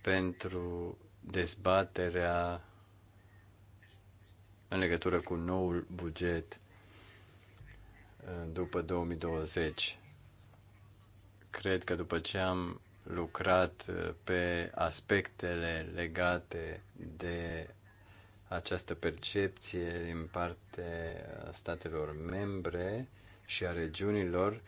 pentru dezbaterea în legătură cu noul buget uh, după 2020. Cred că după ce am lucrat uh, pe aspectele legate de această percepție din partea statelor membre și a regiunilor,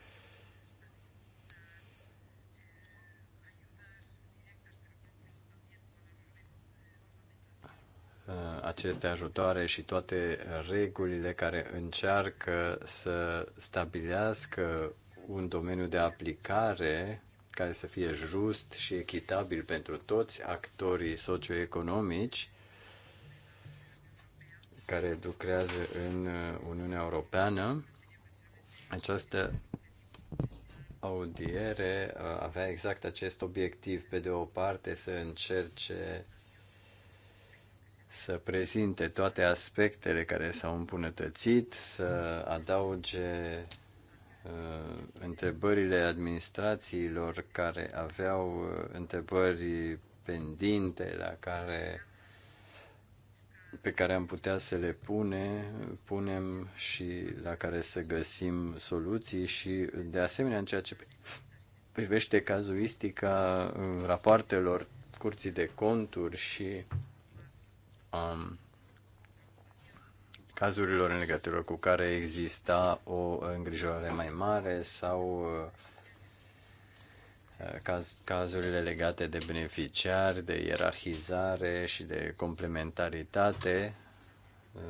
Uh, aceste ajutoare și toate regulile care încearcă să stabilească un domeniu de aplicare care să fie just și echitabil pentru toți actorii socioeconomici care lucrează în uh, Uniunea Europeană. Această audiere uh, avea exact acest obiectiv, pe de o parte să încerce să prezinte toate aspectele care s-au împunătățit, să adauge uh, întrebările administrațiilor care aveau uh, întrebări pendinte la care pe care am putea să le pune, punem și la care să găsim soluții și de asemenea în ceea ce privește cazuistica uh, rapoartelor curții de conturi și um, cazurilor în legătură cu care exista o îngrijorare mai mare sau uh, uh, caz, cazurile legate de beneficiari, de ierarhizare și de complementaritate, uh,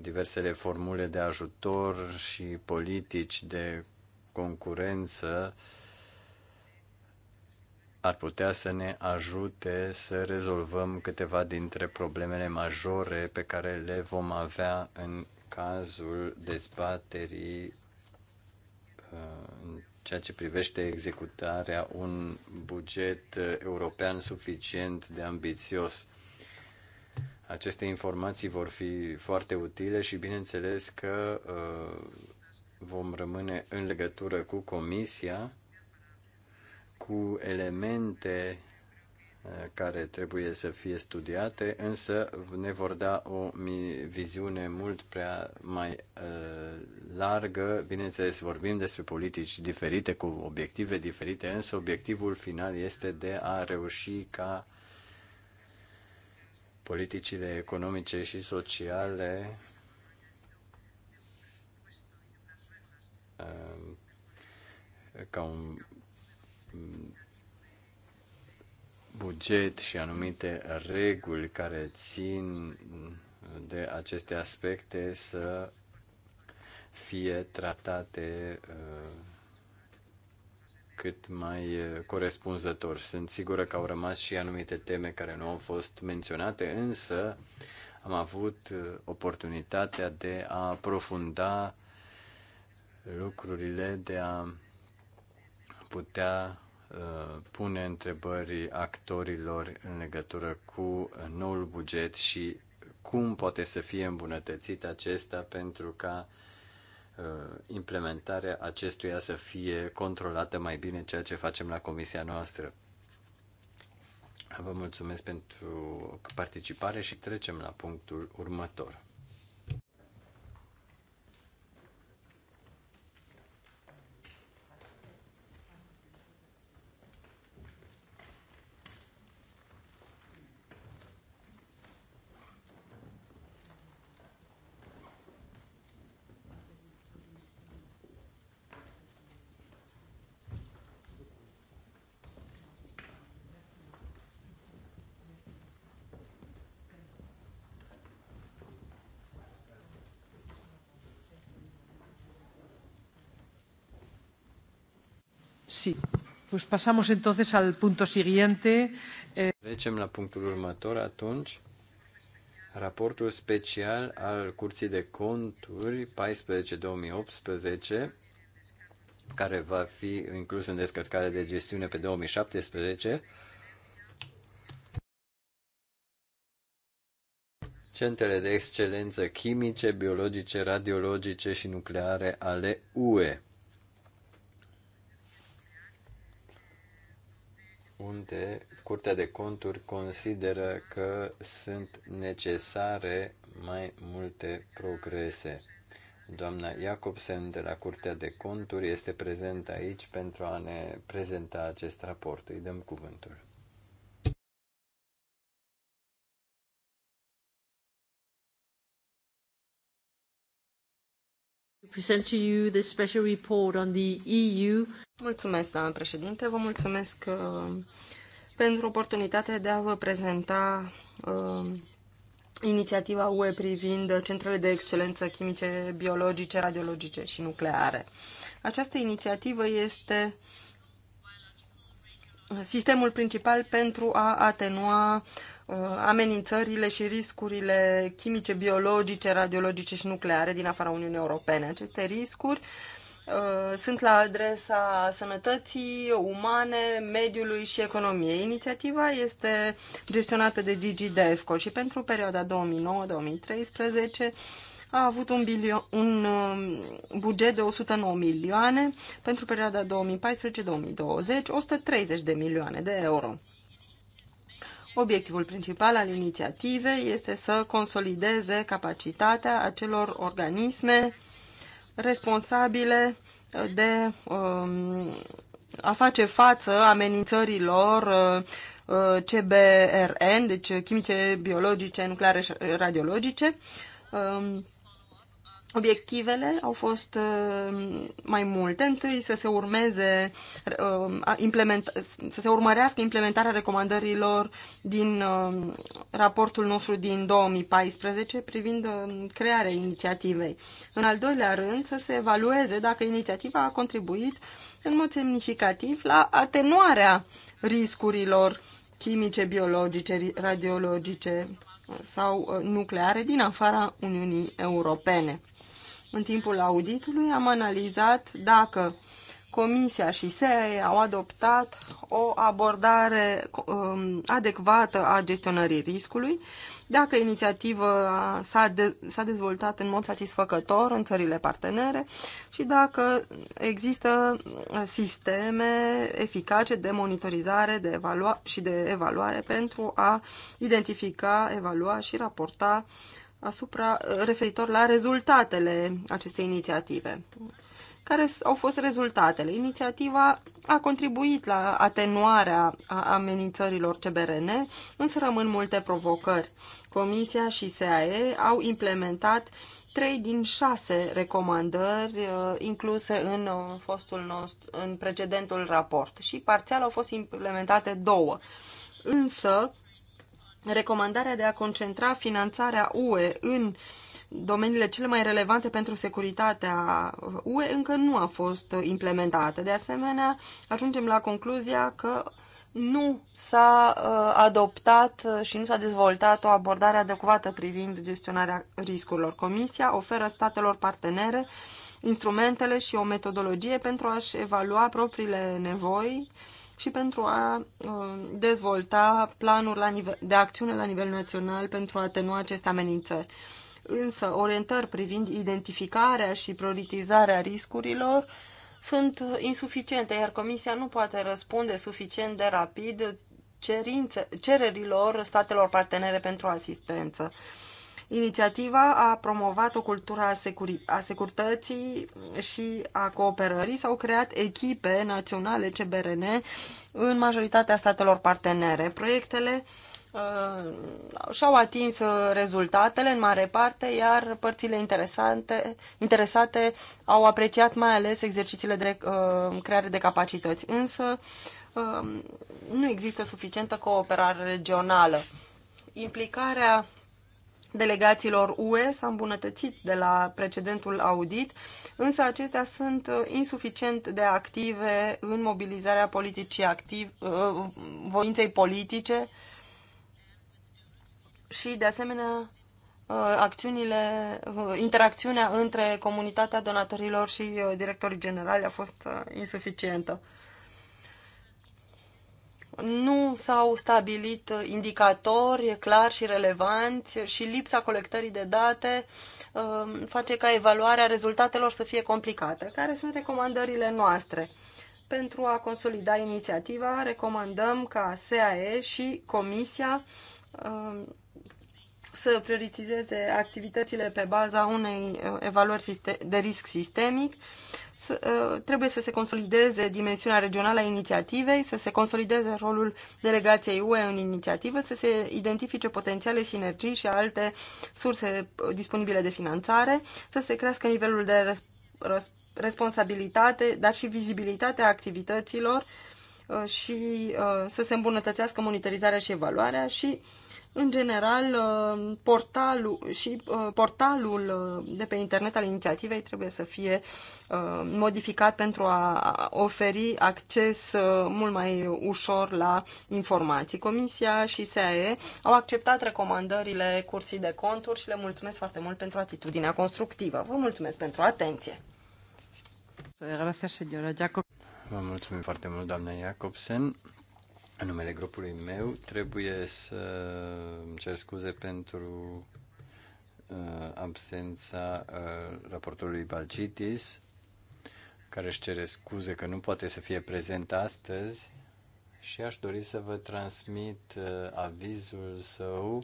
diversele formule de ajutor și politici de concurență ar putea să ne ajute să rezolvăm câteva dintre problemele majore pe care le vom avea în cazul dezbaterii uh, în ceea ce privește executarea un buget uh, european suficient de ambițios. Aceste informații vor fi foarte utile și bineînțeles că uh, vom rămâne în legătură cu Comisia cu elemente uh, care trebuie să fie studiate, însă ne vor da o viziune mult prea mai uh, largă. Bineînțeles, vorbim despre politici diferite, cu obiective diferite, însă obiectivul final este de a reuși ca politicile economice și sociale uh, ca un buget și anumite reguli care țin de aceste aspecte să fie tratate uh, cât mai uh, corespunzător. Sunt sigură că au rămas și anumite teme care nu au fost menționate, însă am avut uh, oportunitatea de a aprofunda lucrurile, de a putea uh, pune întrebări actorilor în legătură cu uh, noul buget și cum poate să fie îmbunătățit acesta pentru ca uh, implementarea acestuia să fie controlată mai bine ceea ce facem la comisia noastră. Vă mulțumesc pentru participare și trecem la punctul următor. Sí. Pues pasamos entonces al punto siguiente. Eh. Trecem la punctul următor atunci. Raportul special al Curții de Conturi 14-2018 care va fi inclus în descărcare de gestiune pe 2017. Centrele de excelență chimice, biologice, radiologice și nucleare ale UE. unde Curtea de Conturi consideră că sunt necesare mai multe progrese. Doamna Jacobsen de la Curtea de Conturi este prezent aici pentru a ne prezenta acest raport. Îi dăm cuvântul. present to you this special report on the EU. Mulțumesc, doamnă președinte. Vă mulțumesc uh, pentru oportunitatea de a vă prezenta uh, inițiativa UE privind centrele de excelență chimice, biologice, radiologice și nucleare. Această inițiativă este sistemul principal pentru a atenua Uh, amenințările și riscurile chimice, biologice, radiologice și nucleare din afara Uniunii Europene. Aceste riscuri uh, sunt la adresa sănătății umane, mediului și economiei. Inițiativa este gestionată de Gigi și pentru perioada 2009-2013 a avut un, bilio- un um, buget de 109 milioane, pentru perioada 2014-2020 130 de milioane de euro. Obiectivul principal al inițiativei este să consolideze capacitatea acelor organisme responsabile de um, a face față amenințărilor uh, CBRN, deci chimice, biologice, nucleare și radiologice, um, Obiectivele au fost uh, mai multe. Întâi să se urmeze, uh, să se urmărească implementarea recomandărilor din uh, raportul nostru din 2014 privind crearea inițiativei. În al doilea rând, să se evalueze dacă inițiativa a contribuit în mod semnificativ la atenuarea riscurilor chimice, biologice, radiologice sau uh, nucleare din afara Uniunii Europene. În timpul auditului am analizat dacă Comisia și SEA au adoptat o abordare um, adecvată a gestionării riscului dacă inițiativa s-a, de, dezvoltat în mod satisfăcător în țările partenere și dacă există sisteme eficace de monitorizare de evalua- și de evaluare pentru a identifica, evalua și raporta asupra referitor la rezultatele acestei inițiative care au fost rezultatele. Inițiativa a contribuit la atenuarea amenințărilor CBRN, însă rămân multe provocări. Comisia și SAE au implementat trei din șase recomandări uh, incluse în uh, fostul nostru, în precedentul raport și parțial au fost implementate două. Însă, recomandarea de a concentra finanțarea UE în domeniile cele mai relevante pentru securitatea UE încă nu a fost implementată. De asemenea, ajungem la concluzia că nu s-a uh, adoptat uh, și nu s-a dezvoltat o abordare adecvată privind gestionarea riscurilor. Comisia oferă statelor partenere instrumentele și o metodologie pentru a-și evalua propriile nevoi și pentru a uh, dezvolta planuri de acțiune la nivel național pentru a atenua aceste amenințări. Însă, orientări privind identificarea și prioritizarea riscurilor sunt insuficiente, iar Comisia nu poate răspunde suficient de rapid cerințe, cererilor statelor partenere pentru asistență. Inițiativa a promovat o cultură a, securi- a securității și a cooperării. S-au creat echipe naționale CBRN în majoritatea statelor partenere. Proiectele uh, uh, și-au atins uh, rezultatele în mare parte, iar părțile interesante, interesate au apreciat mai ales exercițiile de uh, creare de capacități. Însă uh, nu există suficientă cooperare regională. Implicarea delegațiilor UE s-a îmbunătățit de la precedentul audit, însă acestea sunt uh, insuficient de active în mobilizarea politicii activ, uh, voinței politice și, de asemenea, uh, acțiunile, uh, interacțiunea între comunitatea donatorilor și uh, directorii generali a fost insuficientă. Nu s-au stabilit indicatori clari și relevanți și lipsa colectării de date face ca evaluarea rezultatelor să fie complicată. Care sunt recomandările noastre? Pentru a consolida inițiativa, recomandăm ca SAE și Comisia să prioritizeze activitățile pe baza unei uh, evaluări de risc sistemic, uh, trebuie să se consolideze dimensiunea regională a inițiativei, să se consolideze rolul delegației UE în inițiativă, să se identifice potențiale sinergii și alte surse uh, disponibile de finanțare, să se crească nivelul de responsabilitate, dar și vizibilitatea activităților și să se îmbunătățească monitorizarea și evaluarea și uh, în general, uh, portalul și uh, portalul uh, de pe internet al inițiativei trebuie să fie modificat pentru a oferi acces mult mai ușor la informații. Comisia și SAE au acceptat recomandările cursii de conturi și le mulțumesc foarte mult pentru atitudinea constructivă. Vă mulțumesc pentru atenție. Vă mulțumim foarte mult, doamna Jacobsen. În numele grupului meu trebuie să cer scuze pentru uh, absența uh, raportorului Balcitis, care își cere scuze că nu poate să fie prezent astăzi și aș dori să vă transmit uh, avizul său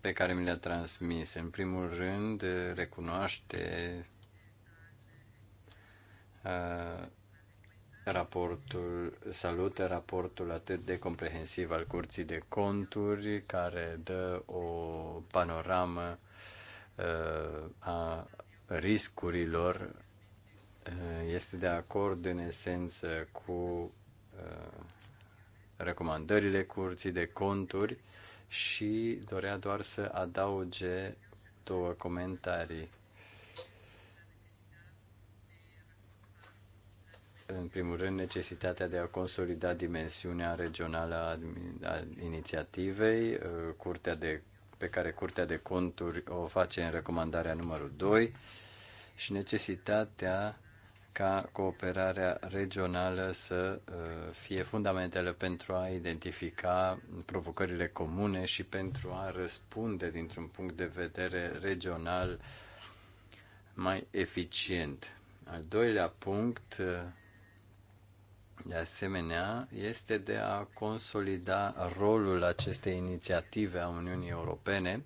pe care mi l-a transmis. În primul rând, recunoaște uh, raportul, salută raportul atât de comprehensiv al Curții de Conturi, care dă o panoramă uh, a riscurilor, uh, este de acord în esență cu uh, recomandările Curții de Conturi și dorea doar să adauge două comentarii în primul rând, necesitatea de a consolida dimensiunea regională a, a inițiativei, uh, curtea de, pe care Curtea de Conturi o face în recomandarea numărul 2, și necesitatea ca cooperarea regională să uh, fie fundamentală pentru a identifica provocările comune și pentru a răspunde dintr-un punct de vedere regional mai eficient. Al doilea punct uh, de asemenea, este de a consolida rolul acestei inițiative a Uniunii Europene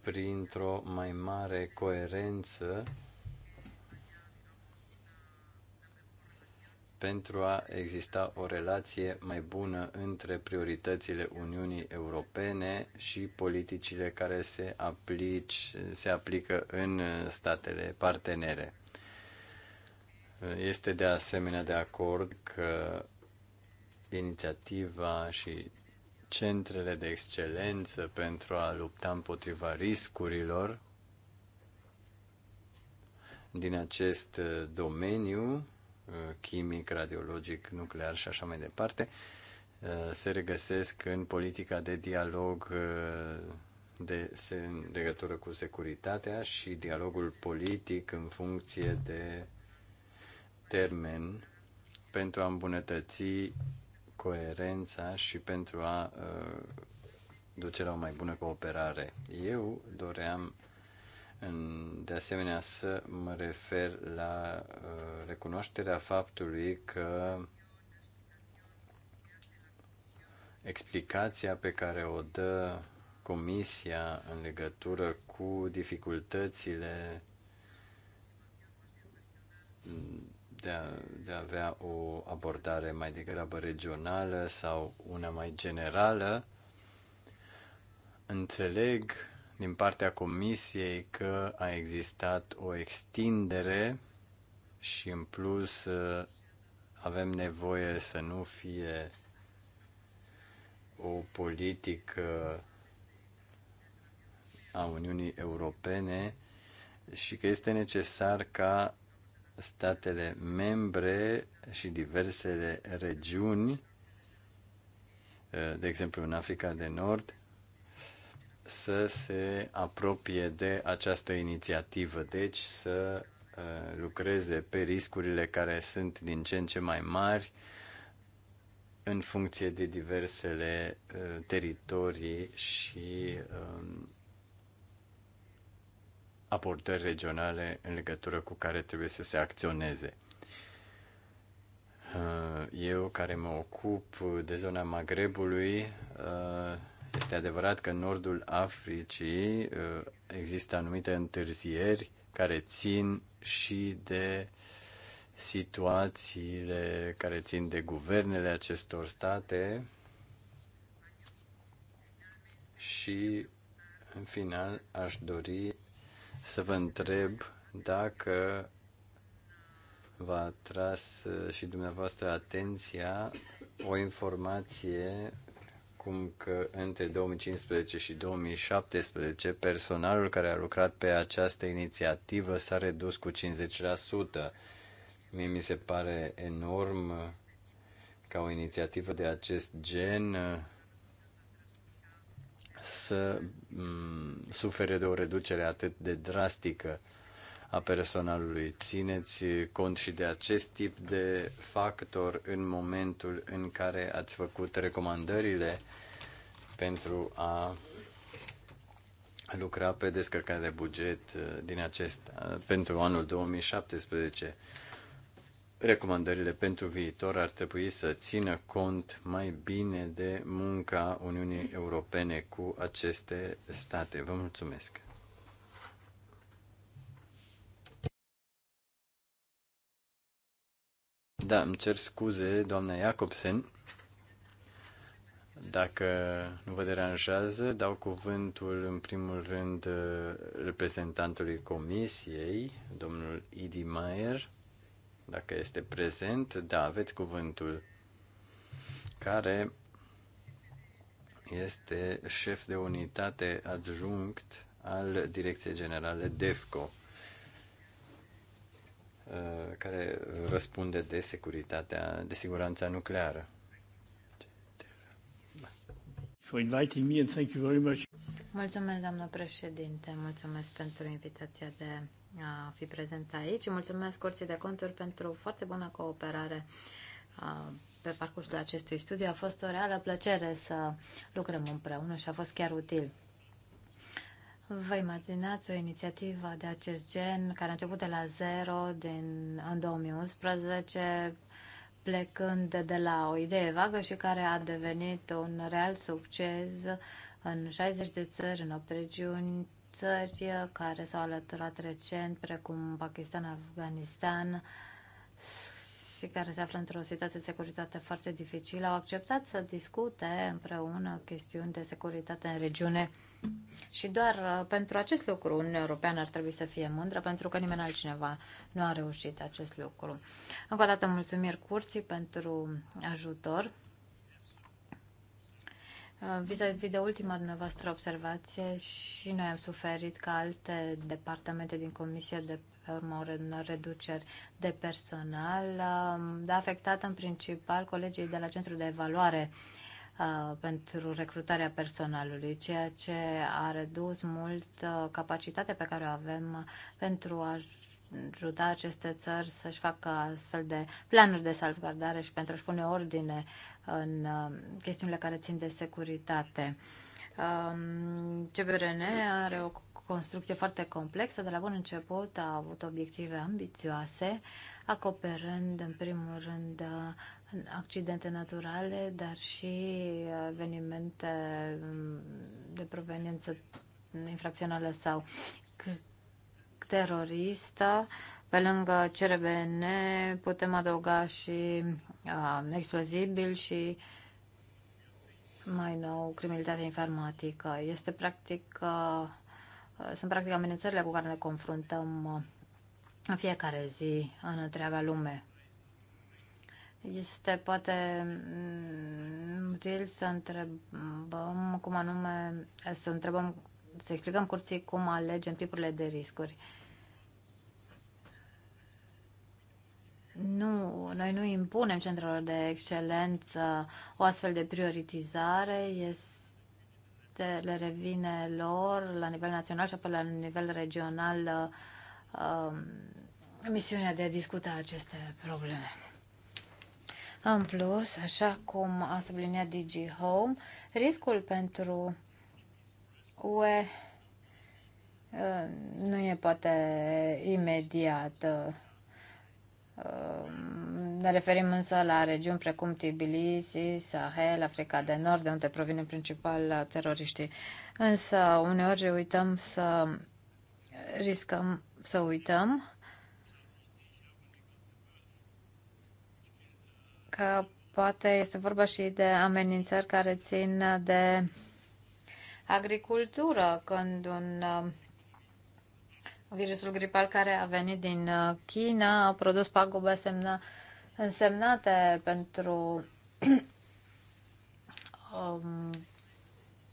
printr-o mai mare coerență pentru a exista o relație mai bună între prioritățile Uniunii Europene și politicile care se, aplici, se aplică în statele partenere este de asemenea de acord că inițiativa și centrele de excelență pentru a lupta împotriva riscurilor din acest uh, domeniu, uh, chimic, radiologic, nuclear și așa mai departe, uh, se regăsesc în politica de dialog de, se, în legătură cu securitatea și dialogul politic în funcție de termen pentru a îmbunătăți coerența și pentru a uh, duce la o mai bună cooperare. Eu doream în, de asemenea să mă refer la uh, recunoașterea faptului că explicația pe care o dă Comisia în legătură cu dificultățile de a, de a avea o abordare mai degrabă regională sau una mai generală. Înțeleg din partea Comisiei că a existat o extindere și în plus avem nevoie să nu fie o politică a Uniunii Europene și că este necesar ca statele membre și diversele regiuni, de exemplu în Africa de Nord, să se apropie de această inițiativă, deci să uh, lucreze pe riscurile care sunt din ce în ce mai mari în funcție de diversele uh, teritorii și um, abordări regionale în legătură cu care trebuie să se acționeze. Uh, eu care mă ocup de zona Magrebului, uh, este adevărat că în nordul Africii uh, există anumite întârzieri care țin și de situațiile care țin de guvernele acestor state și în final aș dori să vă întreb dacă v-a tras uh, și dumneavoastră atenția o informație cum că între 2015 și 2017 personalul care a lucrat pe această inițiativă s-a redus cu 50%. Mie mi se pare enorm ca o inițiativă de acest gen uh, să mm, sufere de o reducere atât de drastică a personalului. Țineți cont și de acest tip de factor în momentul în care ați făcut recomandările pentru a lucra pe descărcarea de buget uh, din acest uh, pentru anul 2017 recomandările pentru viitor ar trebui să țină cont mai bine de munca Uniunii Europene cu aceste state. Vă mulțumesc! Da, îmi cer scuze, doamna Jacobsen. Dacă nu vă deranjează, dau cuvântul în primul rând uh, reprezentantului comisiei, domnul Idi Maier dacă este prezent, da, aveți cuvântul care este șef de unitate adjunct al Direcției Generale DEFCO, uh, care răspunde de securitatea, de siguranța nucleară. For inviting me and thank you very much. Mulțumesc, doamnă președinte, mulțumesc pentru invitația de a fi prezent aici. Mulțumesc Curții de Conturi pentru foarte bună cooperare pe parcursul acestui studiu. A fost o reală plăcere să lucrăm împreună și a fost chiar util. Vă imaginați o inițiativă de acest gen care a început de la zero din, în 2011, plecând de la o idee vagă și care a devenit un real succes în 60 de țări, în 8 regiuni, țări uh, care s-au alăturat recent, precum Pakistan, Afganistan, și care se află într-o situație de securitate foarte dificilă, au acceptat să discute împreună chestiuni de securitate în regiune. Și doar uh, pentru acest lucru Uniunea Europeană ar trebui să fie mândră, pentru că nimeni altcineva nu a reușit acest lucru. Încă o dată mulțumiri curții pentru ajutor. Uh, vis-a-vis de ultima dumneavoastră observație, și noi am suferit ca alte departamente din Comisia de pe urmă reduceri de personal, um, dar afectat în principal colegii de la Centrul de Evaluare uh, pentru recrutarea personalului, ceea ce a redus mult uh, capacitatea pe care o avem pentru a ajuta aceste țări să-și facă astfel de planuri de salvgardare și pentru a-și pune ordine în uh, chestiunile care țin de securitate. Um, CBRN are o construcție foarte complexă. De la bun început a avut obiective ambițioase, acoperând în primul rând accidente naturale, dar și evenimente um, de proveniență infracțională sau teroristă. Pe lângă CRBN putem adăuga și uh, explozibil și mai nou criminalitatea informatică. Este practic, uh, sunt practic amenințările cu care ne confruntăm uh, în fiecare zi în întreaga lume. Este poate util să întrebăm cum anume, să întrebăm să explicăm curții cum alegem tipurile de riscuri. Nu, noi nu impunem centrelor de excelență o astfel de prioritizare, este, le revine lor la nivel național și apoi la nivel regional uh, misiunea de a discuta aceste probleme. În plus, așa cum a subliniat DG Home, riscul pentru UE uh, nu e poate imediat. Uh, uh, ne referim însă la regiuni precum Tbilisi, Sahel, Africa de Nord, de unde provin în principal teroriștii. Însă uneori uităm să riscăm să uităm că poate este vorba și de amenințări care țin de agricultură, când un uh, virusul gripal care a venit din uh, China a produs pagube semna, însemnate pentru um,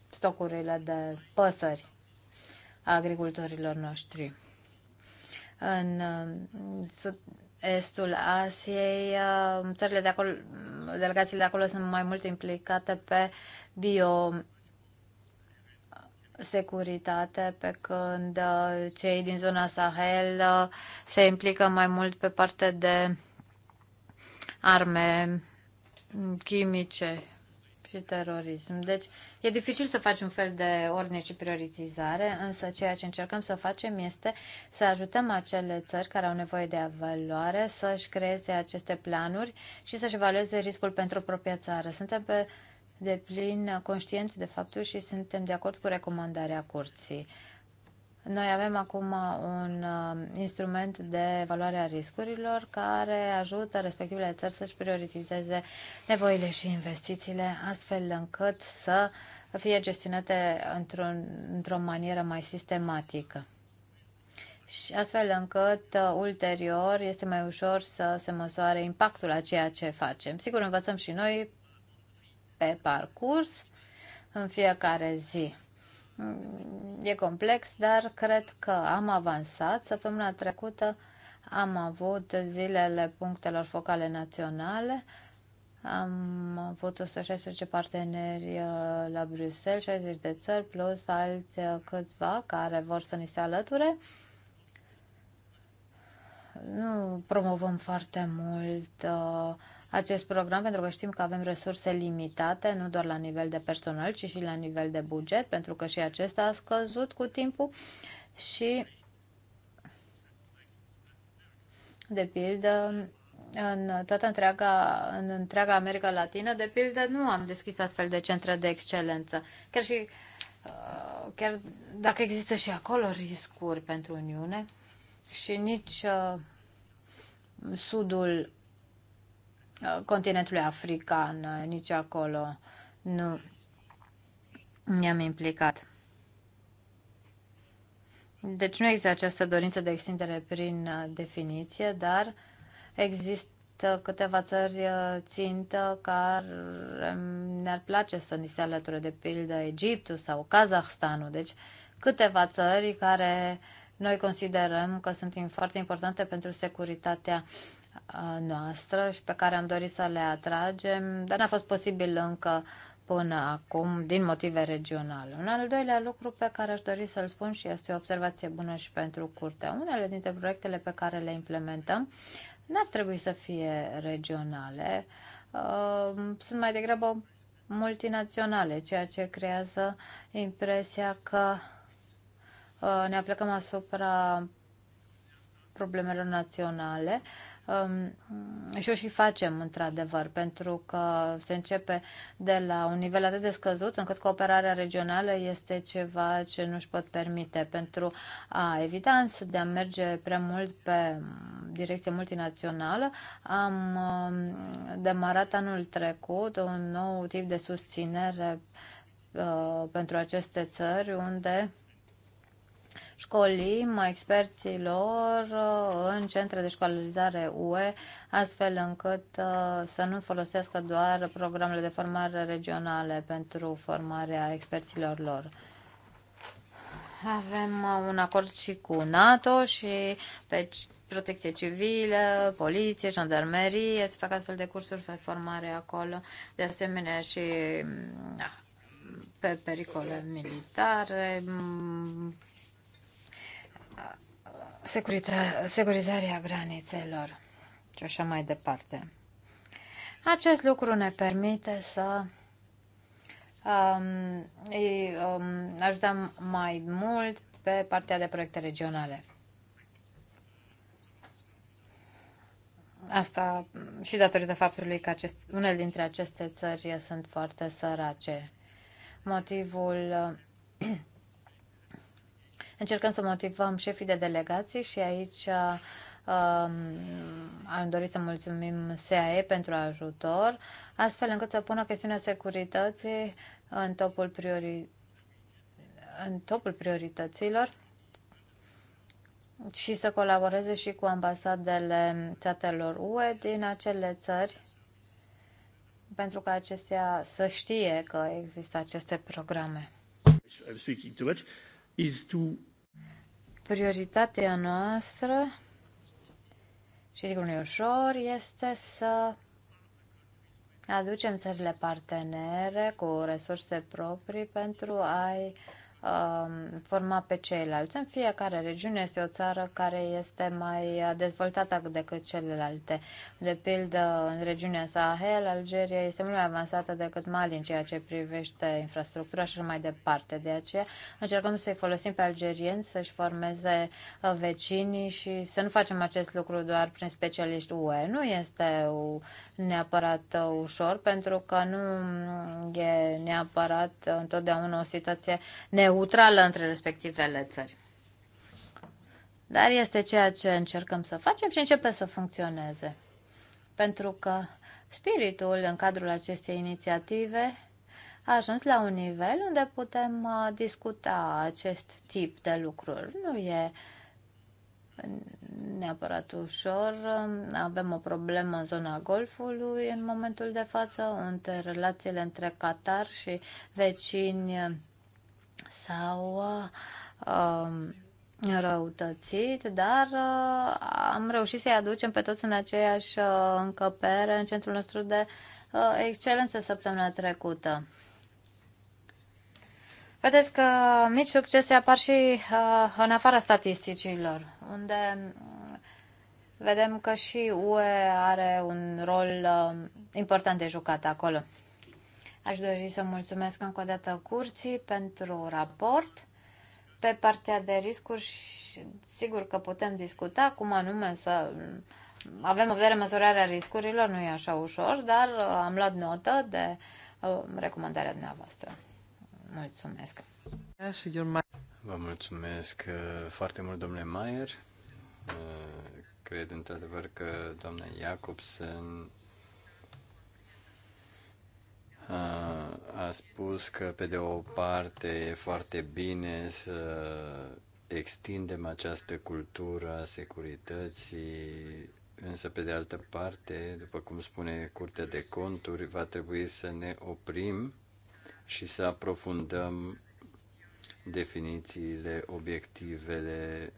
stocurile de păsări a agricultorilor noștri. În uh, estul Asiei, țările de acolo, delegațiile de acolo sunt mai mult implicate pe bio securitate, pe când uh, cei din zona Sahel uh, se implică mai mult pe parte de arme chimice și terorism. Deci e dificil să faci un fel de ordine și prioritizare, însă ceea ce încercăm să facem este să ajutăm acele țări care au nevoie de evaluare să-și creeze aceste planuri și să-și evalueze riscul pentru propria țară. Suntem pe de plin conștienți de faptul și suntem de acord cu recomandarea curții. Noi avem acum un uh, instrument de evaluare a riscurilor care ajută respectivele țări să-și prioritizeze nevoile și investițiile astfel încât să fie gestionate într-o, într-o manieră mai sistematică. Și astfel încât uh, ulterior este mai ușor să se măsoare impactul a ceea ce facem. Sigur, învățăm și noi pe parcurs în fiecare zi. E complex, dar cred că am avansat. Săptămâna trecută am avut zilele punctelor focale naționale, am avut 116 parteneri uh, la Bruxelles, 60 de țări, plus alți uh, câțiva care vor să ni se alăture. Nu promovăm foarte mult uh, acest program pentru că știm că avem resurse limitate, nu doar la nivel de personal, ci și la nivel de buget, pentru că și acesta a scăzut cu timpul și de pildă în toată întreaga, în întreaga America Latină, de pildă, nu am deschis astfel de centre de excelență. Chiar și uh, chiar dacă există și acolo riscuri pentru Uniune și nici uh, sudul continentului african, nici acolo nu ne-am implicat. Deci nu există această dorință de extindere prin uh, definiție, dar există câteva țări uh, țintă care ne-ar place să ni se alăture, de pildă Egiptul sau Kazahstanul. Deci câteva țări care noi considerăm că sunt foarte importante pentru securitatea noastră și pe care am dorit să le atragem, dar n-a fost posibil încă până acum din motive regionale. Un al doilea lucru pe care aș dori să-l spun și este o observație bună și pentru curte. Unele dintre proiectele pe care le implementăm n-ar trebui să fie regionale, sunt mai degrabă multinaționale, ceea ce creează impresia că ne aplicăm asupra problemelor naționale, Um, și o și facem, într-adevăr, pentru că se începe de la un nivel atât de scăzut încât cooperarea regională este ceva ce nu își pot permite. Pentru a evita de a merge prea mult pe direcție multinațională, am um, demarat anul trecut un nou tip de susținere uh, pentru aceste țări unde uh, școlim experților uh, în centre de școlarizare UE, astfel încât uh, să nu folosească doar programele de formare regionale pentru formarea experților lor. Avem uh, un acord și cu NATO și pe protecție civilă, poliție, jandarmerie, se fac astfel de cursuri pe formare acolo, de asemenea și mm, da, pe pericole militare, mm, securizarea granițelor și așa mai departe. Acest lucru ne permite să um, îi um, ajutăm mai mult pe partea de proiecte regionale. Asta și datorită faptului că acest, unele dintre aceste țări sunt foarte sărace. Motivul uh, încercăm să motivăm șefii de delegații și aici um, am dorit să mulțumim SAE pentru ajutor, astfel încât să pună chestiunea securității în topul, priori... în topul priorităților și să colaboreze și cu ambasadele țatelor UE din acele țări pentru ca acestea să știe că există aceste programe. I'm speaking too much is to Prioritatea noastră, și zic unui ușor, este să aducem țările partenere cu resurse proprii pentru a-i uh, Um, forma pe ceilalți. În fiecare regiune este o țară care este mai uh, dezvoltată decât celelalte. De pildă, în regiunea Sahel, Algeria este mult mai avansată decât Mali în ceea ce privește infrastructura și mai departe. De aceea încercăm să-i folosim pe algerieni să-și formeze uh, vecinii și să nu facem acest lucru doar prin specialiști UE. Nu este neapărat uh, ușor pentru că nu mm, e neapărat întotdeauna o situație ne neutrală între respectivele țări. Dar este ceea ce încercăm să facem și începe să funcționeze. Pentru că spiritul în cadrul acestei inițiative a ajuns la un nivel unde putem uh, discuta acest tip de lucruri. Nu e neapărat ușor. Avem o problemă în zona Golfului în momentul de față, între relațiile între Qatar și vecini s-au um, răutățit, dar uh, am reușit să-i aducem pe toți în aceeași uh, încăpere în centrul nostru de uh, excelență săptămâna trecută. Vedeți că mici succese apar și uh, în afara statisticilor, unde vedem că și UE are un rol uh, important de jucat acolo. Aș dori să mulțumesc încă o dată curții pentru raport. Pe partea de riscuri, sigur că putem discuta cum anume să avem o vedere măsurarea riscurilor, nu e așa ușor, dar uh, am luat notă de uh, recomandarea dumneavoastră. Mulțumesc! Vă mulțumesc uh, foarte mult, domnule Maier. Cred într-adevăr că doamna Iacobsen a spus că, pe de o parte, e foarte bine să extindem această cultură a securității, însă, pe de altă parte, după cum spune Curtea de Conturi, va trebui să ne oprim și să aprofundăm definițiile, obiectivele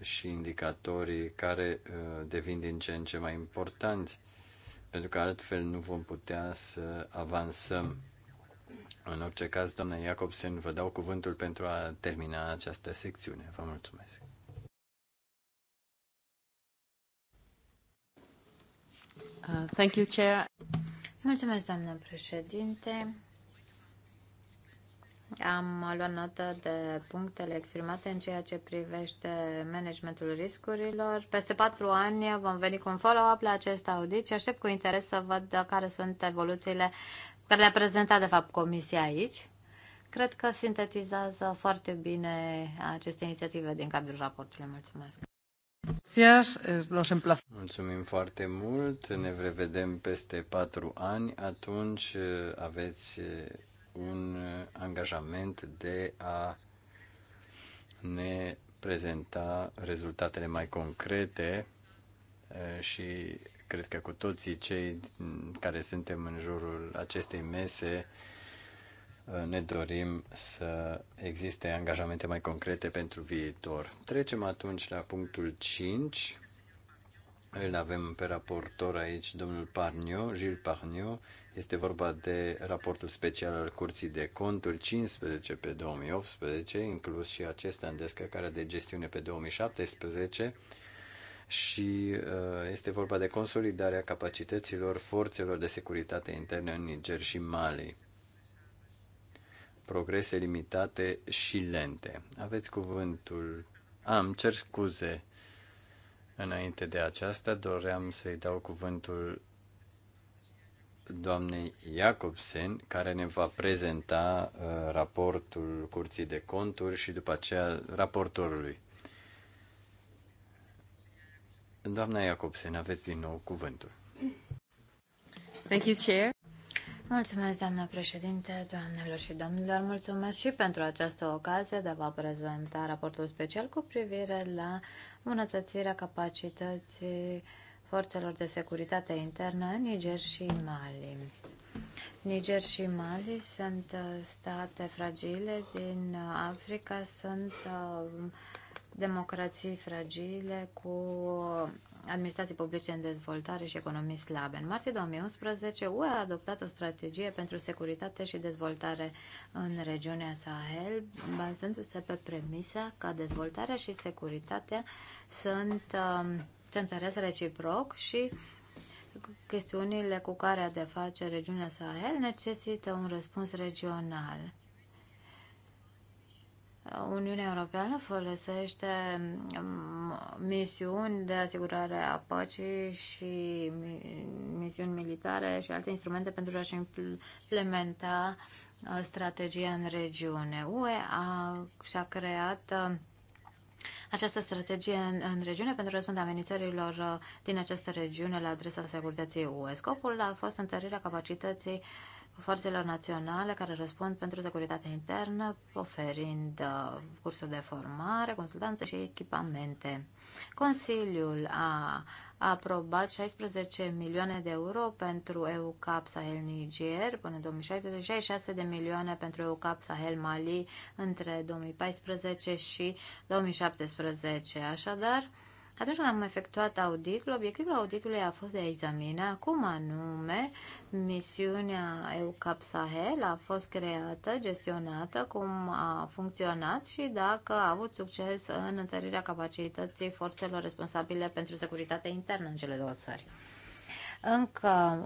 și indicatorii care devin din ce în ce mai importanți pentru că altfel nu vom putea să avansăm. În orice caz, doamna Iacobsen, vă dau cuvântul pentru a termina această secțiune. Vă mulțumesc. Uh, thank you, Chair. Mulțumesc, doamnă președinte. Am luat notă de punctele exprimate în ceea ce privește managementul riscurilor. Peste patru ani vom veni cu un follow-up la acest audit și aștept cu interes să văd care sunt evoluțiile care le-a prezentat, de fapt, Comisia aici. Cred că sintetizează foarte bine aceste inițiative din cadrul raportului. Mulțumesc! Eh, Mulțumim foarte mult, ne revedem peste patru ani, atunci eh, aveți eh, un uh, angajament de a ne prezenta rezultatele mai concrete uh, și cred că cu toții cei care suntem în jurul acestei mese uh, ne dorim să existe angajamente mai concrete pentru viitor. Trecem atunci la punctul 5. Îl avem pe raportor aici, domnul Parniu, Gilles Parniu, este vorba de raportul special al Curții de Conturi 15 pe 2018, inclus și acesta în descărcarea de gestiune pe 2017 și uh, este vorba de consolidarea capacităților forțelor de securitate interne în Niger și Mali. Progrese limitate și lente. Aveți cuvântul. Am, ah, cer scuze. Înainte de aceasta, doream să-i dau cuvântul doamnei Jacobsen, care ne va prezenta uh, raportul Curții de Conturi și după aceea raportorului. Doamna Jacobsen, aveți din nou cuvântul. Thank you, Chair. Mulțumesc, doamnă președinte, doamnelor și domnilor. Mulțumesc și pentru această ocazie de a vă prezenta raportul special cu privire la îmbunătățirea capacității uh, forțelor de securitate internă în Niger și Mali. Niger și Mali sunt uh, state fragile din uh, Africa, sunt uh, democrații fragile cu administrații publice în dezvoltare și economii slabe. În martie 2011, UE a adoptat o strategie pentru securitate și dezvoltare în regiunea Sahel, bazându-se pe premisa că dezvoltarea și securitatea sunt uh, se înțeles reciproc și chestiunile cu care a de face regiunea Sahel necesită un răspuns regional. Uniunea Europeană folosește mm, misiuni de asigurare a păcii și misiuni militare și alte instrumente pentru a-și implementa uh, strategia în regiune. UE a, și-a creat uh, această strategie în, în regiune pentru răspunderea amenințărilor uh, din această regiune la adresa securității UE. Uh, scopul a fost întărirea capacității forțelor naționale care răspund pentru securitatea internă, oferind uh, cursuri de formare, consultanță și echipamente. Consiliul a aprobat 16 milioane de euro pentru EUCAP Sahel Niger până în 2016, 66 de milioane pentru EUCAP Sahel Mali între 2014 și 2017. Așadar, atunci când am efectuat auditul, obiectivul auditului a fost de a examina cum anume misiunea EUCAP Sahel a fost creată, gestionată, cum a funcționat și dacă a avut succes în întărirea capacității forțelor responsabile pentru securitatea internă în cele două țări. Încă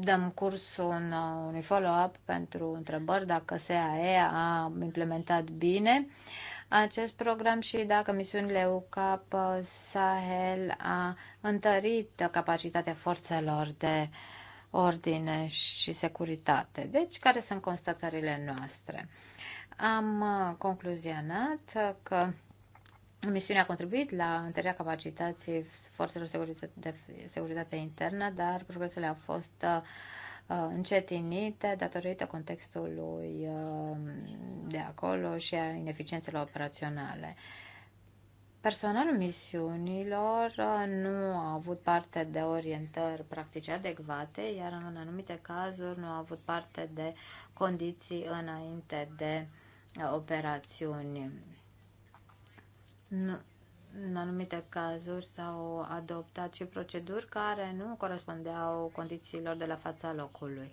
dăm curs un, uh, unui follow-up pentru întrebări dacă SAE a implementat bine uh, acest program și dacă misiunile UCAP Sahel a întărit capacitatea forțelor de ordine și securitate. Deci, care sunt constatările noastre? Am uh, concluzionat că Misiunea a contribuit la întărirea capacității forțelor de securitate, de securitate internă, dar progresele au fost uh, Uh, încetinite datorită contextului uh, de acolo și a ineficiențelor operaționale. Personalul misiunilor uh, nu a avut parte de orientări practice adecvate, iar în anumite cazuri nu a avut parte de condiții înainte de operațiuni. Nu, în anumite cazuri s-au adoptat și proceduri care nu corespundeau condițiilor de la fața locului.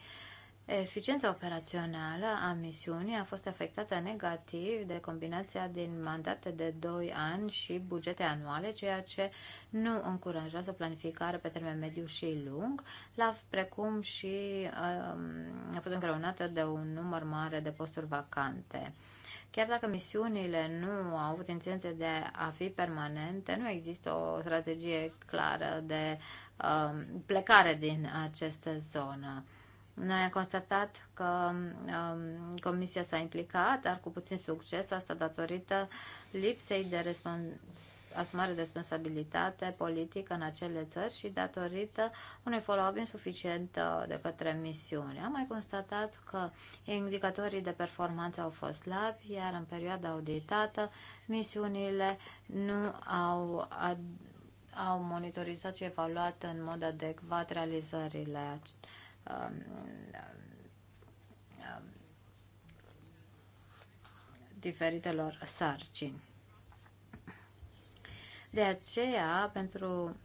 Eficiența operațională a misiunii a fost afectată negativ de combinația din mandate de 2 ani și bugete anuale, ceea ce nu încurajează o planificare pe termen mediu și lung, la precum și um, a fost îngreunată de un număr mare de posturi vacante. Chiar dacă misiunile nu au intenție de a fi permanente, nu există o strategie clară de uh, plecare din această zonă. Noi am constatat că um, Comisia s-a implicat, dar cu puțin succes, asta datorită lipsei de respons asumare de responsabilitate politică în acele țări și datorită unei follow-up insuficient uh, de către misiune. Am mai constatat că indicatorii de performanță au fost slabi, iar în perioada auditată misiunile nu au au monitorizat și evaluat în mod adecvat realizările um, diferitelor sarcini. De aceea, pentru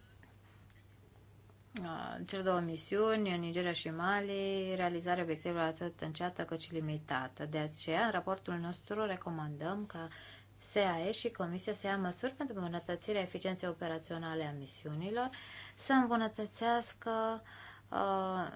uh, cele două misiuni, în Nigeria și Mali, realizarea obiectivelor atât înceată cât și limitată. De aceea, în raportul nostru, recomandăm ca SAE și Comisia să ia măsuri pentru îmbunătățirea eficienței operaționale a misiunilor, să îmbunătățească uh,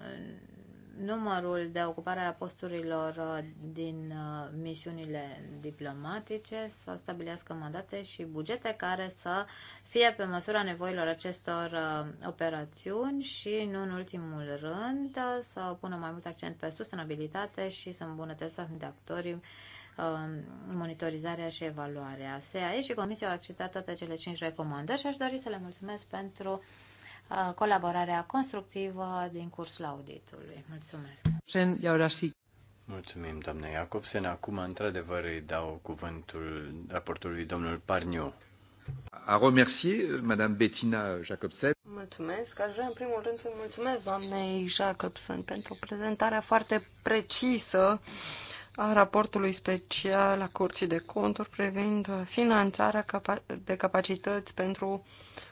numărul de ocupare a posturilor uh, din uh, misiunile diplomatice, să stabilească mandate și bugete care să fie pe măsura nevoilor acestor uh, operațiuni și, nu în ultimul rând, să pună mai mult accent pe sustenabilitate și să îmbunătățească de actorii um, monitorizarea și evaluarea. SEAE și Comisia au acceptat toate cele cinci recomandări și aș dori să le mulțumesc pentru Uh, colaborarea constructivă din cursul auditului. Mulțumesc! Mulțumim, doamne Iacobsen. Acum, într-adevăr, îi dau cuvântul raportului domnul Parniu. A remercier Madame Bettina Jacobsen. Mulțumesc. Aș vrea în primul rând să mulțumesc doamnei Jacobsen pentru prezentarea foarte precisă a raportului special a Curții de Conturi privind finanțarea de capacități pentru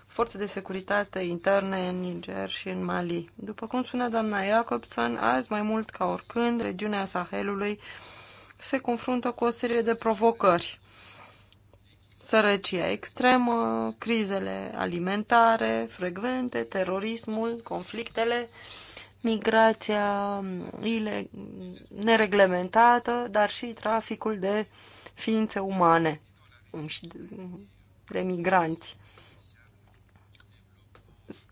forțe de securitate interne în Niger și în Mali. După cum spunea doamna Jacobson, azi mai mult ca oricând, regiunea Sahelului se confruntă cu o serie de provocări. Sărăcia extremă, crizele alimentare frecvente, terorismul, conflictele, migrația nereglementată, dar și traficul de ființe umane și de migranți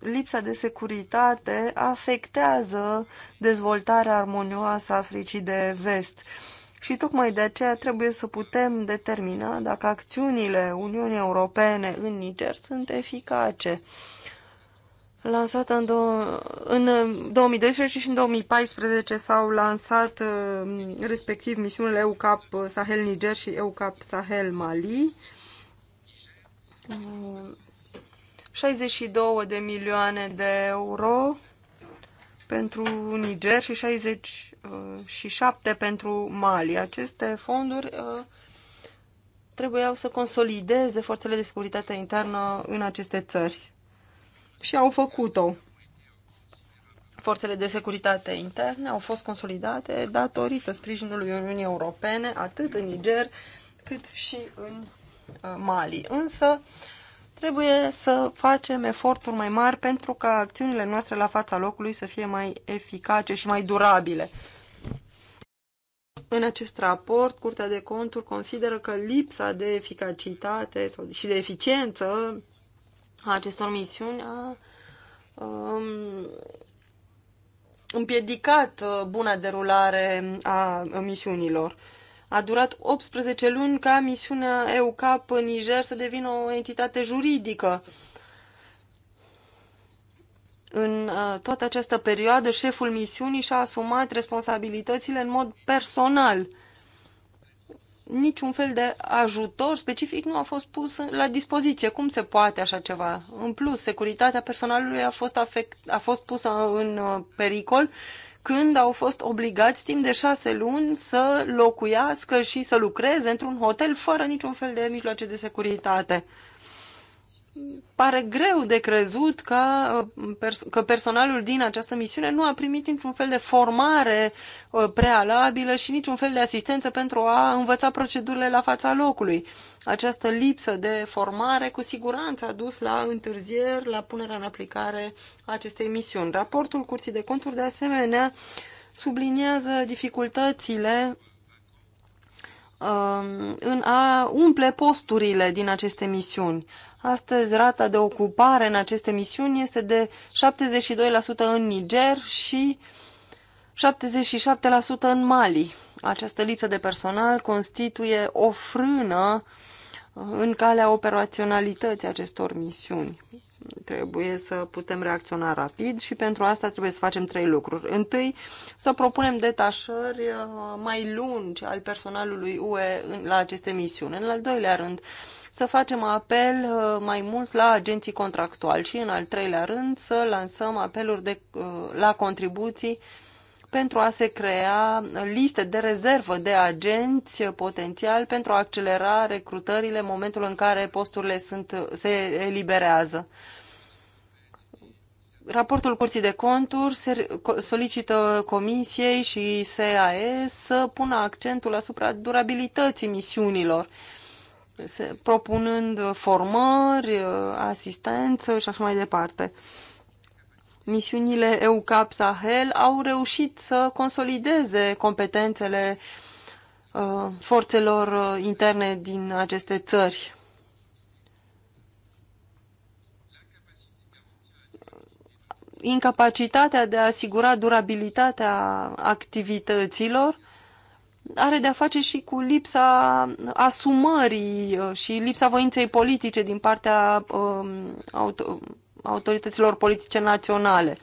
lipsa de securitate afectează dezvoltarea armonioasă a Africii de vest. Și tocmai de aceea trebuie să putem determina dacă acțiunile Uniunii Europene în Niger sunt eficace. Lansată în, în 2012 uh, și în 2014 s-au lansat uh, respectiv misiunile EUCAP Sahel Niger și EUCAP Sahel Mali 62 de milioane de euro pentru Niger și 67 uh, pentru Mali. Aceste fonduri uh, trebuiau să consolideze forțele de securitate internă în aceste țări. Și au făcut-o. Forțele de securitate interne au fost consolidate datorită sprijinului Uniunii Europene, atât în Niger cât și în uh, Mali. Însă, uh, Trebuie să facem eforturi mai mari pentru ca acțiunile noastre la fața locului să fie mai eficace și mai durabile. În acest raport, Curtea de Conturi consideră că lipsa de eficacitate și de eficiență a acestor misiuni a um, împiedicat uh, buna derulare a misiunilor. A durat 18 luni ca misiunea EUCAP în Niger să devină o entitate juridică. În uh, toată această perioadă, șeful misiunii și-a asumat responsabilitățile în mod personal. Niciun fel de ajutor specific nu a fost pus la dispoziție. Cum se poate așa ceva? În plus, securitatea personalului a fost, afect, a fost pusă în uh, pericol când au fost obligați timp de șase luni să locuiască și să lucreze într-un hotel fără niciun fel de mijloace de securitate. Pare greu de crezut că, uh, că personalul din această misiune nu a primit niciun fel de formare uh, prealabilă și niciun fel de asistență pentru a învăța procedurile la fața locului. Această lipsă de formare cu siguranță a dus la întârzieri, la punerea în aplicare a acestei misiuni. Raportul Curții de Conturi, de asemenea, subliniază dificultățile um, în a umple posturile din aceste misiuni. Astăzi, rata de ocupare în aceste misiuni este de 72% în Niger și 77% în Mali. Această lipsă de personal constituie o frână uh, în calea operaționalității acestor misiuni. Trebuie să putem reacționa rapid și pentru asta trebuie să facem trei lucruri. Întâi, să propunem detașări uh, mai lungi al personalului UE la aceste misiuni. În al doilea rând, să facem apel uh, mai mult la agenții contractuali și, în al treilea rând, să lansăm apeluri de, uh, la contribuții uh, pentru a se crea liste de rezervă de agenți potențial pentru a accelera recrutările în momentul în care posturile sunt, se eliberează. Raportul Curții de Conturi solicită Comisiei și SAE să pună accentul asupra durabilității misiunilor, propunând formări, asistență și așa mai departe. Misiunile EUCAP Sahel au reușit să consolideze competențele uh, forțelor uh, interne din aceste țări. Incapacitatea de a asigura durabilitatea activităților are de-a face și cu lipsa asumării uh, și lipsa voinței politice din partea um, auto autorităților politice naționale.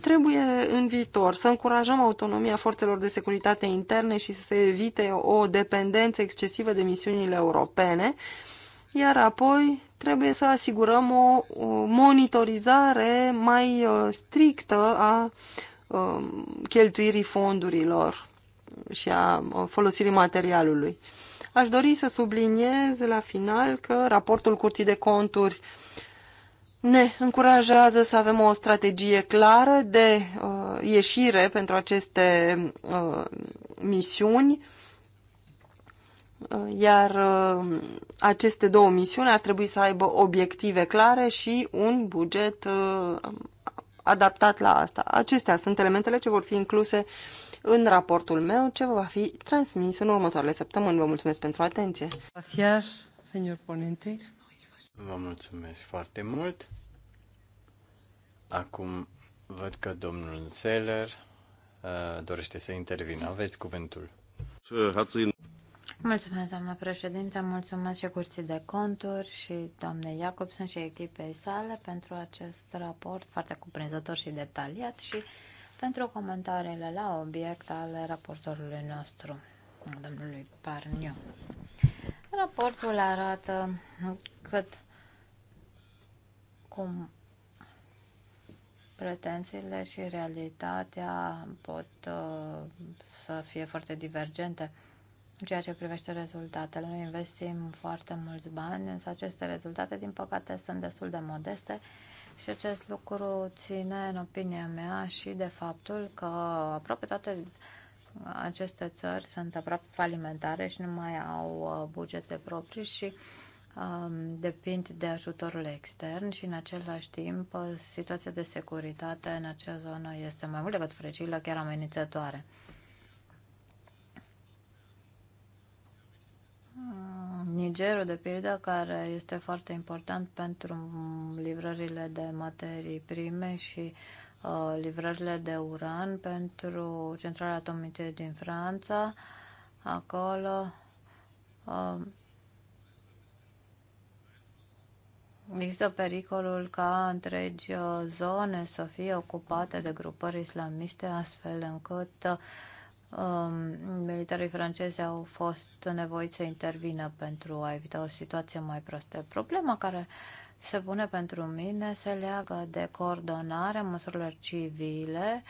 Trebuie în viitor să încurajăm autonomia forțelor de securitate interne și să se evite o dependență excesivă de misiunile europene, iar apoi trebuie să asigurăm o monitorizare mai uh, strictă a um, cheltuirii fondurilor și a uh, folosirii materialului. Aș dori să subliniez la final că raportul Curții de Conturi ne încurajează să avem o strategie clară de uh, ieșire pentru aceste uh, misiuni, uh, iar uh, aceste două misiuni ar trebui să aibă obiective clare și un buget uh, adaptat la asta. Acestea sunt elementele ce vor fi incluse în raportul meu, ce va fi transmis în următoarele săptămâni. Vă mulțumesc pentru atenție. Gracias, señor ponente. Vă mulțumesc foarte mult. Acum văd că domnul Zeller uh, dorește să intervină. Aveți cuvântul. Mulțumesc, doamnă președinte, mulțumesc și Curții de Conturi și doamne Iacobson și echipei sale pentru acest raport foarte cuprinzător și detaliat și pentru comentariile la obiect ale raportorului nostru, domnului Parniu. Raportul arată cât cum pretențiile și realitatea pot uh, să fie foarte divergente în ceea ce privește rezultatele. Noi investim foarte mulți bani, însă aceste rezultate, din păcate, sunt destul de modeste și acest lucru ține, în opinia mea, și de faptul că aproape toate aceste țări sunt aproape falimentare și nu mai au uh, bugete proprii și uh, um, depind de ajutorul extern și în același timp uh, situația de securitate în acea zonă este mai mult decât fragilă, chiar amenințătoare. Uh, Nigerul, de pildă, care este foarte important pentru livrările de materii prime și uh, livrările de uran pentru centrale atomice din Franța. Acolo uh, Există pericolul ca întregi uh, zone să fie ocupate de grupări islamiste, astfel încât uh, um, militarii francezi au fost nevoiți să intervină pentru a evita o situație mai prostă. Problema care se pune pentru mine se leagă de coordonarea măsurilor civile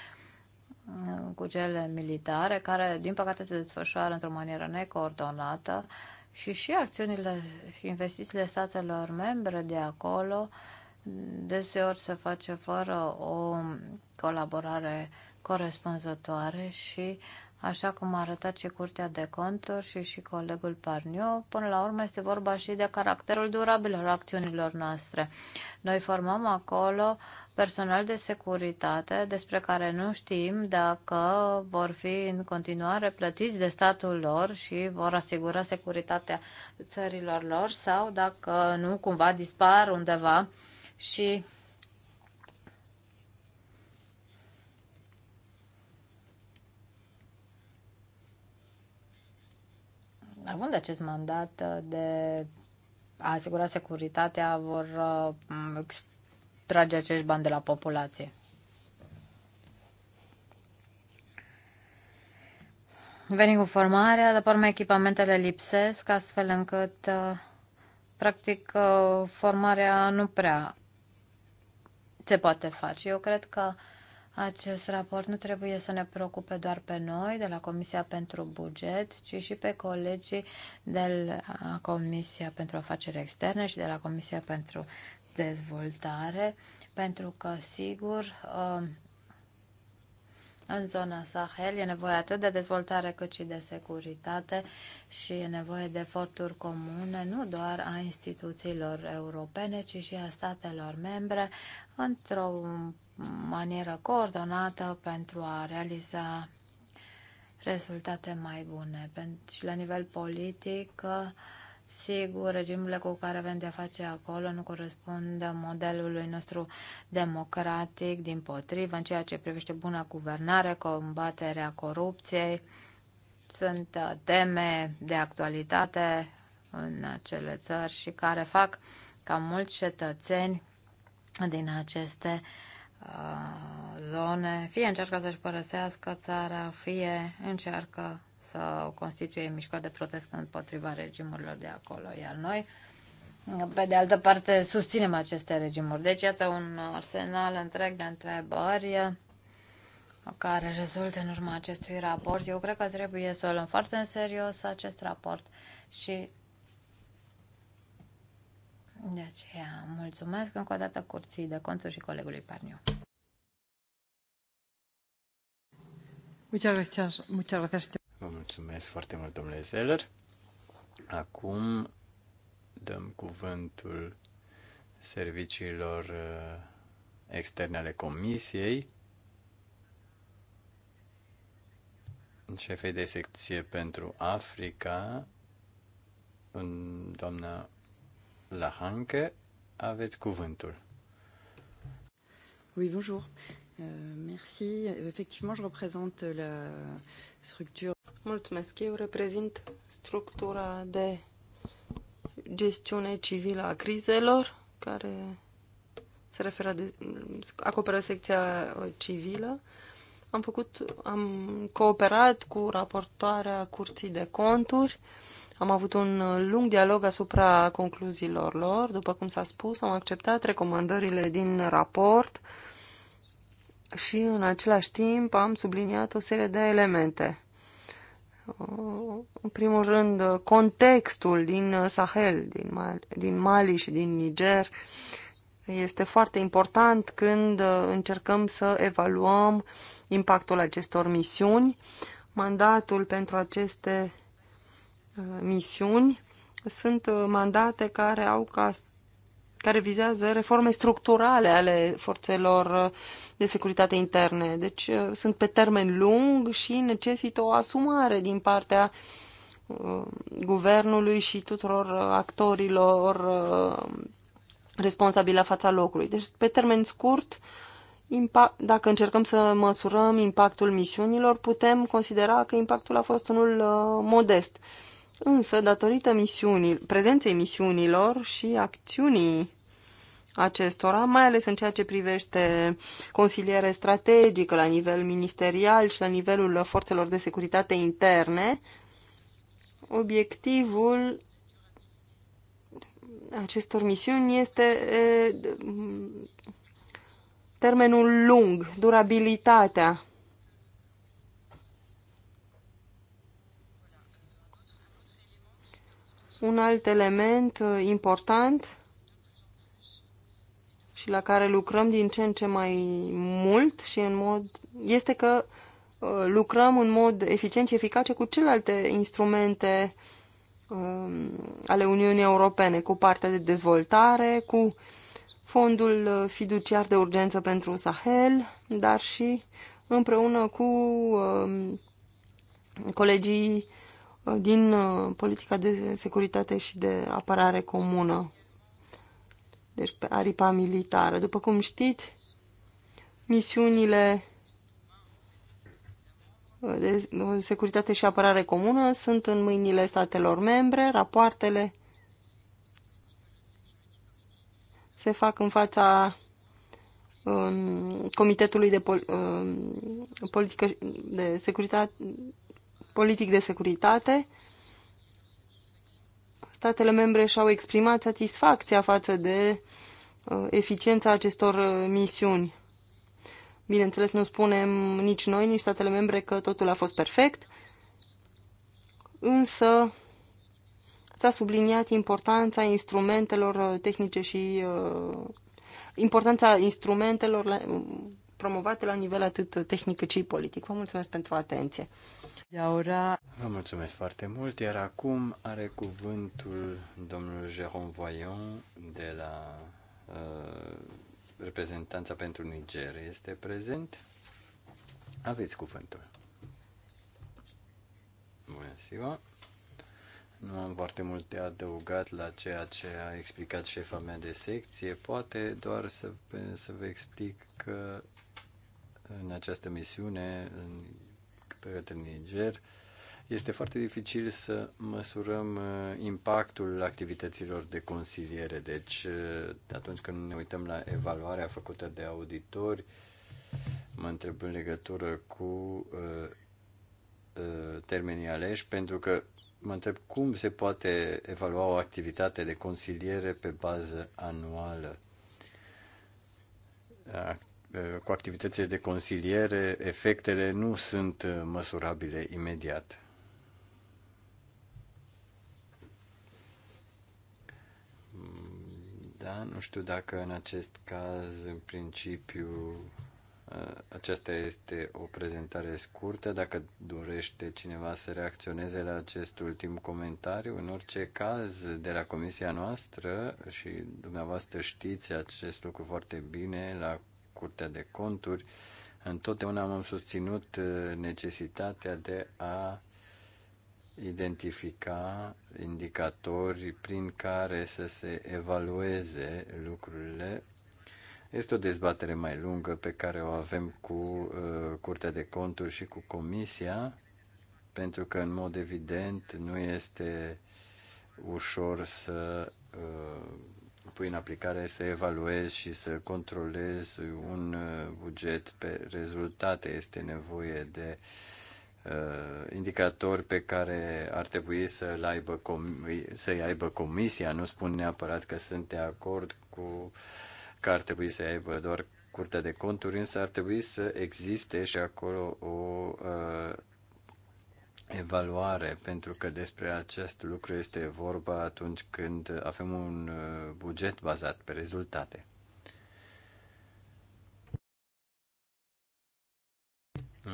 uh, cu cele militare, care, din păcate, se desfășoară într-o manieră necoordonată, uh, și și acțiunile și investițiile statelor membre de acolo deseori se face fără o colaborare corespunzătoare și așa cum a arătat și Curtea de Conturi și și colegul Parniu. Până la urmă este vorba și de caracterul durabil al acțiunilor noastre. Noi formăm acolo personal de securitate despre care nu știm dacă vor fi în continuare plătiți de statul lor și vor asigura securitatea țărilor lor sau dacă nu cumva dispar undeva și având acest mandat uh, de a asigura securitatea, vor uh, trage acești bani de la populație. Venim cu formarea, după urmă echipamentele lipsesc, astfel încât, uh, practic, formarea nu prea se poate face. Eu cred că uh, acest raport nu trebuie să ne preocupe doar pe noi de la Comisia pentru Buget, ci și pe colegii de la Comisia pentru Afaceri Externe și de la Comisia pentru Dezvoltare, pentru că, sigur, um, în zona Sahel e nevoie atât de dezvoltare cât și de securitate și e nevoie de eforturi comune, nu doar a instituțiilor europene, ci și a statelor membre, într-un manieră coordonată pentru a realiza rezultate mai bune. Și la nivel politic, sigur, regimurile cu care avem de-a face acolo nu corespund modelului nostru democratic, din potrivă, în ceea ce privește buna guvernare, combaterea corupției. Sunt uh, teme de actualitate în acele țări și care fac ca mulți cetățeni din aceste uh, Uh, zone, fie încearcă să-și părăsească țara, fie încearcă să constituie mișcări de protest împotriva regimurilor de acolo. Iar noi, pe de altă parte, susținem aceste regimuri. Deci, iată un arsenal întreg de întrebări care rezultă în urma acestui raport. Eu cred că trebuie să o luăm foarte în serios acest raport și de aceea mulțumesc încă o dată curții de conturi și colegului Parniu. Vă mulțumesc foarte mult, domnule Zeller. Acum dăm cuvântul serviciilor uh, externe ale Comisiei, șefei de secție pentru Africa, doamna Lahanke, aveți cuvântul. Oui, bonjour. Euh, merci. Effectivement, je représente la structure. Mulțumesc. Eu reprezint structura de gestiune civilă a crizelor, care se referă de, acoperă secția uh, civilă. Am făcut, am cooperat cu raportoarea Curții de Conturi. Am avut un uh, lung dialog asupra concluziilor lor. După cum s-a spus, am acceptat recomandările din raport. Uh, și în același timp am subliniat o serie de elemente. În primul rând, contextul din Sahel, din Mali, din Mali și din Niger este foarte important când încercăm să evaluăm impactul acestor misiuni. Mandatul pentru aceste uh, misiuni sunt uh, mandate care au ca care vizează reforme structurale ale forțelor de securitate interne. Deci uh, sunt pe termen lung și necesită o asumare din partea uh, guvernului și tuturor uh, actorilor responsabili la fața locului. Deci, pe termen scurt, impact, dacă încercăm să măsurăm impactul misiunilor, putem considera că impactul a fost unul modest. Însă, datorită misiunii, prezenței misiunilor și acțiunii acestora, mai ales în ceea ce privește consiliere strategică la nivel ministerial și la nivelul forțelor de securitate interne, obiectivul acestor misiuni este termenul lung, durabilitatea. Un alt element important și la care lucrăm din ce în ce mai mult și în mod este că uh, lucrăm în mod eficient și eficace cu celelalte instrumente um, ale Uniunii Europene, cu partea de dezvoltare, cu fondul uh, fiduciar de urgență pentru Sahel, dar și împreună cu um, colegii uh, din politica de securitate și de apărare comună deci pe aripa militară. După cum știți, misiunile uh, de uh, securitate și apărare comună sunt în mâinile statelor membre, rapoartele se fac în fața în, um, Comitetului de, pol, în, um, politică, de securitate, politic de securitate statele membre și-au exprimat satisfacția față de uh, eficiența acestor uh, misiuni. Bineînțeles, nu spunem nici noi, nici statele membre că totul a fost perfect, însă s-a subliniat importanța instrumentelor uh, tehnice și uh, importanța instrumentelor la, promovate la nivel atât tehnic cât și politic. Vă mulțumesc pentru atenție. Y Vă mulțumesc foarte mult, iar acum are cuvântul domnul Jérôme Voyon de la uh, reprezentanța pentru Niger. Este prezent? Aveți cuvântul. Bună ziua! Nu am foarte mult de adăugat la ceea ce a explicat șefa mea de secție. Poate doar să, să vă explic că în această misiune, în către Niger, este foarte dificil să măsurăm uh, impactul activităților de consiliere. Deci, uh, atunci când ne uităm la evaluarea făcută de auditori, mă întreb în legătură cu uh, uh, termenii aleși, pentru că mă întreb cum se poate evalua o activitate de consiliere pe bază anuală. Eh, cu activitățile de consiliere, efectele nu sunt eh, măsurabile imediat. Mm, da, nu știu dacă în acest caz, în principiu, eh, aceasta este o prezentare scurtă. Dacă dorește cineva să reacționeze la acest ultim comentariu, în orice caz, de la comisia noastră, și dumneavoastră știți acest lucru foarte bine, la Curtea de Conturi, întotdeauna am susținut uh, necesitatea de a identifica indicatori prin care să se evalueze lucrurile. Este o dezbatere mai lungă pe care o avem cu uh, Curtea de Conturi și cu Comisia, pentru că, în mod evident, nu este ușor să uh, pui în aplicare să evaluezi și să controlezi un uh, buget pe rezultate. Este nevoie de uh, indicatori pe care ar trebui să-i aibă, com- să aibă comisia. Nu spun neapărat că sunt de acord cu că ar trebui să aibă doar curtea de conturi, însă ar trebui să existe și acolo o uh, evaluare, pentru că despre acest lucru este vorba atunci când avem un uh, buget bazat pe rezultate.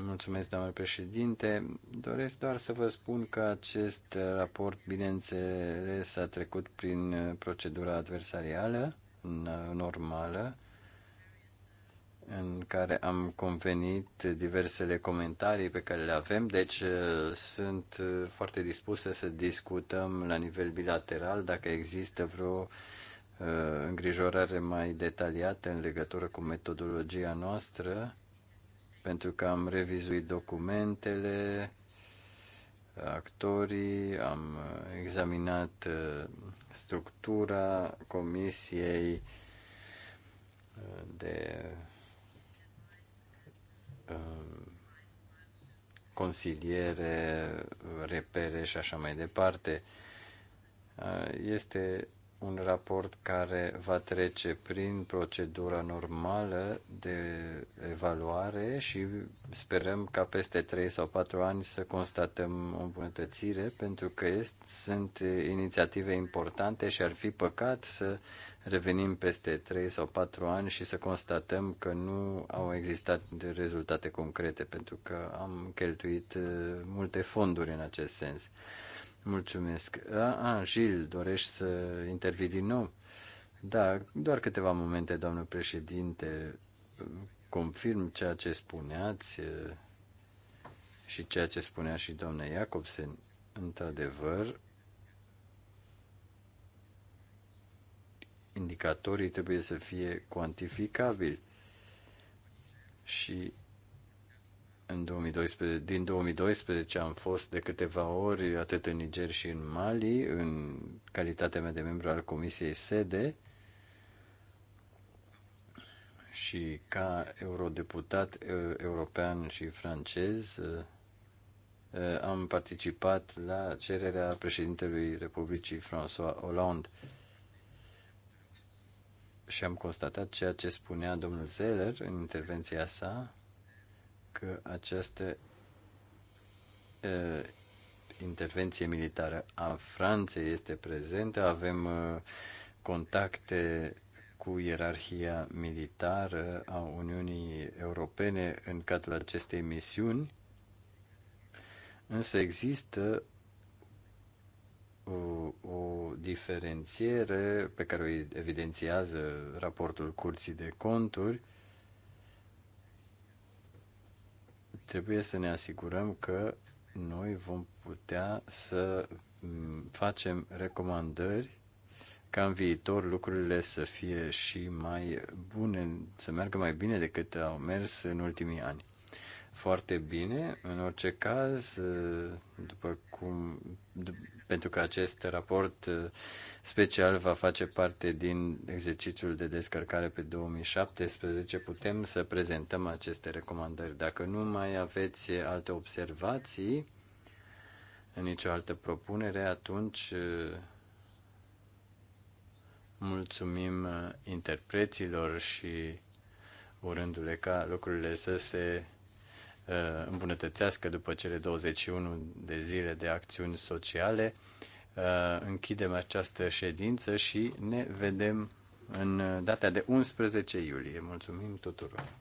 Mulțumesc, doamnă președinte. Doresc doar să vă spun că acest raport, bineînțeles, a trecut prin procedura adversarială uh, normală în care am convenit diversele comentarii pe care le avem, deci uh, sunt uh, foarte dispuse să discutăm la nivel bilateral dacă există vreo uh, îngrijorare mai detaliată în legătură cu metodologia noastră, pentru că am revizuit documentele, actorii, am examinat structura comisiei de Uh, consiliere, repere și așa mai departe. Uh, este un raport care va trece prin procedura normală de evaluare și sperăm ca peste 3 sau 4 ani să constatăm o îmbunătățire, pentru că este, sunt inițiative importante și ar fi păcat să revenim peste 3 sau 4 ani și să constatăm că nu au existat rezultate concrete, pentru că am cheltuit eh, multe fonduri în acest sens. Mulțumesc. A, a, Gil, dorești să intervii din nou? Da, doar câteva momente, Domnul președinte. Confirm ceea ce spuneați și ceea ce spunea și domnul Iacobsen. Într-adevăr, indicatorii trebuie să fie cuantificabili și în 2012, din 2012 am fost de câteva ori atât în Niger și în Mali, în calitatea mea de membru al Comisiei SEDE și ca eurodeputat european și francez uh, uh, am participat la cererea președintelui Republicii François Hollande și am constatat ceea ce spunea domnul Zeller în intervenția sa, că această uh, intervenție militară a Franței este prezentă, avem uh, contacte cu ierarhia militară a Uniunii Europene în cadrul acestei misiuni, însă există o, o diferențiere pe care o evidențiază raportul Curții de Conturi Trebuie să ne asigurăm că noi vom putea să mm, facem recomandări ca în viitor lucrurile să fie și mai bune, să meargă mai bine decât au mers în ultimii ani foarte bine. În orice caz, după cum, pentru că acest raport uh, special va face parte din exercițiul de descărcare pe 2017, putem să prezentăm aceste recomandări. Dacă nu mai aveți alte observații, în nicio altă propunere, atunci uh, mulțumim uh, interpreților și urându-le ca lucrurile să se Uh, îmbunătățească după cele 21 de zile de acțiuni sociale. Uh, închidem această ședință și ne vedem în uh, data de 11 iulie. Mulțumim tuturor!